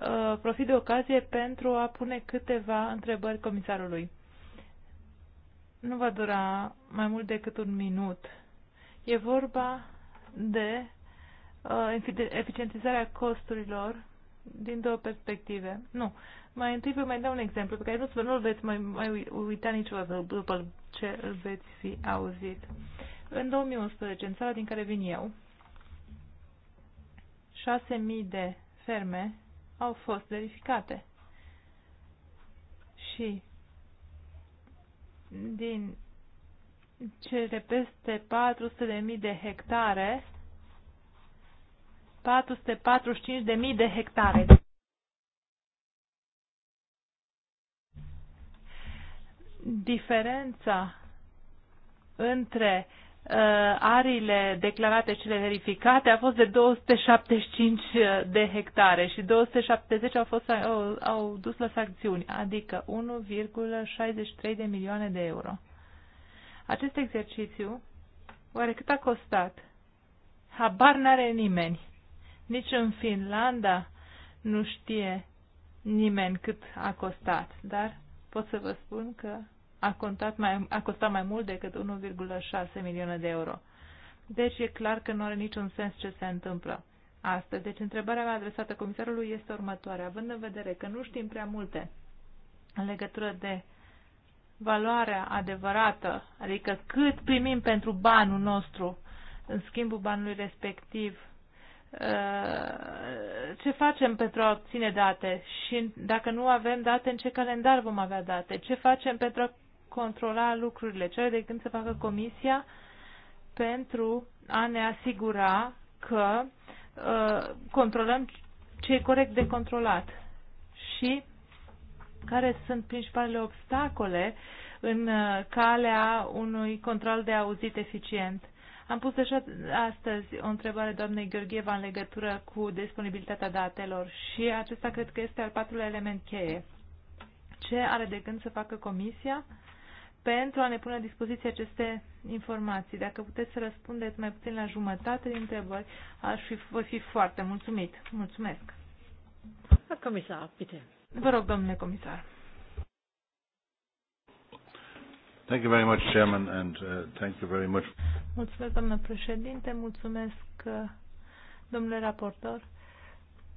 uh, profit de ocazie pentru a pune câteva întrebări comisarului. Nu va dura mai mult decât un minut. E vorba de Uh, eficientizarea costurilor din două perspective. Nu. Mai întâi vă mai dau un exemplu pe care nu, nu-l veți mai, mai uita niciodată după ce îl veți fi auzit. În 2011, în țara din care vin eu, 6.000 de ferme au fost verificate. Și din cele peste 400.000 de hectare 445.000 de hectare. Diferența între uh, arile declarate și cele verificate a fost de 275 de hectare și 270 au, fost, au, au dus la sancțiuni, adică 1,63 de milioane de euro. Acest exercițiu, oare cât a costat? Habar n-are nimeni. Nici în Finlanda nu știe nimeni cât a costat, dar pot să vă spun că a, contat mai, a costat mai mult decât 1,6 milioane de euro. Deci e clar că nu are niciun sens ce se întâmplă astăzi. Deci întrebarea mea adresată comisarului este următoarea. Având în vedere că nu știm prea multe în legătură de valoarea adevărată, adică cât primim pentru banul nostru în schimbul banului respectiv Uh, ce facem pentru a obține date și dacă nu avem date, în ce calendar vom avea date, ce facem pentru a controla lucrurile, ce are de gând să facă comisia pentru a ne asigura că uh, controlăm ce e corect de controlat și care sunt principalele obstacole în uh, calea unui control de auzit eficient am pus deja astăzi o întrebare doamnei Gheorgheva în legătură cu disponibilitatea datelor și acesta cred că este al patrulea element cheie. Ce are de gând să facă Comisia pentru a ne pune la dispoziție aceste informații? Dacă puteți să răspundeți mai puțin la jumătate din întrebări, aș fi, voi fi foarte mulțumit. Mulțumesc. Comisar, bine. Vă rog, domnule comisar. Thank you very much, Chairman, and uh, thank you very much. Mulțumesc, doamnă președinte, mulțumesc, domnule raportor.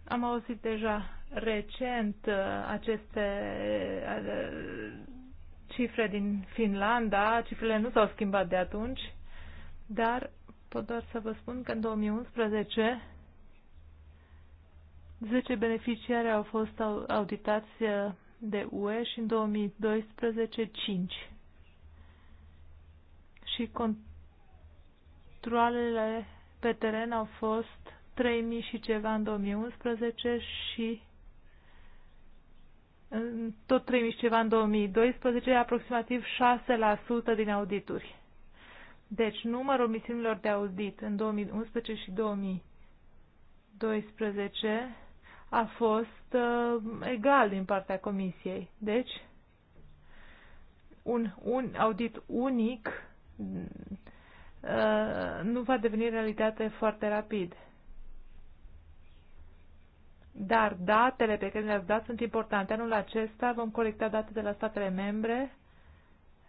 Am auzit deja recent uh, aceste uh, cifre din Finlanda. Cifrele nu s-au schimbat de atunci, dar pot doar să vă spun că în 2011 10 beneficiari au fost auditați uh, de UE și în 2012 5. Și cont controlele pe teren au fost 3.000 și ceva în 2011 și tot 3.000 și ceva în 2012, aproximativ 6% din audituri. Deci numărul misiunilor de audit în 2011 și 2012 a fost uh, egal din partea comisiei. Deci, un, un audit unic Uh, nu va deveni realitate foarte rapid. Dar datele pe care le-ați dat sunt importante. Anul acesta vom colecta date de la statele membre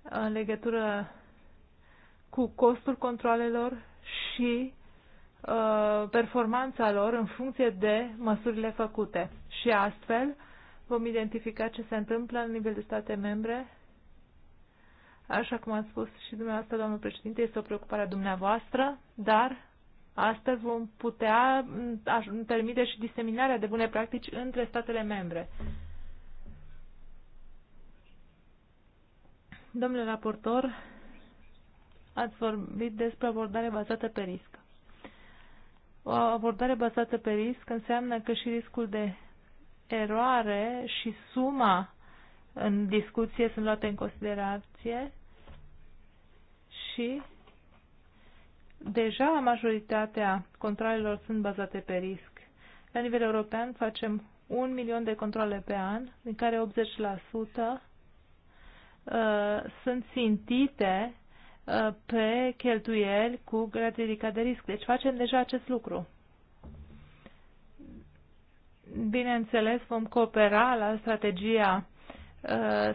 în legătură cu costul controlelor și uh, performanța lor în funcție de măsurile făcute. Și astfel vom identifica ce se întâmplă la nivel de state membre Așa cum ați spus și dumneavoastră, domnul președinte, este o preocupare a dumneavoastră, dar astăzi vom putea permite și diseminarea de bune practici între statele membre. Domnule raportor, ați vorbit despre abordare bazată pe risc. O abordare bazată pe risc înseamnă că și riscul de eroare și suma în discuție sunt luate în considerație și deja majoritatea controlelor sunt bazate pe risc. La nivel european facem un milion de controle pe an, din care 80% uh, sunt țintite uh, pe cheltuieli cu grad ridicat de risc. Deci facem deja acest lucru. Bineînțeles, vom coopera la strategia uh,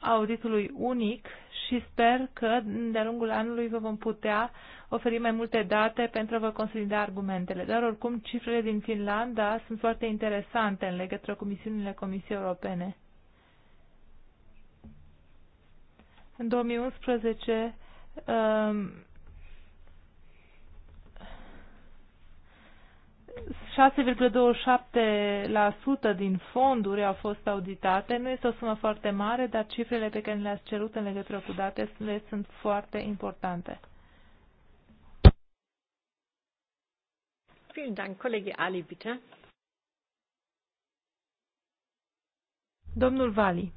auditului unic și sper că de-a lungul anului vă vom putea oferi mai multe date pentru a vă consolida argumentele. Dar oricum cifrele din Finlanda sunt foarte interesante în legătură cu misiunile Comisiei Europene. În 2011 6,27% din fonduri au fost auditate. Nu este o sumă foarte mare, dar cifrele pe care le-ați cerut în legătură cu date le sunt foarte importante. Vielen Dank, Kollege Ali, bitte. Domnul Vali.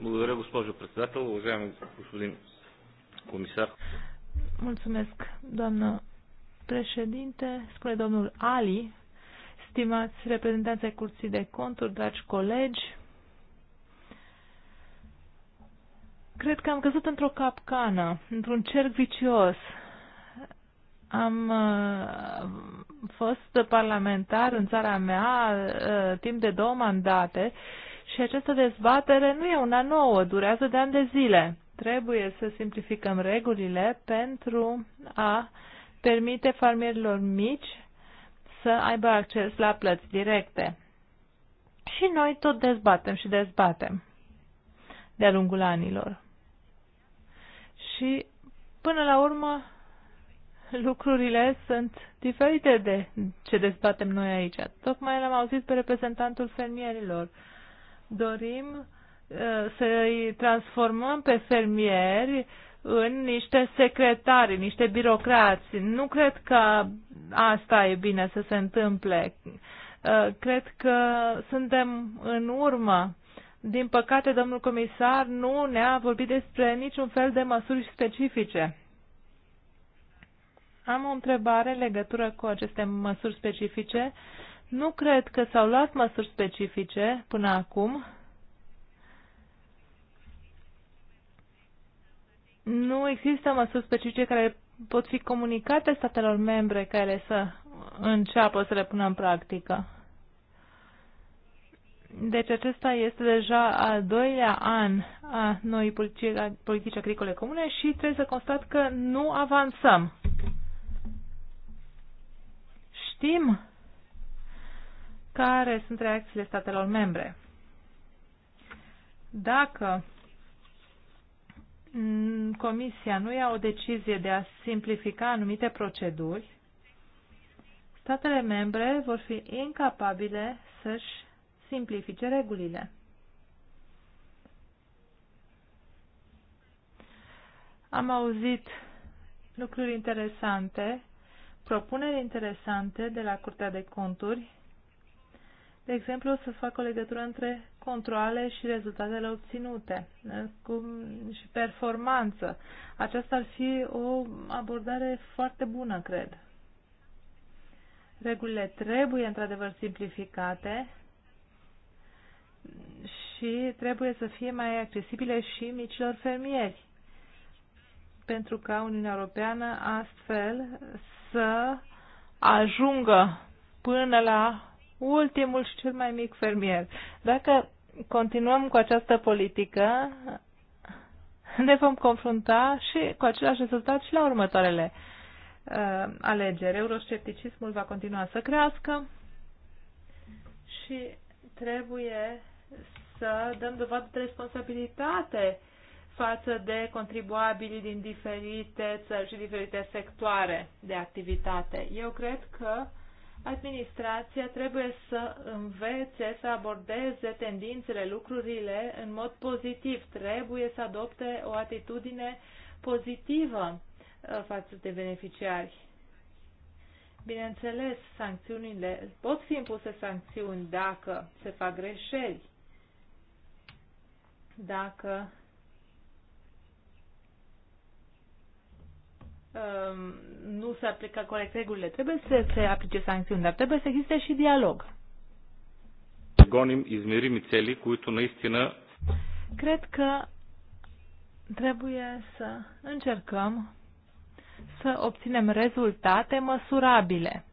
Благодаря, госпожо председател. Уважаеми господин комисар. Mulțumesc, doamnă președinte, spune domnul Ali, stimați reprezentanți ai Curții de Conturi, dragi colegi, cred că am căzut într-o capcană, într-un cerc vicios. Am uh, fost parlamentar în țara mea uh, timp de două mandate și această dezbatere nu e una nouă, durează de ani de zile. Trebuie să simplificăm regulile pentru a uh, permite farmerilor mici să aibă acces la plăți directe. Și noi tot dezbatem și dezbatem de-a lungul anilor. Și până la urmă lucrurile sunt diferite de ce dezbatem noi aici. Tocmai l-am auzit pe reprezentantul fermierilor. Dorim uh, să îi transformăm pe fermieri în niște secretari, niște birocrați. Nu cred că asta e bine să se întâmple. Uh, cred că suntem în urmă. Din păcate, domnul comisar nu ne-a vorbit despre niciun fel de măsuri specifice. Am o întrebare în legătură cu aceste măsuri specifice. Nu cred că s-au luat măsuri specifice până acum nu există măsuri specifice care pot fi comunicate statelor membre care să înceapă să le pună în practică. Deci acesta este deja al doilea an a noii politici, politici agricole comune și trebuie să constat că nu avansăm. Știm care sunt reacțiile statelor membre. Dacă Mm, comisia nu ia o decizie de a simplifica anumite proceduri, statele membre vor fi incapabile să-și simplifice regulile. Am auzit lucruri interesante, propuneri interesante de la Curtea de Conturi de exemplu, să fac o legătură între controle și rezultatele obținute da? și performanță. Aceasta ar fi o abordare foarte bună, cred. Regulile trebuie, într-adevăr, simplificate și trebuie să fie mai accesibile și micilor fermieri, pentru ca Uniunea Europeană astfel să ajungă până la ultimul și cel mai mic fermier. Dacă continuăm cu această politică, ne vom confrunta și cu același rezultat și la următoarele uh, alegeri. Euroscepticismul va continua să crească și trebuie să dăm dovadă de responsabilitate față de contribuabili din diferite țări și diferite sectoare de activitate. Eu cred că administrația trebuie să învețe, să abordeze tendințele, lucrurile în mod pozitiv. Trebuie să adopte o atitudine pozitivă uh, față de beneficiari. Bineînțeles, sancțiunile pot fi impuse sancțiuni dacă se fac greșeli, dacă Um, nu se aplică corect regulile. Trebuie să se aplice sancțiuni, dar trebuie să existe și dialog. Gonim izmirim țelii, които наистина... Cred că trebuie să încercăm să obținem rezultate măsurabile.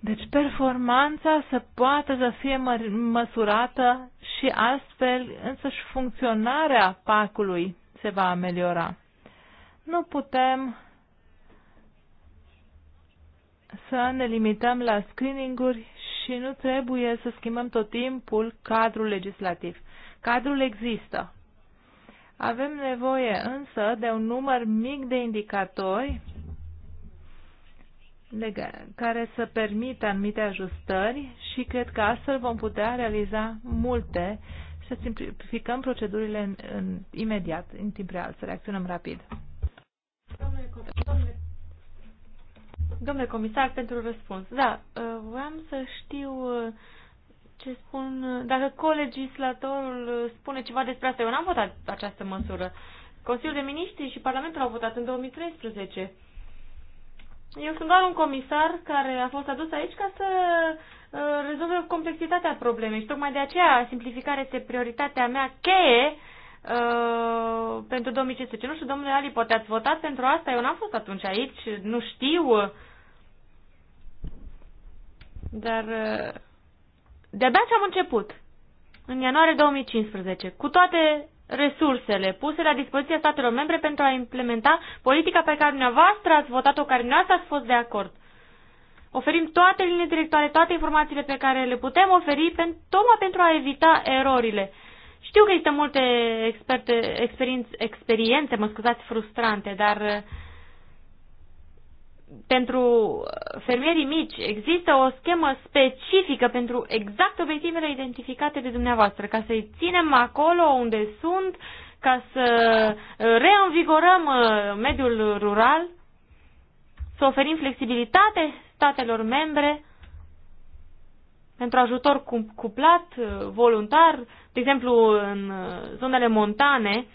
Deci performanța să poată să fie mă- măsurată și astfel însăși funcționarea pacului se va ameliora nu putem să ne limităm la screeninguri și nu trebuie să schimbăm tot timpul cadrul legislativ. Cadrul există. Avem nevoie însă de un număr mic de indicatori care să permită anumite ajustări și cred că astfel vom putea realiza multe să simplificăm procedurile în, în, imediat, în timp real, să reacționăm rapid. Domnule, domnule, domnule comisar, pentru răspuns. Da, uh, vreau să știu uh, ce spun, dacă colegislatorul uh, spune ceva despre asta. Eu n-am votat această măsură. Consiliul de Ministri și Parlamentul au votat în 2013. Eu sunt doar un comisar care a fost adus aici ca să rezolve complexitatea problemei și tocmai de aceea simplificarea este prioritatea mea cheie Uh, pentru 2015. Nu știu, domnule Ali, poate ați votat pentru asta? Eu n-am fost atunci aici, nu știu. Dar uh, de-abia ce am început, în ianuarie 2015, cu toate resursele puse la dispoziția statelor membre pentru a implementa politica pe care dumneavoastră ați votat-o, care dumneavoastră ați fost de acord. Oferim toate linii directoare, toate informațiile pe care le putem oferi, tocmai pentru a evita erorile. Știu că există multe experte, experiențe, mă scuzați, frustrante, dar uh, pentru fermierii mici există o schemă specifică pentru exact obiectivele identificate de dumneavoastră, ca să-i ținem acolo unde sunt, ca să uh, reînvigorăm uh, mediul rural, să oferim flexibilitate statelor membre, pentru ajutor cuplat, uh, voluntar, de exemplu în uh, zonele montane,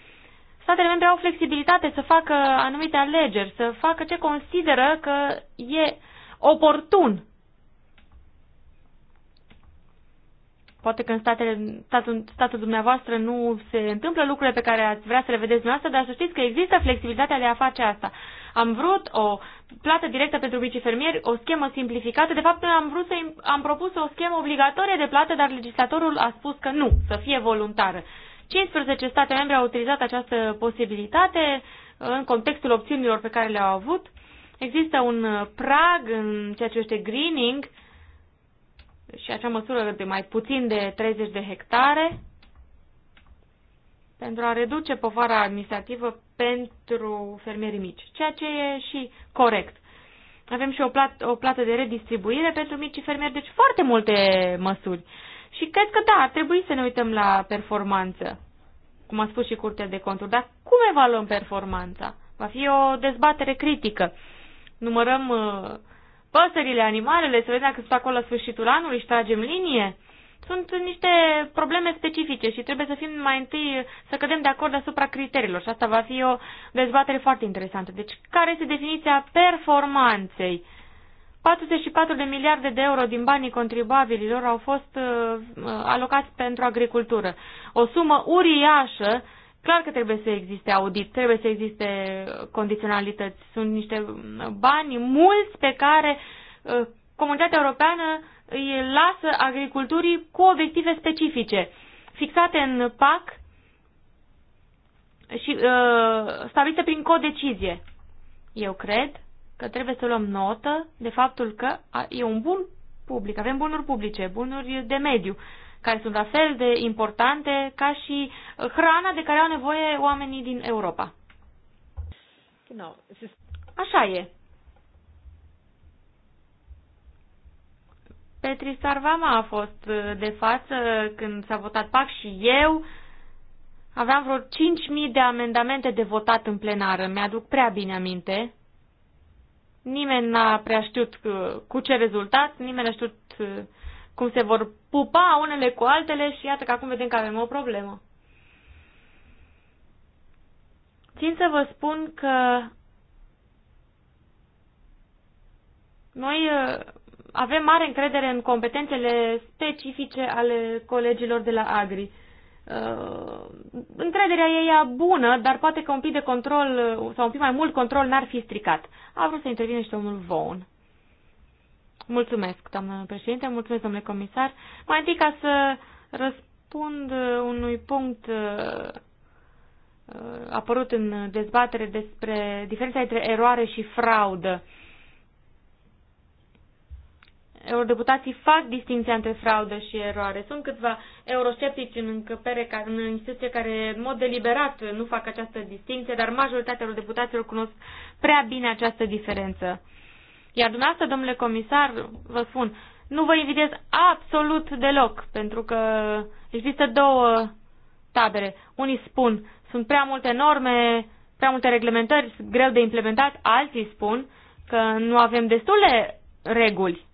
statele membre au flexibilitate să facă anumite alegeri, să facă ce consideră că e oportun. Poate că în statele, statul, statul dumneavoastră nu se întâmplă lucrurile pe care ați vrea să le vedeți dumneavoastră, dar să știți că există flexibilitatea de a face asta. Am vrut o plată directă pentru micii fermieri, o schemă simplificată. De fapt, noi am, vrut să, am propus o schemă obligatorie de plată, dar legislatorul a spus că nu, să fie voluntară. 15 state membre au utilizat această posibilitate în contextul opțiunilor pe care le-au avut. Există un prag în ceea ce este greening și acea măsură de mai puțin de 30 de hectare pentru a reduce povara administrativă pentru fermierii mici, ceea ce e și corect. Avem și o plată, o plată de redistribuire pentru micii fermieri, deci foarte multe măsuri. Și cred că da, ar trebui să ne uităm la performanță, cum a spus și Curtea de Conturi, dar cum evaluăm performanța? Va fi o dezbatere critică. Numărăm uh, păsările, animalele, să vedem dacă sunt acolo la sfârșitul anului și tragem linie. Sunt niște probleme specifice și trebuie să fim mai întâi, să cădem de acord asupra criteriilor și asta va fi o dezbatere foarte interesantă. Deci, care este definiția performanței? 44 de miliarde de euro din banii contribuabililor au fost uh, uh, alocați pentru agricultură. O sumă uriașă, clar că trebuie să existe audit, trebuie să existe uh, condiționalități. Sunt niște uh, bani mulți pe care uh, comunitatea europeană uh, îi lasă agriculturii cu obiective specifice, fixate în PAC și uh, stabilite prin codecizie. Eu cred că trebuie să luăm notă de faptul că e un bun public, avem bunuri publice, bunuri de mediu, care sunt la fel de importante ca și hrana de care au nevoie oamenii din Europa. Așa e. Petri Sarvama a fost uh, de față când s-a votat PAC și eu. Aveam vreo 5.000 de amendamente de votat în plenară, mi-aduc prea bine aminte. Nimeni n-a prea știut uh, cu ce rezultat, nimeni n-a știut uh, cum se vor pupa unele cu altele și iată că acum vedem că avem o problemă. Țin să vă spun că noi avem mare încredere în competențele specifice ale colegilor de la Agri. Uh, încrederea ei e bună, dar poate că un pic de control uh, sau un pic mai mult control n-ar fi stricat. A vrut să intervine și domnul Vaughan. Mulțumesc, doamnă președinte, mulțumesc, domnule comisar. Mai întâi ca să răspund uh, unui punct apărut în dezbatere despre diferența între eroare și fraudă eurodeputații fac distinția între fraudă și eroare. Sunt câțiva eurosceptici în încăpere, în instituție care în mod deliberat nu fac această distinție, dar majoritatea eurodeputaților cunosc prea bine această diferență. Iar dumneavoastră, domnule comisar, vă spun, nu vă invidez absolut deloc, pentru că există două tabere. Unii spun, sunt prea multe norme, prea multe reglementări, greu de implementat, alții spun că nu avem destule reguli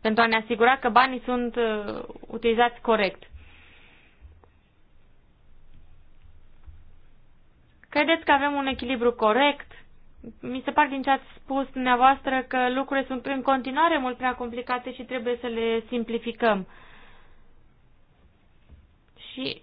pentru a ne asigura că banii sunt uh, utilizați corect. Credeți că avem un echilibru corect? Mi se par din ce ați spus dumneavoastră că lucrurile sunt în continuare mult prea complicate și trebuie să le simplificăm. Și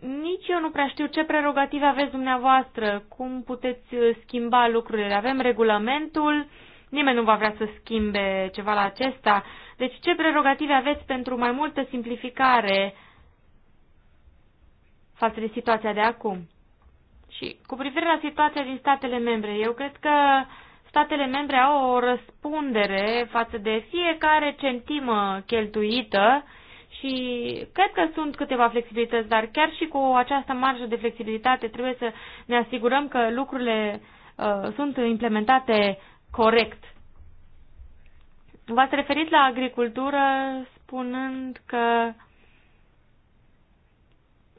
nici eu nu prea știu ce prerogative aveți dumneavoastră, cum puteți schimba lucrurile. Avem regulamentul, uh, Nimeni nu va vrea să schimbe ceva la acesta. Deci ce prerogative aveți pentru mai multă simplificare față de situația de acum? Și cu privire la situația din statele membre, eu cred că statele membre au o răspundere față de fiecare centimă cheltuită și cred că sunt câteva flexibilități, dar chiar și cu această marjă de flexibilitate trebuie să ne asigurăm că lucrurile uh, sunt implementate corect. V-ați referit la agricultură spunând că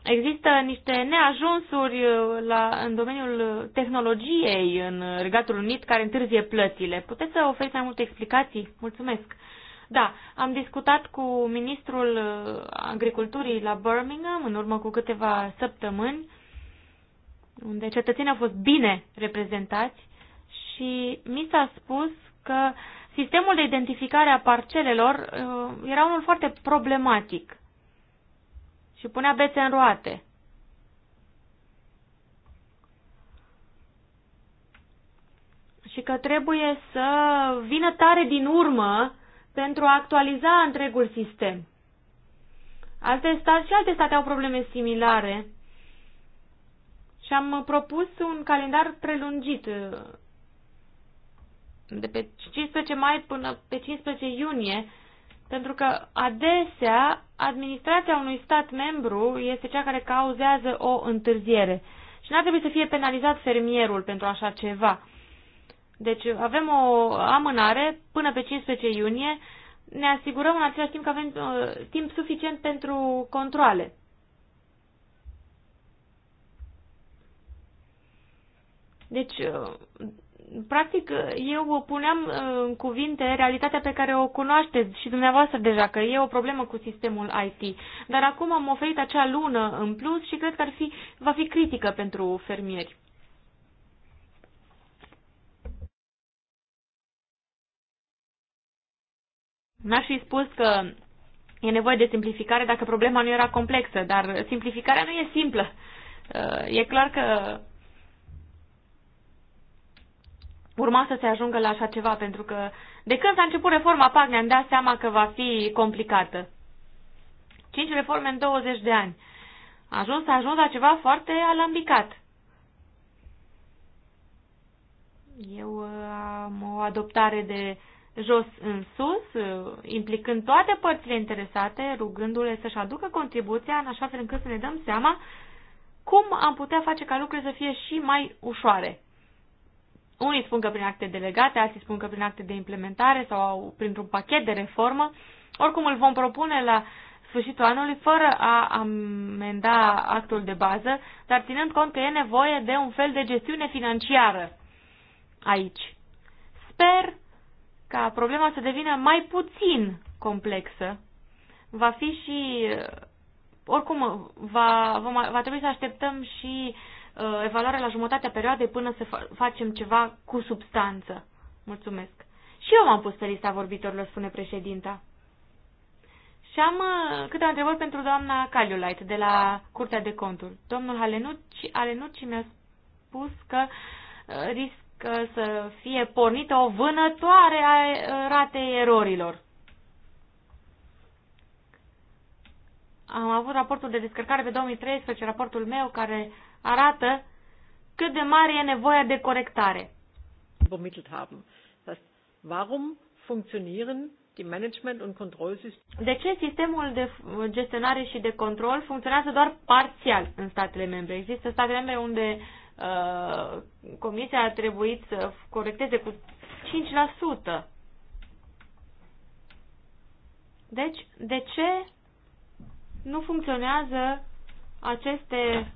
există niște neajunsuri uh, la, în domeniul tehnologiei în Regatul Unit care întârzie plățile. Puteți să oferiți mai multe explicații? Mulțumesc! Da, am discutat cu ministrul uh, agriculturii la Birmingham în urmă cu câteva săptămâni, unde cetățenii au fost bine reprezentați și mi s-a spus că sistemul de identificare a parcelelor uh, era unul foarte problematic și punea bețe în roate. Și că trebuie să vină tare din urmă pentru a actualiza întregul sistem. Alte state și alte state au probleme similare și am propus un calendar prelungit uh, de pe 15 mai până pe 15 iunie, pentru că adesea administrația unui stat membru este cea care cauzează o întârziere. Și n-ar trebui să fie penalizat fermierul pentru așa ceva. Deci avem o amânare până pe 15 iunie, ne asigurăm în același timp că avem uh, timp suficient pentru controle. Deci, uh, practic, eu o puneam uh, în cuvinte realitatea pe care o cunoașteți și dumneavoastră deja, că e o problemă cu sistemul IT. Dar acum am oferit acea lună în plus și cred că ar fi, va fi critică pentru fermieri. N-aș fi spus că e nevoie de simplificare dacă problema nu era complexă, dar simplificarea nu e simplă. Uh, e clar că urma să se ajungă la așa ceva, pentru că de când s-a început reforma PAC ne-am dat seama că va fi complicată. Cinci reforme în 20 de ani. A ajuns, a ajuns la ceva foarte alambicat. Eu uh, am o adoptare de jos în sus, uh, implicând toate părțile interesate, rugându-le să-și aducă contribuția în așa fel încât să ne dăm seama cum am putea face ca lucrurile să fie și mai ușoare. Unii spun că prin acte delegate, alții spun că prin acte de implementare sau printr-un pachet de reformă. Oricum îl vom propune la sfârșitul anului fără a amenda actul de bază, dar ținând cont că e nevoie de un fel de gestiune financiară aici. Sper ca problema să devină mai puțin complexă. Va fi și oricum, va, va, va trebui să așteptăm și Uh, evaluarea la jumătatea perioadei până să facem ceva cu substanță. Mulțumesc. Și eu m-am pus pe lista vorbitorilor, spune președinta. Și am uh, câteva întrebări pentru doamna Caliulait de la Curtea de Conturi. Domnul Alenucci, Alenucci mi-a spus că uh, riscă să fie pornită o vânătoare a ratei erorilor. Am avut raportul de descărcare pe 2013, raportul meu, care arată cât de mare e nevoia de corectare. Übermittelt haben. warum funktionieren die Management- und Kontrollsysteme? De ce sistemul de gestionare și de control funcționează doar parțial în statele membre? Există state membre unde uh, comisia a trebuit să corecteze cu 5%. Deci, de ce nu funcționează aceste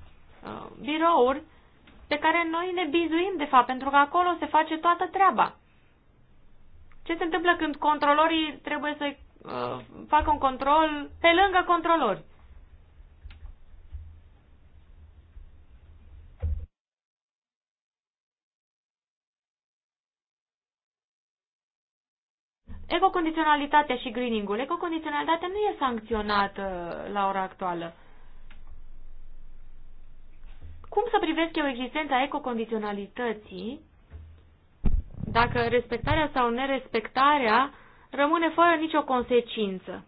Uh, birouri pe care noi ne bizuim, de fapt, pentru că acolo se face toată treaba. Ce se întâmplă când controlorii trebuie să uh, facă un control pe lângă controlori? Ecocondiționalitatea și greening-ul. Ecocondiționalitatea nu e sancționată uh, la ora actuală. Cum să privesc eu existența ecocondiționalității dacă respectarea sau nerespectarea rămâne fără nicio consecință?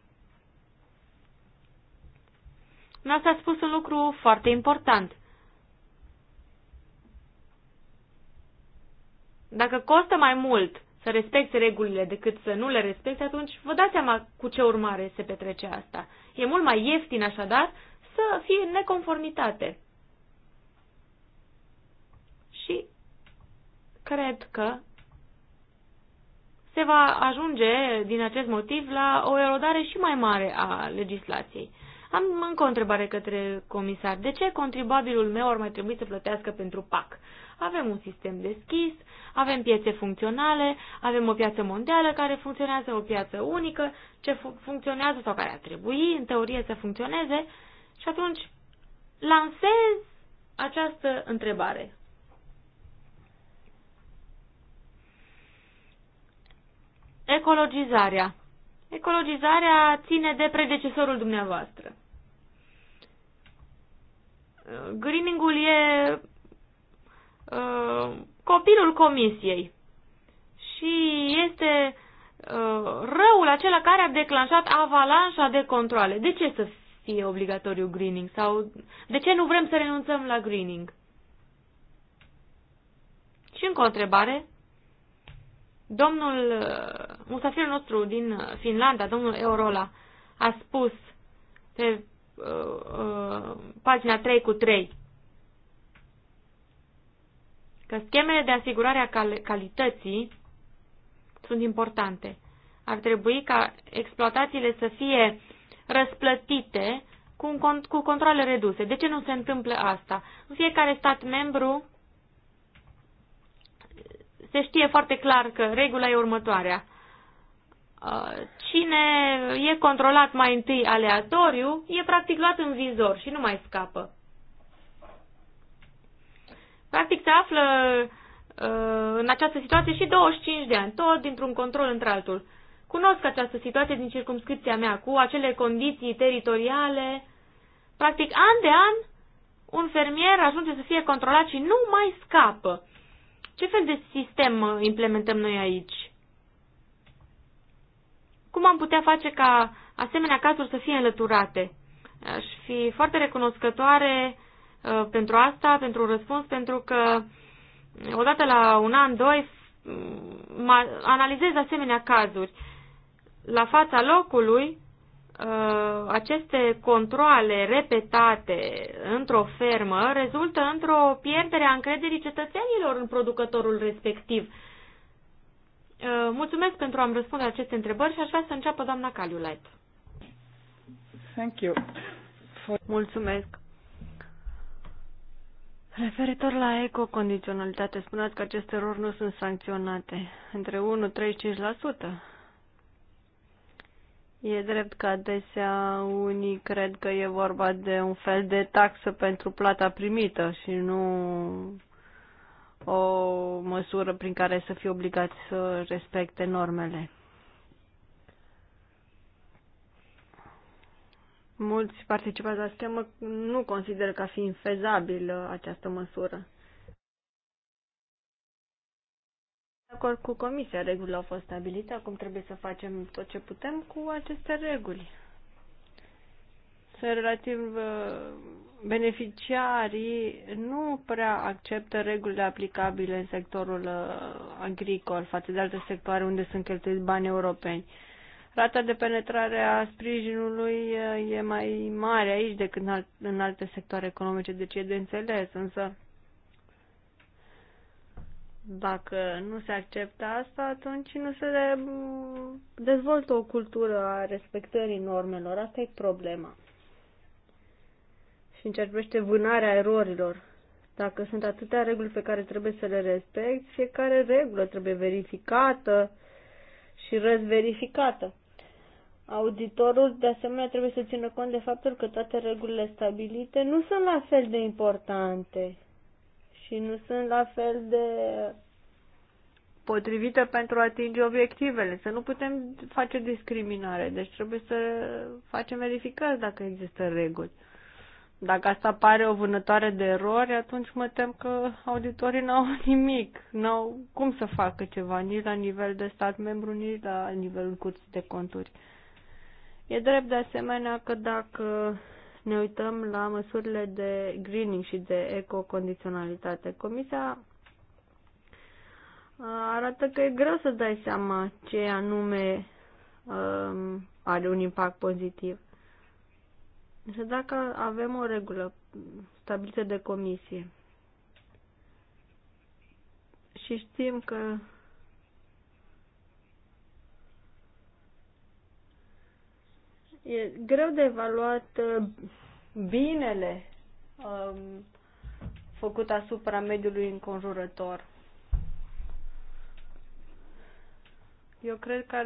Noastră a spus un lucru foarte important. Dacă costă mai mult să respecti regulile decât să nu le respecti, atunci vă dați seama cu ce urmare se petrece asta. E mult mai ieftin așadar să fie neconformitate. cred că se va ajunge din acest motiv la o erodare și mai mare a legislației. Am încă o întrebare către comisar. De ce contribuabilul meu ar mai trebui să plătească pentru PAC? Avem un sistem deschis, avem piețe funcționale, avem o piață mondială care funcționează, o piață unică, ce funcționează sau care ar trebui, în teorie, să funcționeze. Și atunci lansez această întrebare. Ecologizarea. Ecologizarea ține de predecesorul dumneavoastră. Greening-ul e uh, copilul comisiei și este uh, răul acela care a declanșat avalanșa de controle. De ce să fie obligatoriu greening? Sau de ce nu vrem să renunțăm la greening? Și încă o întrebare. Domnul, uh, musafirul nostru din Finlanda, domnul Eurola, a spus pe uh, uh, pagina 3 cu 3 că schemele de asigurare a cal calității sunt importante. Ar trebui ca exploatațiile să fie răsplătite cu, cont, cu controle reduse. De ce nu se întâmplă asta? În fiecare stat membru se știe foarte clar că regula e următoarea. Uh, cine e controlat mai întâi aleatoriu, e practic luat în vizor și nu mai scapă. Practic se află uh, în această situație și 25 de ani, tot dintr-un control într-altul. Cunosc această situație din circumscripția mea, cu acele condiții teritoriale. Practic, an de an, un fermier ajunge să fie controlat și nu mai scapă. Ce fel de sistem uh, implementăm noi aici? Cum am putea face ca asemenea cazuri să fie înlăturate? Aș fi foarte recunoscătoare uh, pentru asta, pentru răspuns, pentru că uh, odată la un an, doi, analizez asemenea cazuri. La fața locului Uh, aceste controle repetate într-o fermă rezultă într-o pierdere a încrederii cetățenilor în producătorul respectiv. Uh, mulțumesc pentru a-mi răspunde aceste întrebări și aș vrea să înceapă doamna Caliulet. Thank you. Mulțumesc. Referitor la ecocondiționalitate, spuneați că aceste erori nu sunt sancționate. Între 1-35%. E drept că adesea unii cred că e vorba de un fel de taxă pentru plata primită și nu o măsură prin care să fie obligați să respecte normele. Mulți participați la schemă nu consideră ca fiind fezabilă această măsură. acord cu comisia, regulile au fost stabilite, acum trebuie să facem tot ce putem cu aceste reguli. Sunt relativ uh, beneficiarii nu prea acceptă regulile aplicabile în sectorul uh, agricol față de alte sectoare unde sunt cheltuiți bani europeni. Rata de penetrare a sprijinului uh, e mai mare aici decât în alte sectoare economice, deci e de înțeles, însă dacă nu se acceptă asta, atunci nu se dezvoltă o cultură a respectării normelor. Asta e problema. Și încercește vânarea erorilor. Dacă sunt atâtea reguli pe care trebuie să le respecti, fiecare regulă trebuie verificată și răzverificată. Auditorul, de asemenea, trebuie să țină cont de faptul că toate regulile stabilite nu sunt la fel de importante și nu sunt la fel de potrivită pentru a atinge obiectivele. Să nu putem face discriminare, deci trebuie să facem verificări dacă există reguli. Dacă asta pare o vânătoare de erori, atunci mă tem că auditorii n-au nimic, n-au cum să facă ceva, nici la nivel de stat membru, nici la nivelul curții de conturi. E drept de asemenea că dacă ne uităm la măsurile de greening și de ecocondiționalitate. Comisia uh, arată că e greu să dai seama ce anume um, are un impact pozitiv. Însă dacă avem o regulă stabilită de comisie și știm că E greu de evaluat uh, binele um, făcut asupra mediului înconjurător. Eu cred că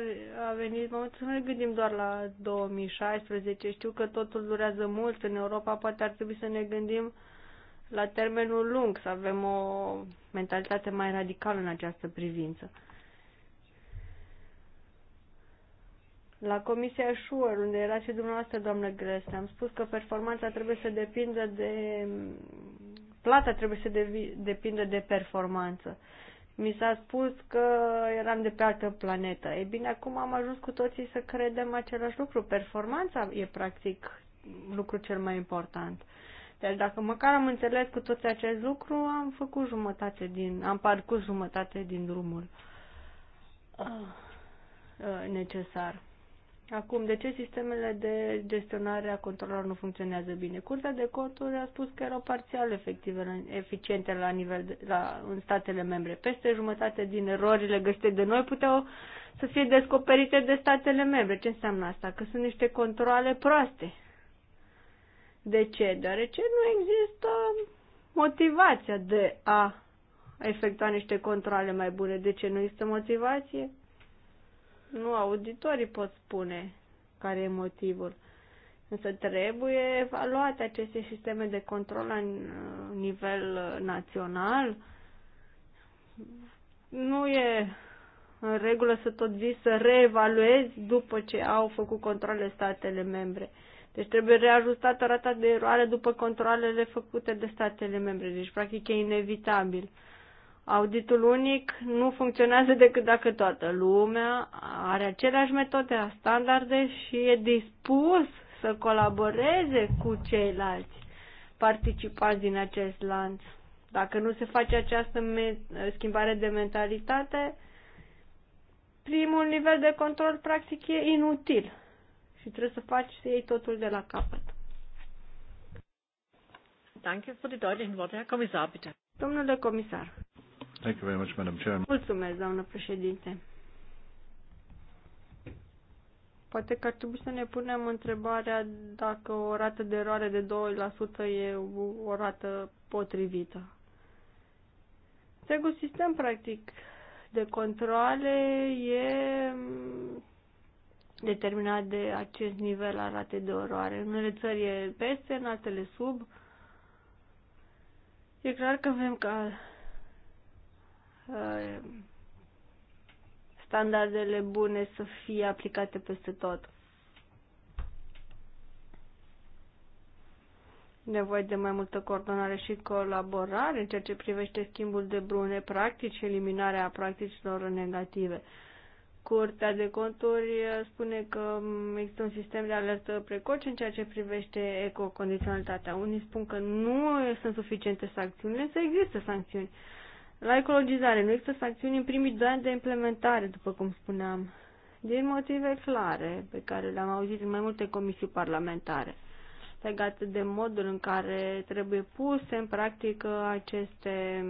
a venit momentul să nu ne gândim doar la 2016. Știu că totul durează mult în Europa, poate ar trebui să ne gândim la termenul lung, să avem o mentalitate mai radicală în această privință. La Comisia Schuer, unde era și dumneavoastră, doamnă Gresle, am spus că performanța trebuie să depindă de... Plata trebuie să devi... depindă de performanță. Mi s-a spus că eram de pe altă planetă. E bine, acum am ajuns cu toții să credem același lucru. Performanța e practic lucru cel mai important. Deci dacă măcar am înțeles cu toți acest lucru, am făcut jumătate din, am parcurs jumătate din drumul uh, uh, necesar. Acum, de ce sistemele de gestionare a controlor nu funcționează bine? Curtea de conturi a spus că erau parțial efective, eficiente la nivel de, la, în statele membre. Peste jumătate din erorile găsite de noi puteau să fie descoperite de statele membre. Ce înseamnă asta? Că sunt niște controle proaste. De ce? Deoarece nu există motivația de a efectua niște controle mai bune. De ce nu există motivație? Nu auditorii pot spune care e motivul. Însă trebuie evaluate aceste sisteme de control la nivel uh, național. Nu e în regulă să tot vii să reevaluezi după ce au făcut controle statele membre. Deci trebuie reajustată rata de eroare după controlele făcute de statele membre. Deci, practic, e inevitabil. Auditul unic nu funcționează decât dacă toată lumea are aceleași metode, standarde și e dispus să colaboreze cu ceilalți participanți din acest lanț. Dacă nu se face această schimbare de mentalitate, primul nivel de control practic e inutil și trebuie să faci să iei totul de la capăt. Danke für die deutlichen Worte, Herr Kommissar, bitte. Domnule comisar. Thank you very much, Madam Chairman. Mulțumesc, doamnă președinte. Poate că ar trebui să ne punem întrebarea dacă o rată de eroare de 2% e o rată potrivită. Întregul sistem, practic, de controle e determinat de acest nivel al ratei de eroare. În unele țări e peste, în altele sub. E clar că avem ca Uh, standardele bune să fie aplicate peste tot. Nevoie de mai multă coordonare și colaborare în ceea ce privește schimbul de brune practici și eliminarea practicilor negative. Curtea de conturi uh, spune că um, există un sistem de alertă precoce în ceea ce privește ecocondiționalitatea. Unii spun că nu sunt suficiente sancțiuni, însă există sancțiuni. Uh, la ecologizare nu există sancțiuni în primii doi ani de implementare, după cum spuneam, din motive clare pe care le-am auzit în mai multe comisii parlamentare legate de modul în care trebuie puse în practică aceste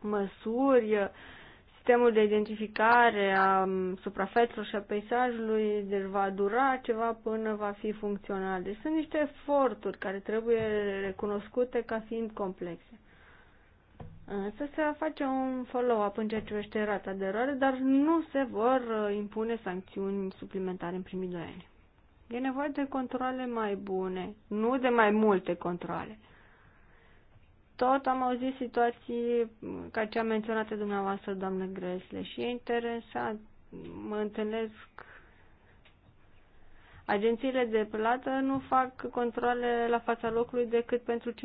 măsuri, sistemul de identificare a suprafețelor și a peisajului, deci va dura ceva până va fi funcțional. Deci sunt niște eforturi care trebuie recunoscute ca fiind complexe să se face un follow-up în ceea ce privește rata de eroare, dar nu se vor uh, impune sancțiuni suplimentare în primii doi ani. E nevoie de controle mai bune, nu de mai multe controle. Tot am auzit situații ca cea menționată dumneavoastră, doamnă Gresle, și e interesant. Mă întâlnesc Agențiile de plată nu fac controle la fața locului decât pentru 5%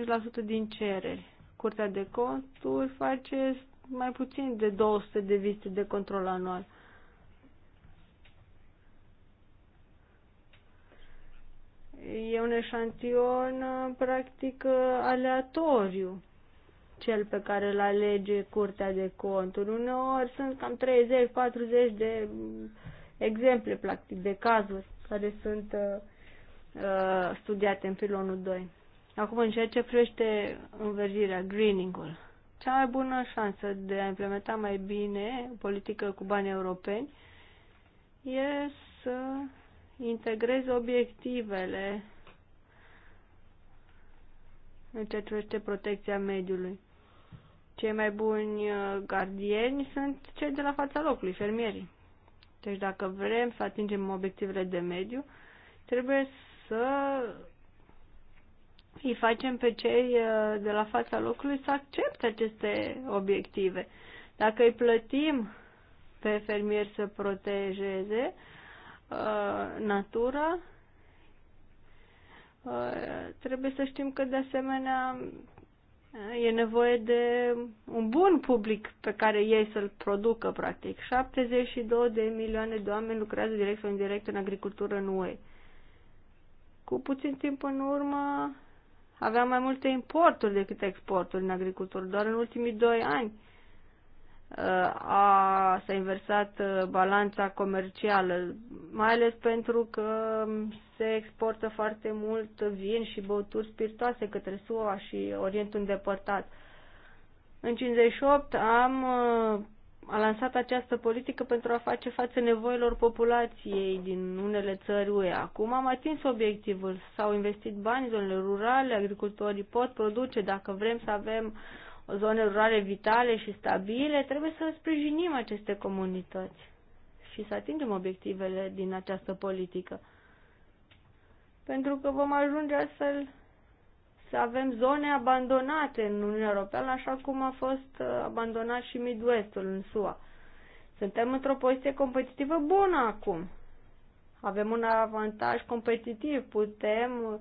din cereri. Curtea de conturi face mai puțin de 200 de vizite de control anual. E un eșantion practic aleatoriu cel pe care îl alege Curtea de Conturi. Uneori sunt cam 30-40 de exemple, practic, de cazuri care sunt uh, studiate în pilonul 2. Acum, în ceea ce privește înverzirea, greening-ul, cea mai bună șansă de a implementa mai bine politică cu bani europeni e să integrezi obiectivele în ceea ce privește protecția mediului. Cei mai buni uh, gardieni sunt cei de la fața locului, fermierii. Deci dacă vrem să atingem obiectivele de mediu, trebuie să îi facem pe cei uh, de la fața locului să accepte aceste obiective. Dacă îi plătim pe fermieri să protejeze uh, natura, uh, trebuie să știm că de asemenea e nevoie de un bun public pe care ei să-l producă, practic. 72 de milioane de oameni lucrează direct sau indirect în agricultură în UE. Cu puțin timp în urmă, Aveam mai multe importuri decât exporturi în agricultură. Doar în ultimii doi ani uh, a, s-a inversat uh, balanța comercială, mai ales pentru că se exportă foarte mult vin și băuturi spiritoase către SUA și Orientul îndepărtat. În 58 am uh, a lansat această politică pentru a face față nevoilor populației din unele țări UE. Acum am atins obiectivul, s-au investit bani, în zonele rurale, agricultorii pot produce, dacă vrem să avem zone rurale vitale și stabile, trebuie să sprijinim aceste comunități și să atingem obiectivele din această politică. Pentru că vom ajunge astfel să avem zone abandonate în Uniunea Europeană, așa cum a fost uh, abandonat și Midwestul în SUA. Suntem într-o poziție competitivă bună acum. Avem un avantaj competitiv, putem uh,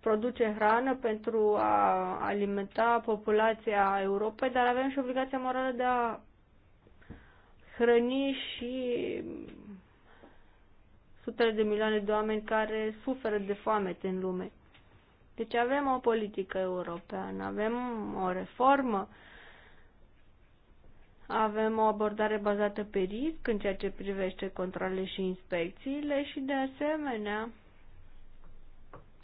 produce hrană pentru a alimenta populația Europei, dar avem și obligația morală de a hrăni și sutele de milioane de oameni care suferă de foame în lume. Deci avem o politică europeană, avem o reformă, avem o abordare bazată pe risc în ceea ce privește controle și inspecțiile și de asemenea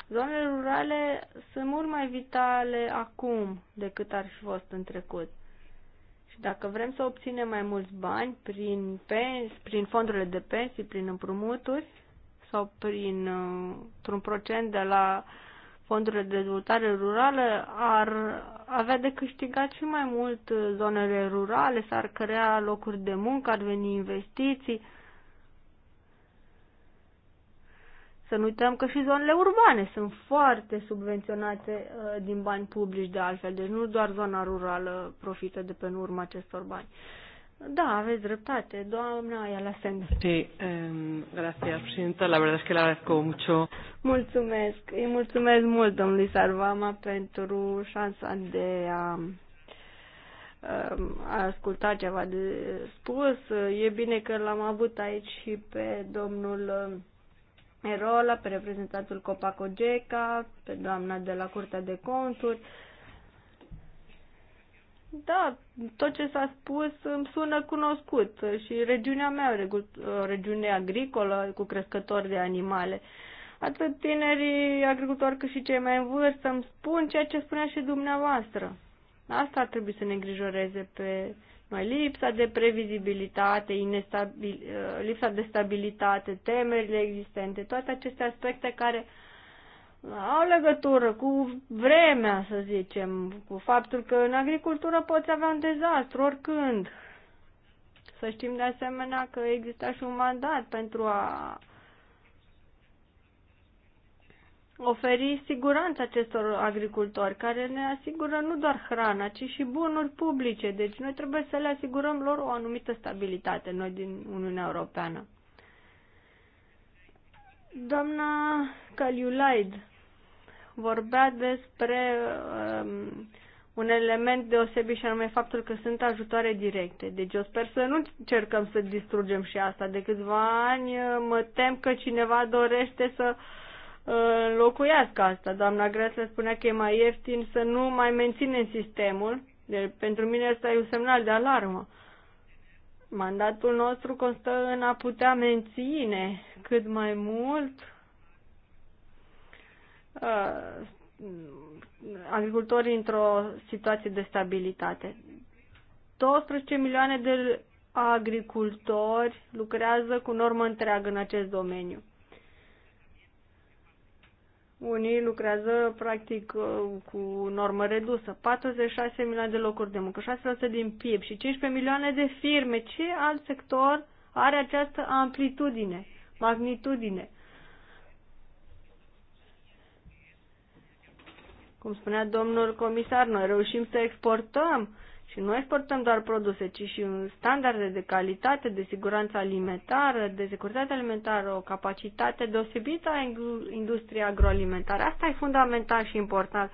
zonele rurale sunt mult mai vitale acum decât ar fi fost în trecut. Și dacă vrem să obținem mai mulți bani prin, pens, prin fondurile de pensii, prin împrumuturi sau prin, uh, un procent de la uh, fondurile de dezvoltare rurală, ar avea de câștigat și mai mult zonele rurale, s-ar crea locuri de muncă, ar veni investiții. Să nu uităm că și zonele urbane sunt foarte subvenționate uh, din bani publici de altfel, deci nu doar zona rurală profită de pe urma acestor bani. Uh, da, aveți dreptate, doamna Ayala Sender. Sí, um, gracias, presidenta. La verdad es que le agradezco mucho. Mulțumesc. Îi mulțumesc mult, domnului Sarvama, pentru șansa de a a asculta ceva de spus. E bine că l-am avut aici și pe domnul Erola, pe reprezentantul Copacogeca, pe doamna de la Curtea de Conturi. Da, tot ce s-a spus îmi sună cunoscut și regiunea mea, regiune agricolă cu crescători de animale. Atât tinerii agricultori cât și cei mai în vârstă îmi spun ceea ce spunea și dumneavoastră. Asta ar trebui să ne îngrijoreze pe noi. Lipsa de previzibilitate, inestabil, lipsa de stabilitate, temerile existente, toate aceste aspecte care uh, au legătură cu vremea, să zicem, cu faptul că în agricultură poți avea un dezastru oricând. Să știm de asemenea că exista și un mandat pentru a oferi siguranță acestor agricultori, care ne asigură nu doar hrana, ci și bunuri publice. Deci noi trebuie să le asigurăm lor o anumită stabilitate, noi din Uniunea Europeană. Doamna Caliulaid vorbea despre um, un element deosebit și anume faptul că sunt ajutoare directe. Deci eu sper să nu încercăm să distrugem și asta. De câțiva ani uh, mă tem că cineva dorește să înlocuiască uh, asta. Doamna Gresle spunea că e mai ieftin să nu mai menținem sistemul. Deci, pentru mine asta e un semnal de alarmă. Mandatul nostru constă în a putea menține cât mai mult uh, agricultorii într-o situație de stabilitate. 12 milioane de agricultori lucrează cu normă întreagă în acest domeniu. Unii lucrează practic uh, cu normă redusă. 46 milioane de locuri de muncă, 6% din PIB și 15 milioane de firme. Ce alt sector are această amplitudine, magnitudine? Cum spunea domnul comisar, noi reușim să exportăm și nu exportăm doar produse, ci și standarde de calitate, de siguranță alimentară, de securitate alimentară, o capacitate deosebită a industriei agroalimentare. Asta e fundamental și important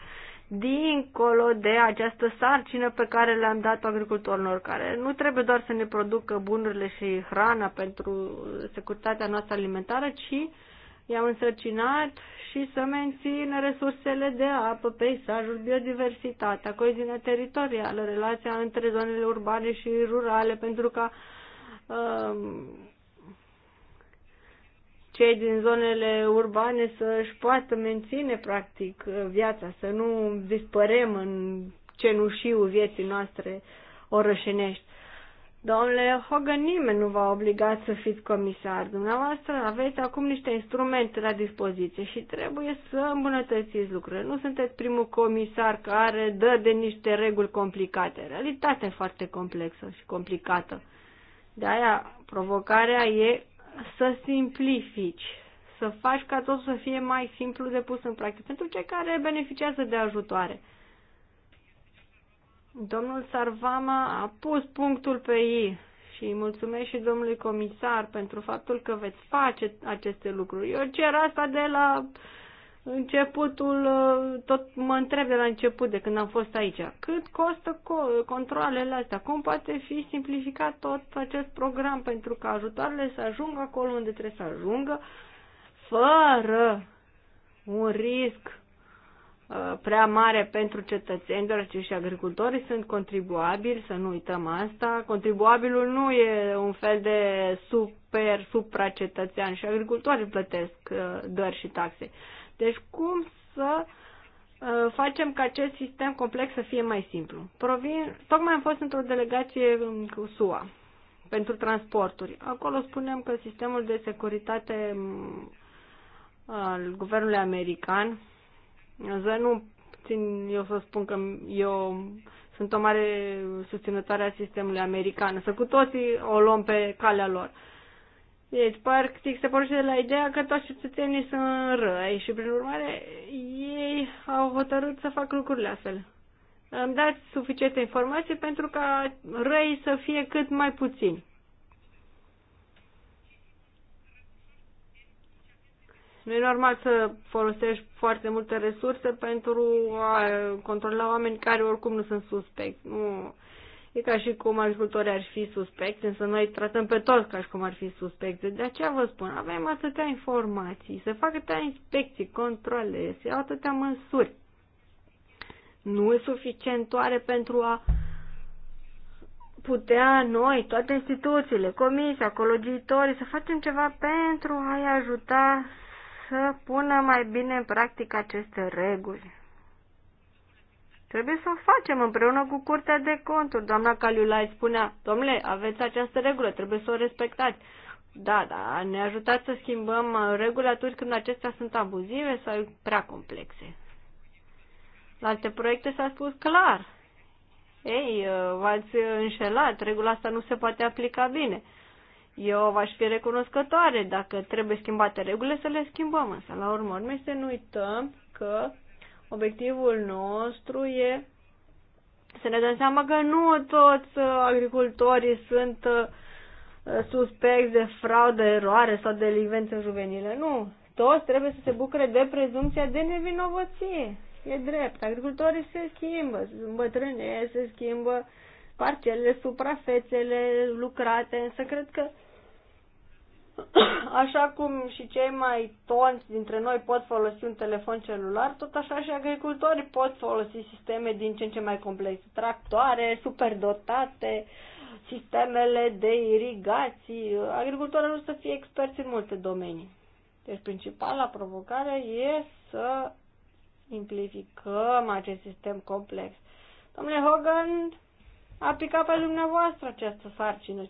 dincolo de această sarcină pe care le-am dat agricultorilor, care nu trebuie doar să ne producă bunurile și hrana pentru securitatea noastră alimentară, ci i-au însărcinat și să mențină resursele de apă, peisajul, biodiversitatea, coeziunea teritorială, relația între zonele urbane și rurale, pentru ca um, cei din zonele urbane să-și poată menține, practic, viața, să nu dispărem în cenușiu vieții noastre orășenești. Domnule Hogan, nimeni nu v-a obligat să fiți comisar. Dumneavoastră aveți acum niște instrumente la dispoziție și trebuie să îmbunătățiți lucrurile. Nu sunteți primul comisar care dă de niște reguli complicate. Realitatea e foarte complexă și complicată. De aia, provocarea e să simplifici, să faci ca tot să fie mai simplu de pus în practică pentru cei care beneficiază de ajutoare. Domnul Sarvama a pus punctul pe I și îi mulțumesc și domnului comisar pentru faptul că veți face aceste lucruri. Eu cer asta de la începutul, tot mă întreb de la început, de când am fost aici, cât costă co- controlele astea, cum poate fi simplificat tot acest program pentru ca ajutoarele să ajungă acolo unde trebuie să ajungă, fără un risc Uh, prea mare pentru cetățeni, deoarece și agricultorii sunt contribuabili, să nu uităm asta. Contribuabilul nu e un fel de super, supracetățean și agricultorii plătesc uh, doar și taxe. Deci cum să uh, facem ca acest sistem complex să fie mai simplu? Provin, tocmai am fost într-o delegație um, cu SUA pentru transporturi. Acolo spunem că sistemul de securitate mm, al guvernului american Însă nu țin eu să spun că eu sunt o mare susținătoare a sistemului american, să cu toții o luăm pe calea lor. Deci, practic, se pornește de la ideea că toți cetățenii sunt răi și, prin urmare, ei au hotărât să fac lucrurile astfel. Îmi dați suficiente informații pentru ca răi să fie cât mai puțini. Nu e normal să folosești foarte multe resurse pentru a controla oameni care oricum nu sunt suspecti. Nu. E ca și cum agricultorii ar fi suspecti, însă noi tratăm pe toți ca și cum ar fi suspecte. De aceea vă spun, avem atâtea informații, se fac atâtea inspecții, controle, se iau atâtea măsuri. Nu e suficient oare pentru a putea noi, toate instituțiile, comisia, ecologiitorii, să facem ceva pentru a-i ajuta să pună mai bine în practică aceste reguli. Trebuie să o facem împreună cu Curtea de Conturi. Doamna Caliulai spunea, domnule, aveți această regulă, trebuie să o respectați. Da, da, ne ajutați să schimbăm uh, reguli atunci când acestea sunt abuzive sau prea complexe. La alte proiecte s-a spus clar. Ei, uh, v-ați înșelat, regula asta nu se poate aplica bine. Eu v-aș fi recunoscătoare dacă trebuie schimbate regulile să le schimbăm, însă la urmă să nu uităm că obiectivul nostru e să ne dăm seama că nu toți uh, agricultorii sunt uh, suspecți de fraudă, eroare sau de livențe juvenile. Nu, toți trebuie să se bucure de prezumția de nevinovăție. E drept, agricultorii se schimbă, se îmbătrânește, se schimbă parcelele, suprafețele lucrate, însă cred că Așa cum și cei mai tonți dintre noi pot folosi un telefon celular, tot așa și agricultorii pot folosi sisteme din ce în ce mai complexe. Tractoare, superdotate, sistemele de irigații. Agricultorii nu să fie experți în multe domenii. Deci principala provocare e să simplificăm acest sistem complex. Domnule Hogan, a picat pe dumneavoastră această sarcină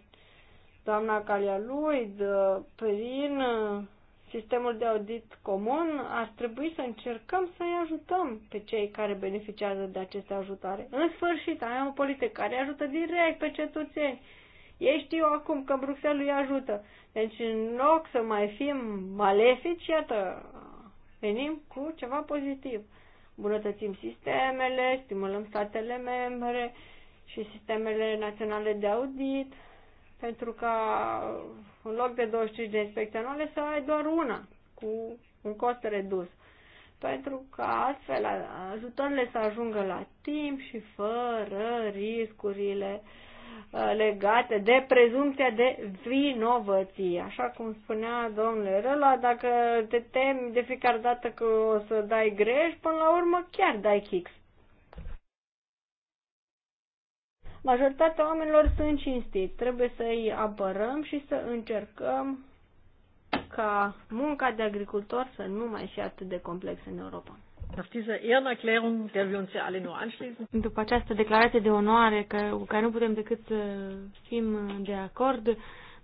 doamna Luid, uh, prin uh, sistemul de audit comun, ar trebui să încercăm să-i ajutăm pe cei care beneficiază de aceste ajutare. În sfârșit, am o politică care ajută direct pe cetățeni. Ei știu acum că Bruxelles îi ajută. Deci, în loc să mai fim malefici, iată, venim cu ceva pozitiv. Bunătățim sistemele, stimulăm statele membre și sistemele naționale de audit, pentru că în loc de 25 de inspecții anuale să ai doar una cu un cost redus. Pentru că astfel ajutoarele să ajungă la timp și fără riscurile uh, legate de prezumția de vinovăție. Așa cum spunea domnule Răla, dacă te temi de fiecare dată că o să dai greș, până la urmă chiar dai kicks. Majoritatea oamenilor sunt cinstiți. Trebuie să îi apărăm și să încercăm ca munca de agricultor să nu mai fie atât de complexă în Europa. După această declarație de onoare cu care nu putem decât să fim de acord,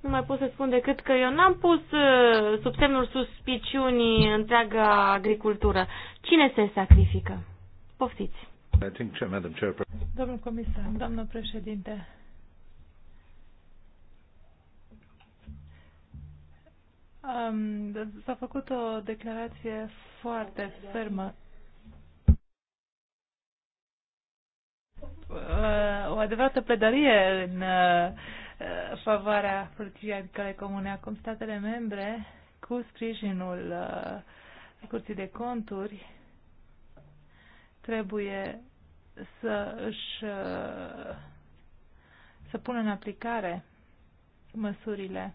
nu mai pot să spun decât că eu n-am pus uh, sub semnul suspiciunii întreaga agricultură. Cine se sacrifică? Poftiți! I think, Madam Domnul comisar, doamnă președinte, Um, S-a făcut o declarație foarte fermă. Uh, o adevărată pledărie în uh, uh favoarea politicii agricole comune. Acum statele membre, cu sprijinul uh, Curții de Conturi, trebuie să își să pună în aplicare măsurile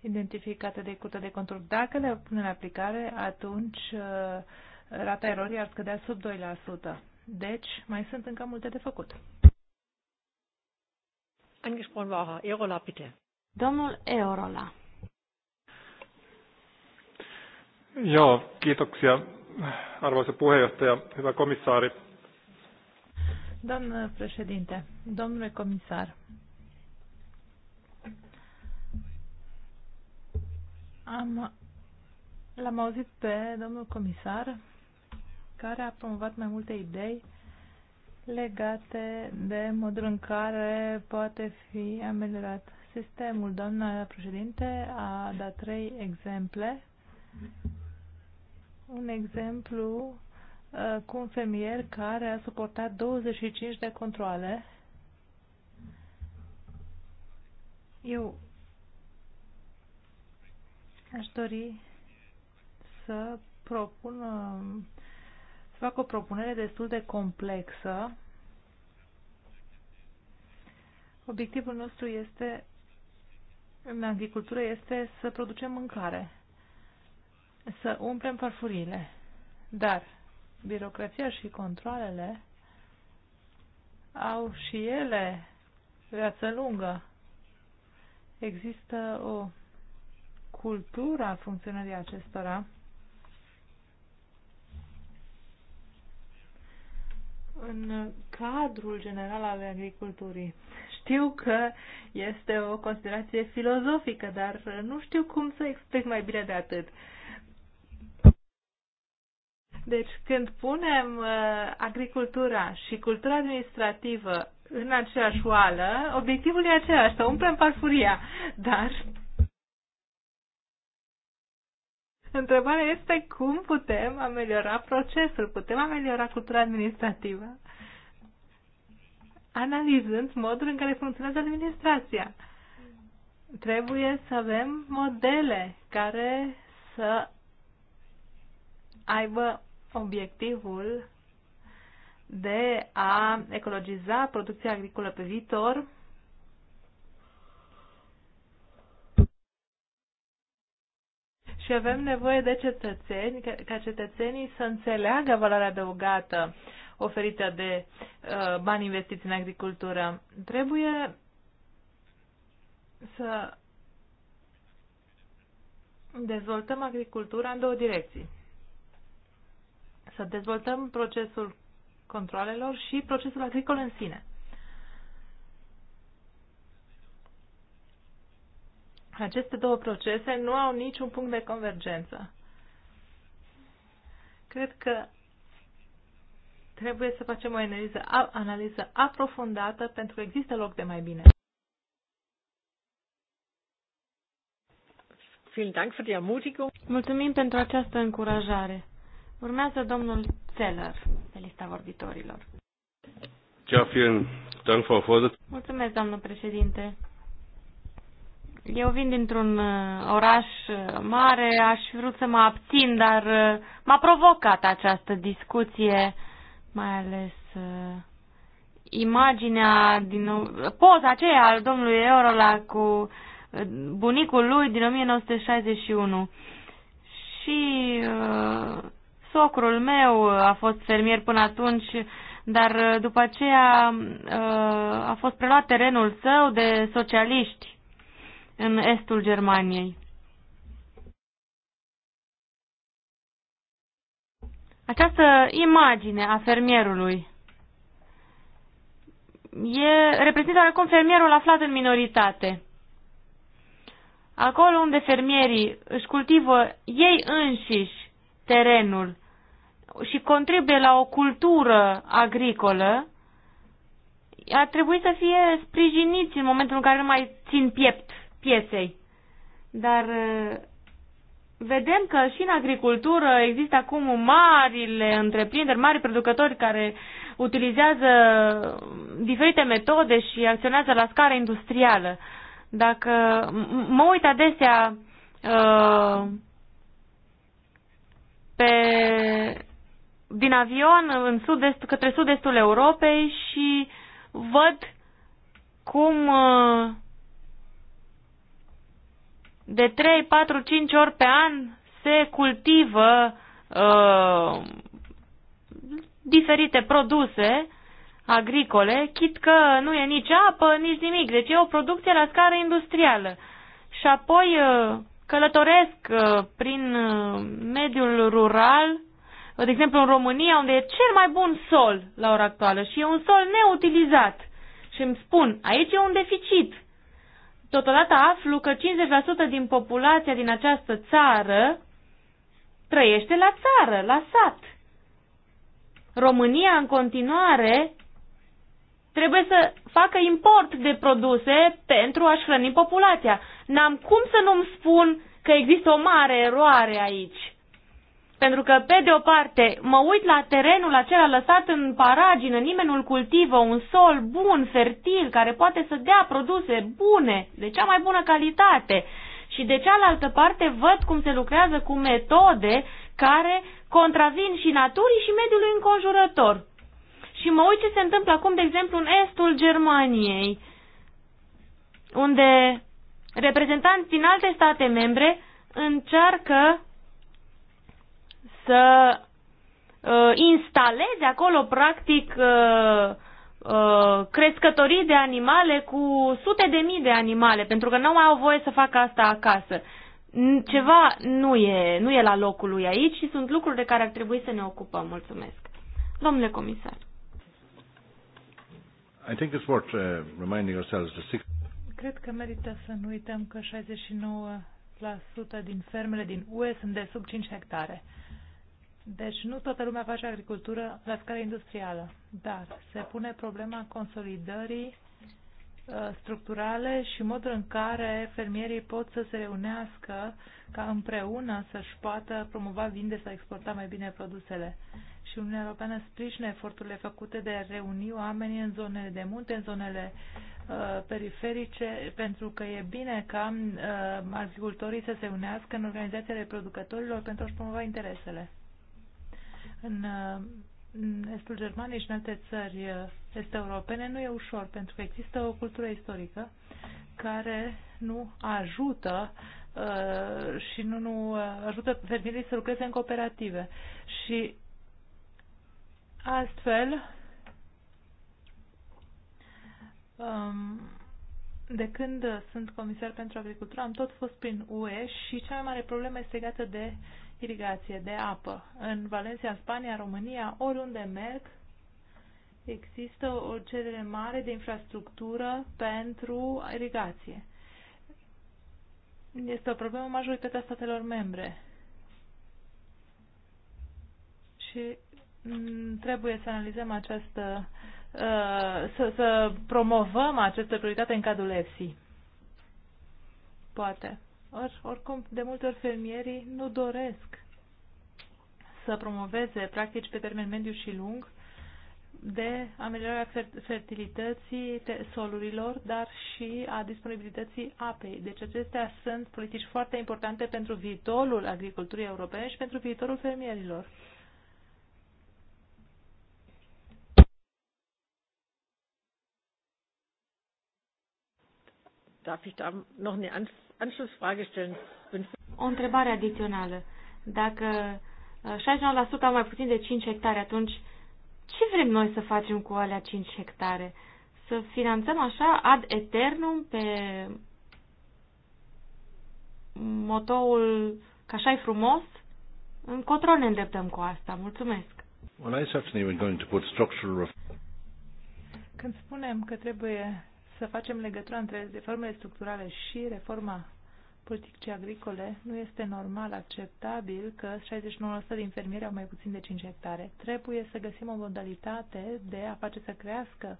identificate de curte de control. Dacă le pun în aplicare, atunci uh, rata erorii ar scădea sub 2%. Deci, mai sunt încă multe de făcut. Angesprochen war Eurola, bitte. Domnul Eurola. Joo, kiitoksia arvoisa puheenjohtaja, hyvä komissaari. Domnule președinte, domnule comisar, am, l-am auzit pe domnul comisar care a promovat mai multe idei legate de modul în care poate fi ameliorat sistemul. Doamna președinte a dat trei exemple un exemplu uh, cu un fermier care a suportat 25 de controle. Eu aș dori să propun uh, să fac o propunere destul de complexă. Obiectivul nostru este în agricultură este să producem mâncare să umplem farfurile. Dar birocrația și controlele au și ele viață lungă. Există o cultură a funcționării acestora în cadrul general al agriculturii. Știu că este o considerație filozofică, dar nu știu cum să explic mai bine de atât. Uh, deci când punem uh, agricultura și cultura administrativă în aceeași oală, obiectivul e același, să umplem parfuria. dar întrebarea este cum putem ameliora procesul, putem ameliora cultura administrativă analizând modul în care funcționează administrația. Trebuie să avem modele care să aibă obiectivul de a ecologiza producția agricolă pe viitor. Și avem nevoie de cetățeni, ca cetățenii să înțeleagă valoarea adăugată oferită de uh, bani investiți în agricultură. Trebuie să dezvoltăm agricultura în două direcții să dezvoltăm procesul controlelor și procesul agricol în sine. Aceste două procese nu au niciun punct de convergență. Cred că trebuie să facem o analiză, analiză aprofundată pentru că există loc de mai bine. Mulțumim pentru această încurajare. Urmează domnul Zeller pe lista vorbitorilor. Mulțumesc, doamnă președinte. Eu vin dintr-un uh, oraș uh, mare, aș vrut să mă abțin, dar uh, m-a provocat această discuție, mai ales imaginea, din, poza aceea al domnului Eurola cu bunicul lui din 1961. Și Socrul meu a fost fermier până atunci, dar uh, după aceea uh, a fost preluat terenul său de socialiști în estul Germaniei. Această imagine a fermierului e, reprezintă acum fermierul aflat în minoritate. Acolo unde fermierii își cultivă ei înșiși terenul și contribuie la o cultură agricolă, ar trebui să fie sprijiniți în momentul în care nu mai țin piept pieței. Dar vedem că și în agricultură există acum marile întreprinderi, mari producători care utilizează diferite metode și acționează la scară industrială. Dacă mă uit adesea uh, pe din avion în sud-est, către sud-estul Europei și văd cum uh, de 3, 4, 5 ori pe an se cultivă uh, diferite produse agricole, chit că nu e nici apă, nici nimic. Deci e o producție la scară industrială. Și apoi uh, călătoresc uh, prin mediul rural de exemplu, în România, unde e cel mai bun sol la ora actuală și e un sol neutilizat. Și îmi spun, aici e un deficit. Totodată aflu că 50% din populația din această țară trăiește la țară, la sat. România, în continuare, trebuie să facă import de produse pentru a-și hrăni populația. N-am cum să nu-mi spun că există o mare eroare aici. Pentru că, pe de o parte, mă uit la terenul acela lăsat în paragină, nimeni nu-l cultivă, un sol bun, fertil, care poate să dea produse bune, de cea mai bună calitate. Și de cealaltă parte văd cum se lucrează cu metode care contravin și naturii și mediului înconjurător. Și mă uit ce se întâmplă acum, de exemplu, în estul Germaniei, unde reprezentanți din alte state membre încearcă să uh, instaleze acolo, practic, uh, uh, crescătorii de animale cu sute de mii de animale, pentru că nu mai au voie să facă asta acasă. Ceva nu e, nu e la locul lui aici și sunt lucruri de care ar trebui să ne ocupăm. Mulțumesc. Domnule comisar. I think it's worth uh, reminding ourselves the six... Cred că merită să nu uităm că 69% din fermele din UE sunt de sub 5 hectare. Uh, deci nu toată lumea face agricultură la scară industrială, dar se pune problema consolidării uh, structurale și modul în care fermierii pot să se reunească ca împreună să-și poată promova, vinde sau exporta mai bine produsele. Și Uniunea Europeană sprijină eforturile făcute de a reuni oamenii în zonele de munte, în zonele uh, periferice, pentru că e bine ca uh, agricultorii să se unească în organizațiile producătorilor pentru a-și promova interesele. Uh, în estul Germaniei și în alte țări uh, este europene nu e ușor, pentru că există o cultură istorică care nu ajută uh, și nu, nu ajută fermierii să lucreze în cooperative. Și astfel, um, de când sunt comisar pentru agricultură, am tot fost prin UE și cea mai mare problemă este legată de irigație, de apă. În Valencia, Spania, România, oriunde merg, există o cerere mare de infrastructură pentru irigație. Este o problemă majoritatea statelor membre. Și mm, trebuie să analizăm această, uh, să, să promovăm această prioritate în cadrul EFSI. Poate. Or, oricum, de multe ori fermierii nu doresc să promoveze practici pe termen mediu și lung de ameliorarea fertilității solurilor, dar și a disponibilității apei. Deci acestea sunt politici foarte importante pentru viitorul agriculturii europene și pentru viitorul fermierilor. Darf ich da noch eine o întrebare adițională. Dacă 69% uh, au mai puțin de 5 hectare, atunci ce vrem noi să facem cu alea 5 hectare? Să finanțăm așa ad eternum pe motoul că așa e frumos? Încotro ne îndreptăm cu asta. Mulțumesc. I certainly were going to put structural Când spunem că trebuie să facem legătura între reformele structurale și reforma politicii agricole, nu este normal, acceptabil că 69% din fermieri au mai puțin de 5 hectare. Trebuie să găsim o modalitate de a face să crească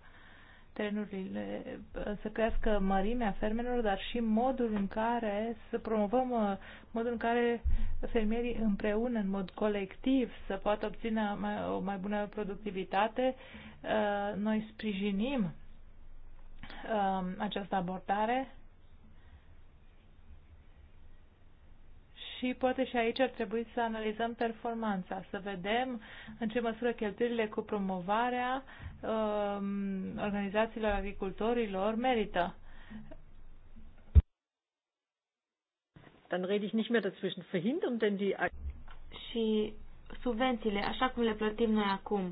terenurile, să crească mărimea fermelor, dar și modul în care să promovăm, uh, modul în care fermierii împreună, în mod colectiv, să poată obține o mai bună productivitate. Uh, noi sprijinim uh, această abordare și poate și aici ar trebui să analizăm performanța, să vedem în ce măsură cheltuielile cu promovarea um, organizațiilor agricultorilor merită. Dann rede ich nicht mehr dazwischen. Verhindern denn die... Și subvențiile, așa cum le plătim noi acum,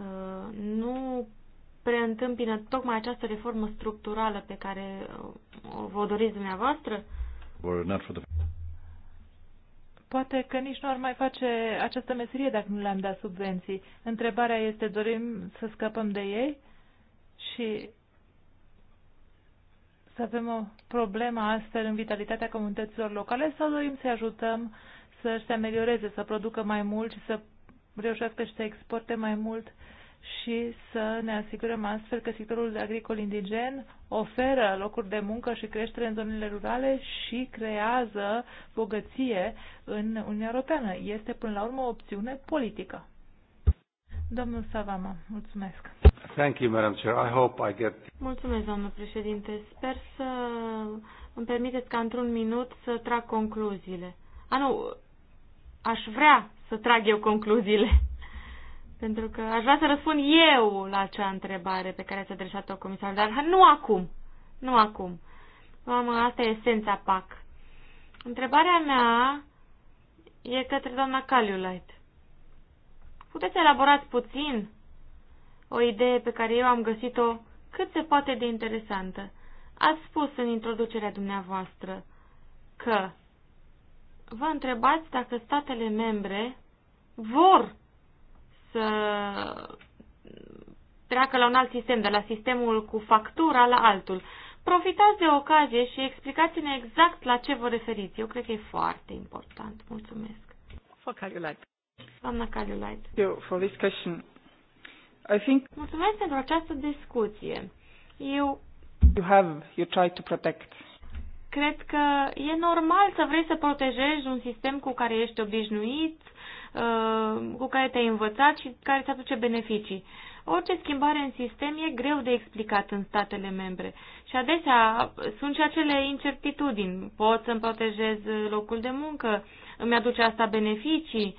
uh, nu preîntâmpină tocmai această reformă structurală pe care uh, o doriți dumneavoastră? Poate că nici nu ar mai face această meserie dacă nu le-am dat subvenții. Întrebarea este, dorim să scăpăm de ei și să avem o problemă astfel în vitalitatea comunităților locale sau dorim să ajutăm să se amelioreze, să producă mai mult și să reușească și să exporte mai mult uh, și să ne asigurăm astfel că sectorul agricol indigen oferă locuri de muncă și creștere în zonele rurale și creează bogăție în Uniunea Europeană. Este până la urmă o opțiune politică. Domnul Savama, mulțumesc. Thank you, Madam Chair. I hope I get... Mulțumesc, domnul președinte. Sper să îmi permiteți ca într-un minut să trag concluziile. A, nu, aș vrea să trag eu concluziile. Pentru că aș vrea să răspund eu la acea întrebare pe care ați adresat-o comisarul, dar nu acum. Nu acum. Mamă, asta e esența PAC. Întrebarea mea e către doamna Caliulite. Puteți elaborați puțin o idee pe care eu am găsit-o cât se poate de interesantă. Ați spus în introducerea dumneavoastră că vă întrebați dacă statele membre vor să treacă la un alt sistem, de la sistemul cu factura la altul. Profitați de ocazie și explicați-ne exact la ce vă referiți. Eu cred că e foarte important. Mulțumesc. Doamna Caliulait. for this question. I think... Mulțumesc pentru această discuție. Eu... You have, you try to protect. Cred că e normal să vrei să protejezi un sistem cu care ești obișnuit, uh, Uh, cu care te-ai învățat și care îți aduce beneficii. Orice schimbare în sistem e greu de explicat în statele membre și adesea sunt și acele incertitudini. Pot să-mi protejez locul de muncă? Îmi aduce asta beneficii?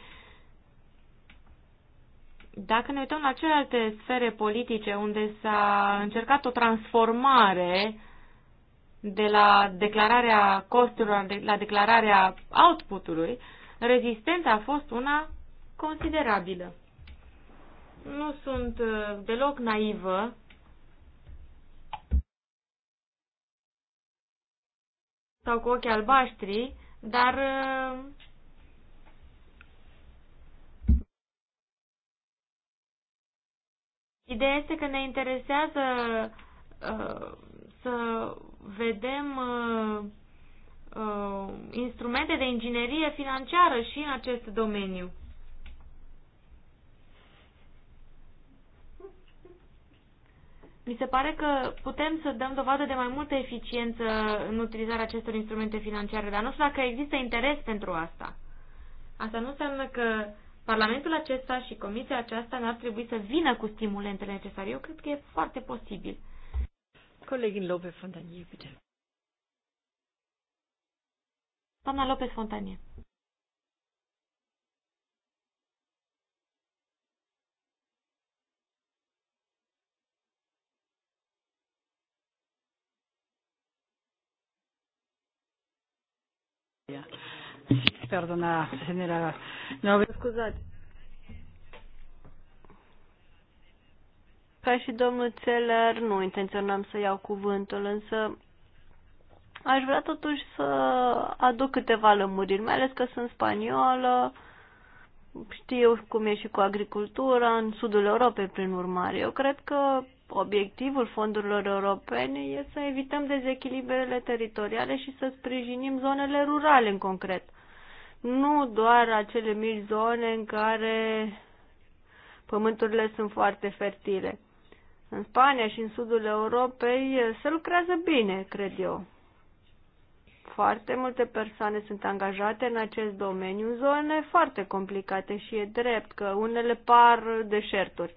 Dacă ne uităm la celelalte sfere politice unde s-a încercat o transformare de la declararea costurilor la declararea outputului, rezistența a fost una considerabilă. Nu sunt uh, deloc naivă. sau cu ochii albaștri, dar uh, Ideea este că ne interesează uh, să vedem uh, Uh, instrumente de inginerie financiară și în acest domeniu. Mi se pare că putem să dăm dovadă de mai multă eficiență în utilizarea acestor instrumente financiare, dar nu știu dacă există interes pentru asta. Asta nu înseamnă că Parlamentul acesta și Comisia aceasta n-ar trebui să vină cu stimulentele necesare. Eu cred că e foarte posibil. Colegii Lope Fontanie, bine. Doamna Lopez Fontanie. Perdona, señora. No, scuzați. Ca și domnul Țeler, nu intenționam să iau cuvântul, însă Aș vrea totuși să aduc câteva lămuriri, mai ales că sunt spaniolă, știu cum e și cu agricultura în sudul Europei, prin urmare. Eu cred că obiectivul fondurilor europene e să evităm dezechilibrele teritoriale și să sprijinim zonele rurale în concret. Nu doar acele mici zone în care pământurile sunt foarte fertile. În Spania și în sudul Europei se lucrează bine, cred eu. Foarte multe persoane sunt angajate în acest domeniu, în zone foarte complicate și e drept că unele par deșerturi.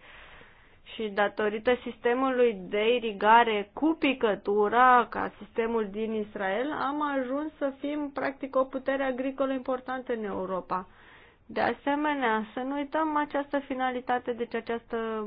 Și datorită sistemului de irigare cu picătura, ca sistemul din Israel, am ajuns să fim practic o putere agricolă importantă în Europa. De asemenea, să nu uităm această finalitate, deci această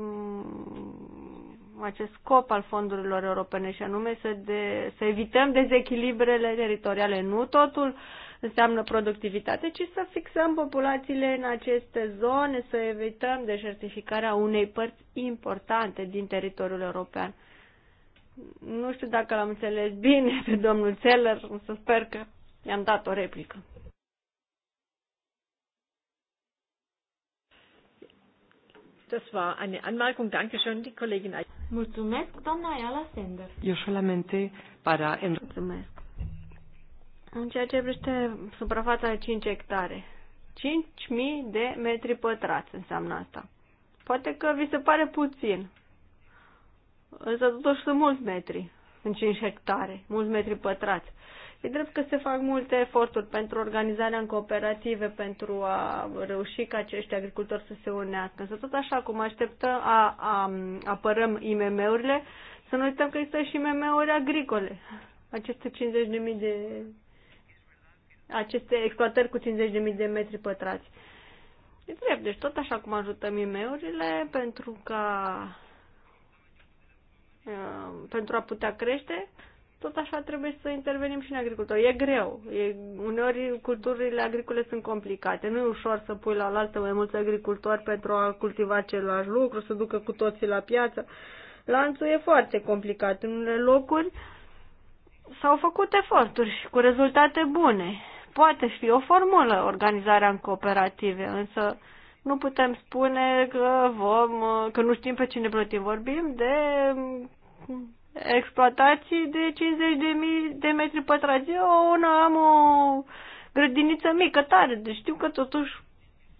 acest scop al fondurilor europene și anume să, de, să evităm dezechilibrele teritoriale. Nu totul înseamnă productivitate, ci să fixăm populațiile în aceste zone, să evităm deșertificarea unei părți importante din teritoriul european. Nu știu dacă l-am înțeles bine pe domnul Țeller, însă sper că i-am dat o replică. Das war eine Anmerkung. Dankeschön, die Kollegin. Mulțumesc, doamna Ayala Sender. Eu solamente para... En... Mulțumesc. În ceea ce privește suprafața de 5 hectare, 5.000 de metri pătrați înseamnă asta. Poate că vi se pare puțin, însă totuși sunt mulți metri în 5 hectare, mulți metri pătrați. E drept că se fac multe eforturi pentru organizarea în cooperative, pentru a reuși ca acești agricultori să se unească. Însă tot așa cum așteptăm a, a apărăm IMM-urile, să nu uităm că există și IMM-uri agricole. Aceste 50.000 de aceste exploatări cu 50.000 de metri pătrați. E drept, deci tot așa cum ajutăm imm urile pentru ca uh, pentru a putea crește, tot așa trebuie să intervenim și în agricultură. E greu. E, uneori culturile agricole sunt complicate. Nu e ușor să pui la oaltă mai mulți agricultori pentru a cultiva același lucru, să ducă cu toții la piață. Lanțul e foarte complicat. În unele locuri s-au făcut eforturi cu rezultate bune. Poate fi o formulă organizarea în cooperative, însă nu putem spune că vom, că nu știm pe cine plătim. Vorbim de exploatații de 50.000 de metri pătrați. Eu una am o grădiniță mică, tare, deci știu că totuși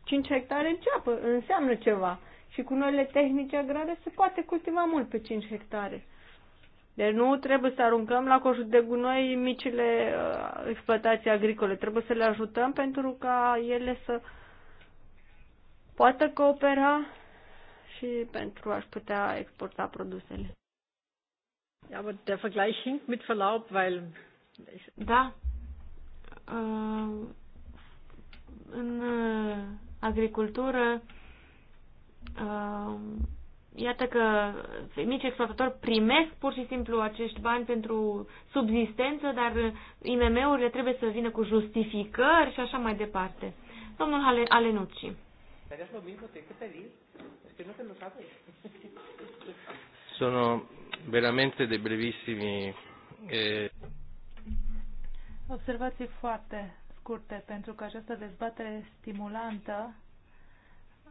5 hectare înceapă, înseamnă ceva. Și cu noile tehnici agrare se poate cultiva mult pe 5 hectare. Deci nu trebuie să aruncăm la coșul de gunoi micile uh, exploatații agricole. Trebuie să le ajutăm pentru ca ele să poată coopera și pentru a-și putea exporta produsele. Ja, aber der Vergleich hinkt mit Verlaub, weil... Da. Äh, în uh, agricultură, uh, iată că mici exploatatori primesc pur și simplu acești bani pentru subzistență, dar IMM-urile trebuie să vină cu justificări și așa mai departe. Domnul Alenucci. Deci Sono veramente dei brevissimi. Eh... Observații foarte scurte, pentru că această dezbatere stimulantă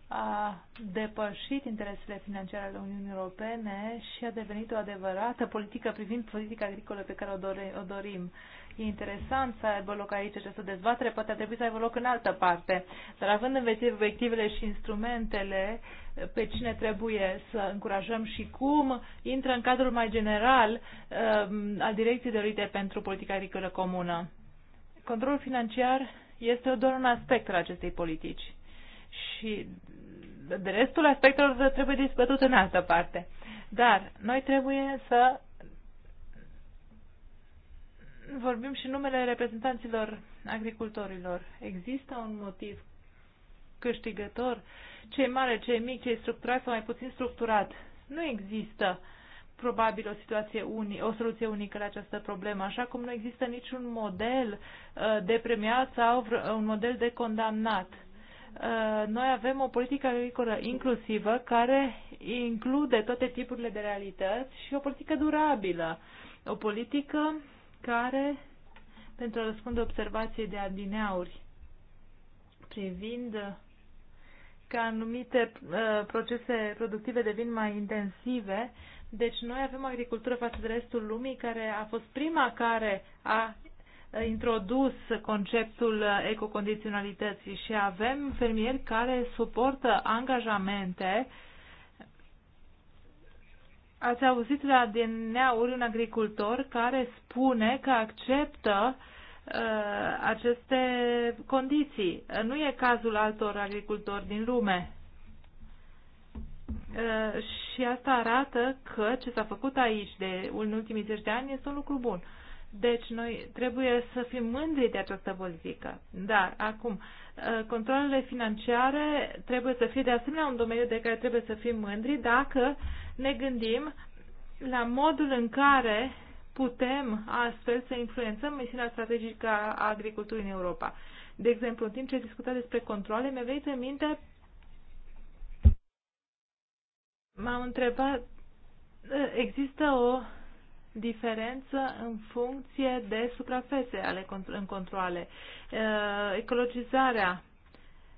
a depășit interesele financiare ale Uniunii Europene și a devenit o adevărată politică privind politica agricolă pe care o, dore, o dorim. E interesant să aibă loc aici această dezbatere, poate ar trebui să aibă loc în altă parte. Dar având în vedere obiectivele și instrumentele, pe cine trebuie să încurajăm și cum, intră în cadrul mai general um, al Direcției de pentru Politica Agricolă Comună. Controlul financiar este doar un aspect al acestei politici. Și de restul aspectelor trebuie dezbătut în altă parte. Dar noi trebuie să vorbim și numele reprezentanților agricultorilor. Există un motiv câștigător? Cei mare, cei mici, cei structurați sau mai puțin structurat? Nu există probabil o situație uni, o soluție unică la această problemă, așa cum nu există niciun model uh, de premiat sau uh, un model de condamnat. Uh, noi avem o politică agricolă inclusivă care include toate tipurile de realități și o politică durabilă, o politică care, pentru a răspunde observației de adineauri privind că anumite uh, procese productive devin mai intensive, deci noi avem o agricultură față de restul lumii care a fost prima care a uh, introdus conceptul uh, ecocondiționalității și avem fermieri care suportă angajamente uh, Ați auzit la dna ori un agricultor care spune că acceptă uh, aceste condiții. Nu e cazul altor agricultori din lume. Uh, și asta arată că ce s-a făcut aici de în ultimii zeci de ani este un lucru bun. Deci noi trebuie să fim mândri de această politică. Dar acum, uh, controlele financiare trebuie să fie de asemenea un domeniu de care trebuie să fim mândri dacă ne gândim la modul în care putem astfel să influențăm misiunea strategică a agriculturii în Europa. De exemplu, în timp ce discutăm despre controle, mi-a venit în minte, m-am întrebat, există o diferență în funcție de suprafețe ale, în controle. Ecologizarea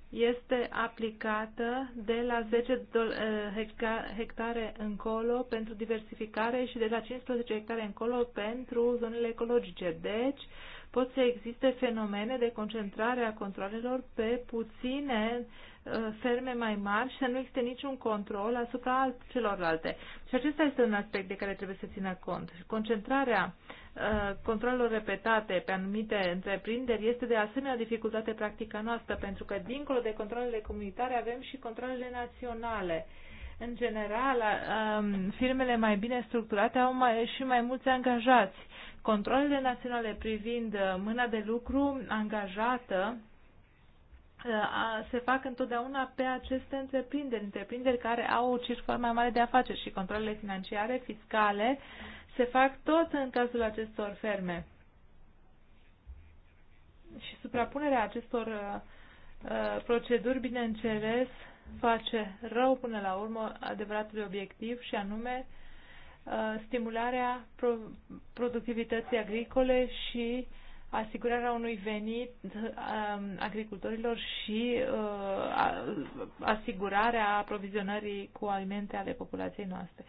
este aplicată de la 10 eh, hectare încolo pentru diversificare și de la 15 hectare încolo pentru zonele ecologice. Deci, pot să existe fenomene de concentrare a controlelor pe puține eh, ferme mai mari și să nu existe niciun control asupra celorlalte. Și acesta este un aspect de care trebuie să țină cont. Concentrarea uh, Uh, controlul repetate pe anumite întreprinderi este de asemenea dificultate practică noastră, pentru că dincolo de controlele comunitare avem și controlele naționale. În general, um, firmele mai bine structurate au mai, și mai mulți angajați. Controlele naționale privind uh, mâna de lucru angajată uh, se fac întotdeauna pe aceste întreprinderi, întreprinderi care au o cifră mai mare de afaceri și controlele financiare, fiscale, uh, se fac tot în cazul acestor ferme. Și suprapunerea acestor uh, uh, proceduri, bineînțeles, face rău până la urmă adevăratului obiectiv și anume uh, stimularea productivității agricole și asigurarea unui venit um, agricultorilor și asigurarea aprovizionării cu alimente ale populației noastre.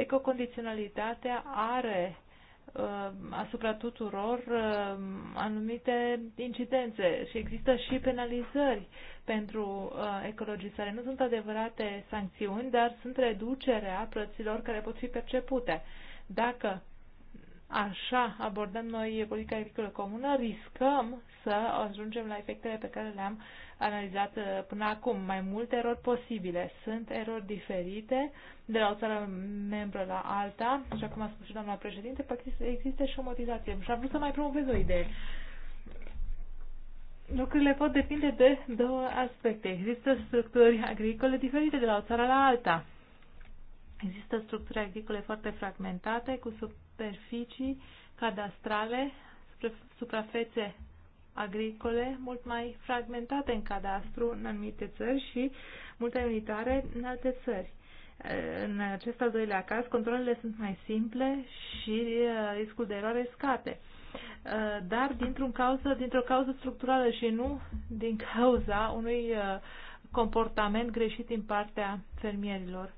Ecocondiționalitatea are uh, asupra tuturor uh, anumite incidențe și există și penalizări pentru uh, ecologizare. Nu sunt adevărate sancțiuni, dar sunt reducerea plăților care pot fi percepute. Dacă așa abordăm noi politica agricolă comună, riscăm să ajungem la efectele pe care le-am uh, analizat uh, până acum. Mai multe erori posibile. Sunt erori diferite de la o țară membră la alta. Și cum a spus și doamna președinte, practic există și o motivație. Și am vrut să mai promovez o idee. Lucrurile pot depinde de două aspecte. Există structuri agricole diferite de la o țară la alta. Există structuri agricole foarte fragmentate, cu superficii cadastrale, suprafețe agricole mult mai fragmentate în cadastru în anumite țări și multe unitare în alte țări. Eh, în acest al doilea caz, controlele sunt mai simple și eh, riscul de eroare scade. Eh, dar dintr-un cauză, dintr-o cauză structurală și nu din cauza unui comportament greșit din partea fermierilor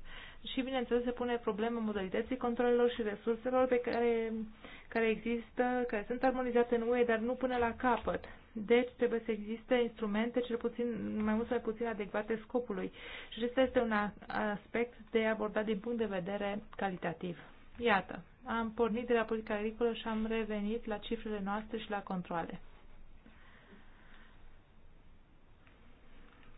și, bineînțeles, se pune problema modalității controlelor și resurselor pe care, care există, care sunt armonizate în UE, dar nu până la capăt. Deci trebuie să existe instrumente cel puțin, mai mult sau mai puțin adecvate scopului. Și acesta este un aspect de abordat din punct de vedere calitativ. Iată, am pornit de la politica agricolă și am revenit la cifrele noastre și la controle.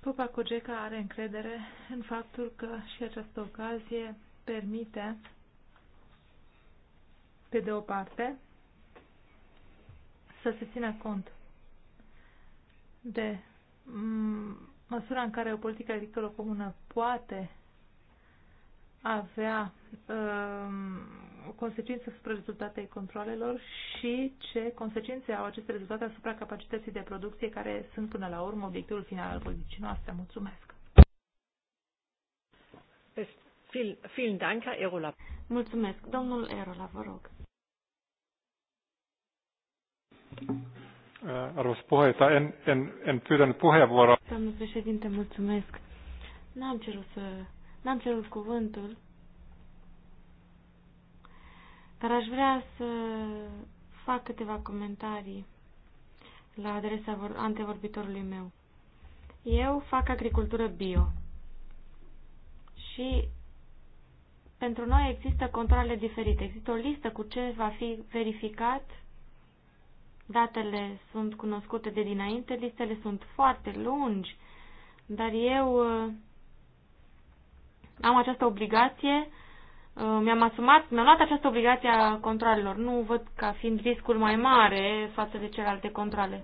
Popa Cogeca are încredere în faptul că și această ocazie permite, pe de o parte, să se țină cont de mm, măsura în care o politică agricolă comună poate avea um, consecințe asupra rezultatei controlelor și ce consecințe au aceste rezultate asupra capacității de producție care sunt până la urmă obiectivul final al politicii noastre. Mulțumesc! Mulțumesc. Domnul Erola, vă rog. Äh, arvoisa puheenjohtaja, en, en, en pyytänyt puheenvuoroa. președinte, mulțumesc. N-am cerut, să, n-am cerut cuvântul, dar aș vrea să fac câteva comentarii la adresa antevorbitorului meu. Eu fac agricultură bio și pentru noi există controle diferite. Există o listă cu ce va fi verificat. Datele sunt cunoscute de dinainte, listele sunt foarte lungi, dar eu uh, am această obligație Uh, mi-am asumat, mi-am luat această obligație a controlelor. Nu văd ca fiind riscul mai mare față de celelalte controle.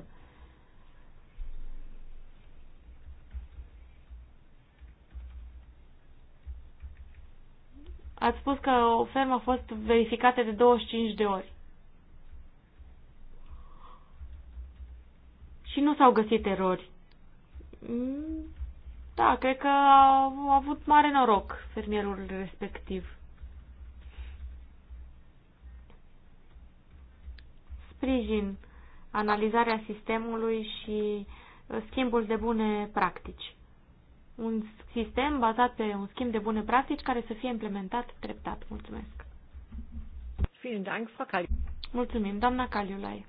Ați spus că o fermă a fost verificată de 25 de ori. Și nu s-au găsit erori. Mm, da, cred că a avut mare noroc fermierul respectiv. sprijin analizarea sistemului și uh, schimbul de bune practici. Un sistem bazat pe un schimb de bune practici care să fie implementat treptat. Mulțumesc. Mulțumim, doamna Caliulai.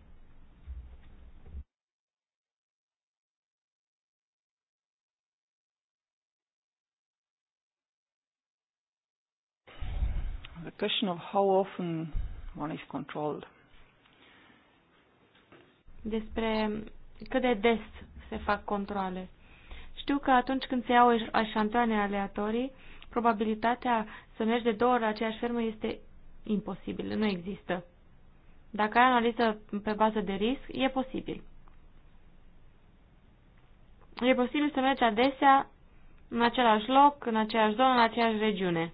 The question of how often one is controlled despre cât de des se fac controle. Știu că atunci când se iau așantoane aleatorii, probabilitatea să mergi de două ori la aceeași fermă este imposibilă, nu există. Dacă ai analiză pe bază de risc, e posibil. E posibil să mergi adesea în același loc, în aceeași zonă, în aceeași regiune.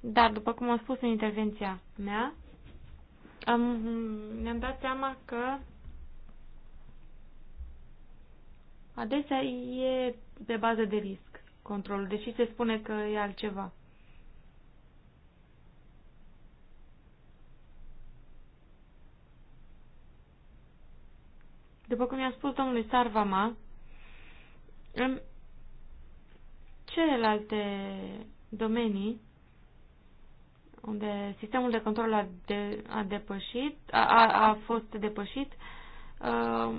Dar, după cum am spus în intervenția mea, am, ne-am dat seama că adesea e pe bază de risc controlul, deși se spune că e altceva. După cum i-a spus domnului Sarvama, în celelalte domenii unde sistemul de control a, de, a depășit, a, a fost depășit, uh,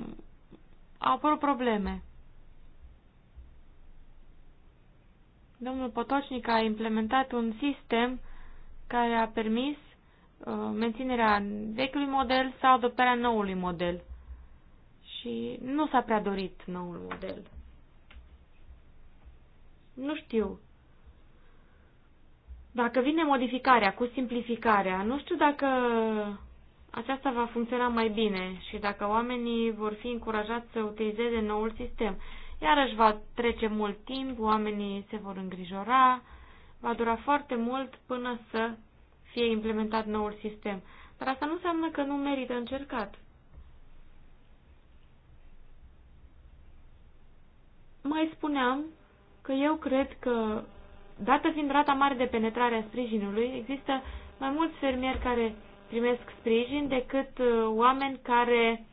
au apărut probleme. Domnul Potocnic a implementat un sistem care a permis uh, menținerea vechiului model sau adoptarea noului model. Și nu s-a prea dorit noul model. Nu știu dacă vine modificarea cu simplificarea, nu știu dacă aceasta va funcționa mai bine și dacă oamenii vor fi încurajați să utilizeze noul sistem. Iarăși va trece mult timp, oamenii se vor îngrijora, va dura foarte mult până să fie implementat noul sistem. Dar asta nu înseamnă că nu merită încercat. Mai spuneam că eu cred că Dată fiind rata mare de penetrare a sprijinului, există mai mulți fermieri care primesc sprijin decât uh, oameni care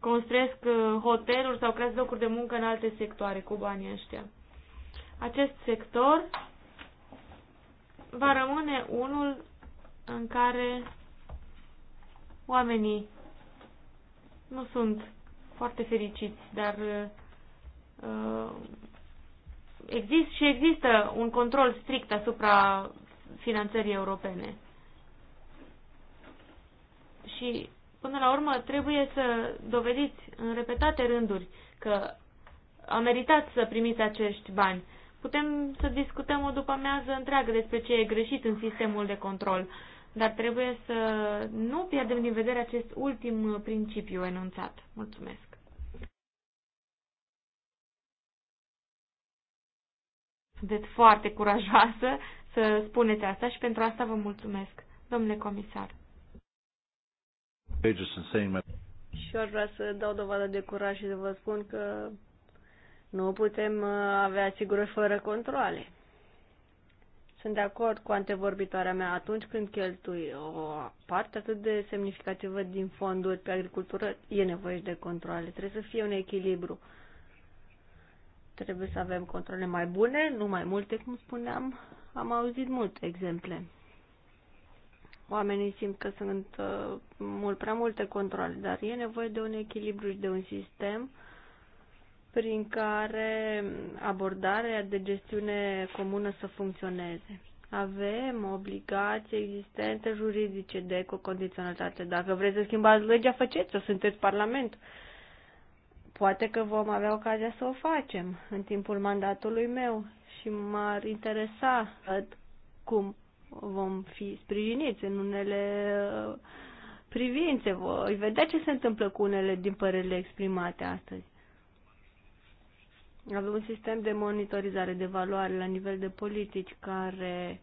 construiesc uh, hoteluri sau creează locuri de muncă în alte sectoare cu banii ăștia. Acest sector va rămâne unul în care oamenii nu sunt foarte fericiți, dar uh, Exist și există un control strict asupra finanțării europene. Și până la urmă trebuie să dovediți în repetate rânduri că a meritat să primiți acești bani. Putem să discutăm o după amiază întreagă despre ce e greșit în sistemul de control, dar trebuie să nu pierdem din vedere acest ultim principiu enunțat. Mulțumesc! Sunteți foarte curajoasă să spuneți asta și pentru asta vă mulțumesc, domnule comisar. Și eu aș vrea să dau dovadă de curaj și să vă spun că nu putem uh, avea sigură fără controle. Sunt de acord cu antevorbitoarea mea. Atunci când cheltui o parte atât de semnificativă din fonduri pe agricultură, e nevoie de controle. Trebuie să fie un echilibru. Uh, Trebuie să avem controle mai bune, nu mai multe, cum spuneam. Am auzit multe exemple. Oamenii simt că sunt uh, mult prea multe controle, dar e nevoie de un echilibru și de un sistem prin care abordarea de gestiune comună să funcționeze. Avem obligații existente juridice de ecocondiționalitate. Dacă vreți să schimbați legea, faceți-o, sunteți Parlament. Uh, Poate că vom avea ocazia să o facem în timpul mandatului meu și m-ar interesa cum vom fi sprijiniți în unele uh, privințe. Voi vedea ce se întâmplă cu unele din părerile exprimate astăzi. Avem un sistem de monitorizare de valoare la nivel de politici care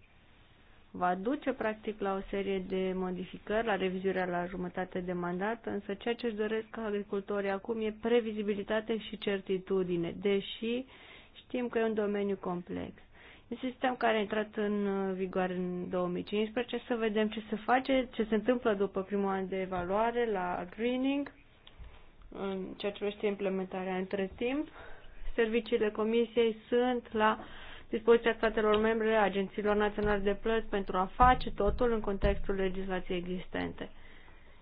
va duce practic la o serie de modificări, la revizuirea la jumătate de mandat, însă ceea ce își doresc agricultorii acum e previzibilitate și certitudine, deși știm că e un domeniu complex. E sistem care a intrat în vigoare în 2015, să vedem ce se face, ce se întâmplă după primul an de evaluare la greening, în ceea ce vrește implementarea între timp. Serviciile comisiei sunt la uh, dispoziția statelor membre, agențiilor naționale de plăți pentru a face totul în contextul legislației existente.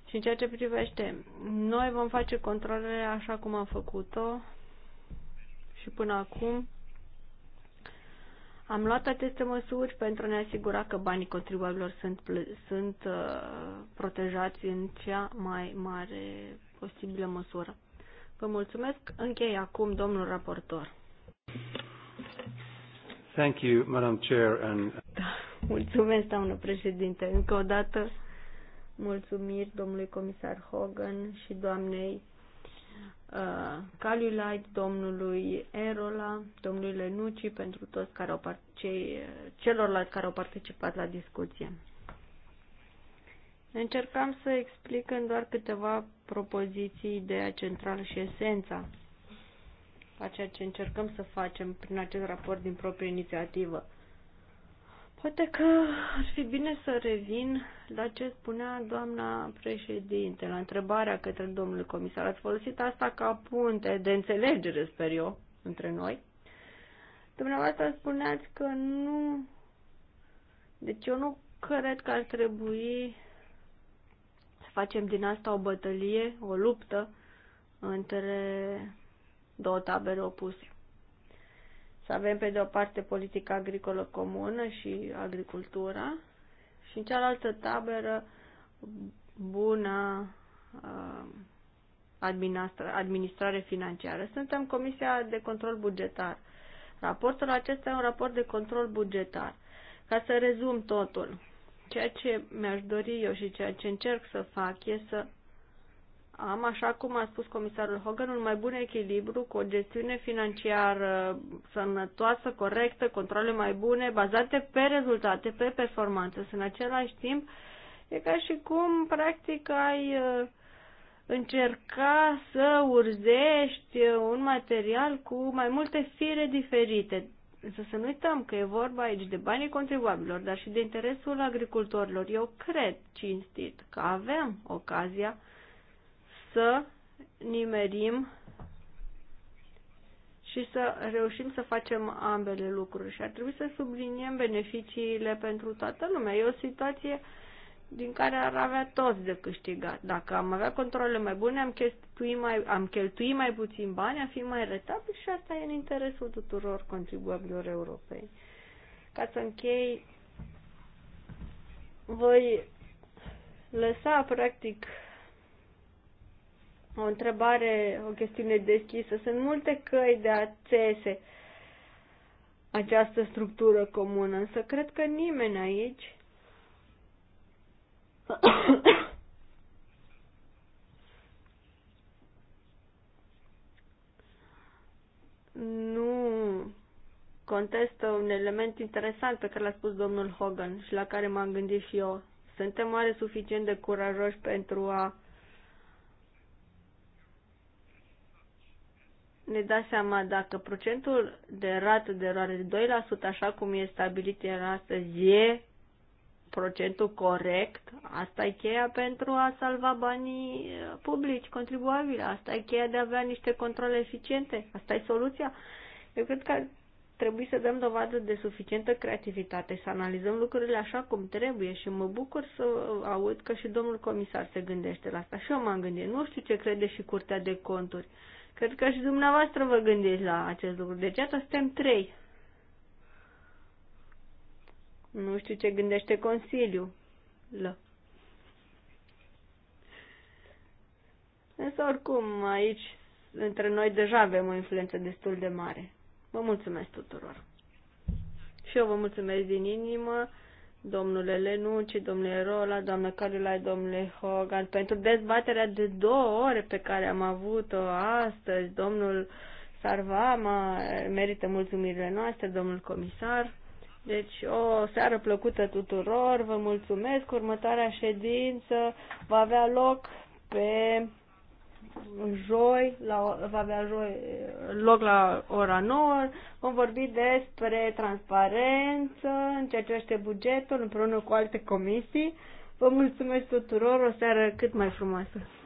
Și în ceea ce privește, noi vom face controlele așa cum am făcut-o și până acum. Am luat aceste măsuri pentru a ne asigura că banii contribuabililor sunt, sunt uh, protejați în cea mai mare posibilă măsură. Vă mulțumesc. Închei acum, domnul raportor. Thank you, Madam Chair. And... Da, mulțumesc, doamnă președinte. Încă o dată, mulțumiri domnului comisar Hogan și doamnei uh, Caliulait, domnului Erola, domnului Lenuci, pentru toți care au cei, celorlalți care au participat la discuție. Încercam să explic în doar câteva propoziții ideea centrală și esența a ceea ce încercăm să facem prin acest raport din proprie inițiativă. Poate că ar fi bine să revin la ce spunea doamna președinte, la întrebarea către domnul comisar. Ați folosit asta ca punte de înțelegere, sper eu, între noi. Dumneavoastră spuneați că nu... Deci eu nu cred că ar trebui să facem din asta o bătălie, o luptă între două tabere opuse. Să avem pe de o parte politica agricolă comună și agricultura și în cealaltă tabără bună uh, administrare financiară. Suntem Comisia de Control Bugetar. Raportul acesta e un raport de control bugetar. Ca să rezum totul, ceea ce mi-aș dori eu și ceea ce încerc să fac e să am, așa cum a spus comisarul Hogan, un mai bun echilibru cu o gestiune financiară sănătoasă, corectă, controle mai bune, bazate pe rezultate, pe performanță. În același timp, e ca și cum, practic, ai uh, încerca să urzești un material cu mai multe fire diferite. Însă să nu uităm că e vorba aici de banii contribuabilor, dar și de interesul agricultorilor. Eu cred cinstit că avem ocazia să nimerim și să reușim să facem ambele lucruri. Și ar trebui să subliniem beneficiile pentru toată lumea. E o situație din care ar avea toți de câștigat. Dacă am avea controle mai bune, am cheltui mai, am cheltui mai puțin bani, am fi mai retabil și asta e în interesul tuturor contribuabilor europei. Ca să închei, voi lăsa practic o întrebare, o chestiune deschisă. Sunt multe căi de a țese această structură comună, însă cred că nimeni aici nu contestă un element interesant pe care l-a spus domnul Hogan și la care m-am gândit și eu. Suntem oare suficient de curajoși pentru a ne da seama dacă procentul de rată de eroare de 2%, așa cum e stabilit el astăzi, e procentul corect. Asta e cheia pentru a salva banii uh, publici, contribuabili. Asta e cheia de a avea niște controle eficiente. Asta e soluția. Eu cred că trebuie să dăm dovadă de suficientă creativitate, să analizăm lucrurile așa cum trebuie și mă bucur să aud că și domnul comisar se gândește la asta. Și eu m-am gândit, nu știu ce crede și Curtea de Conturi. Uh, Cred că și dumneavoastră vă gândiți la acest lucru. Deci, iată, suntem trei. Nu știu ce gândește Consiliul. La. Însă, oricum, aici, între noi, deja avem o influență destul de mare. Vă mulțumesc tuturor! Și eu vă mulțumesc din inimă domnule Lenuci, domnule Rola, doamna Carolai, domnule Hogan, pentru dezbaterea de două ore pe care am avut-o astăzi. Domnul Sarvama merită mulțumirile noastre, domnul comisar. Deci o seară plăcută tuturor, vă mulțumesc. Următoarea ședință va avea loc pe joi, la, va avea joi loc la ora 9, vom vorbi despre transparență, în ceea ce este bugetul, împreună cu alte comisii. Vă mulțumesc tuturor, o seară cât mai frumoasă!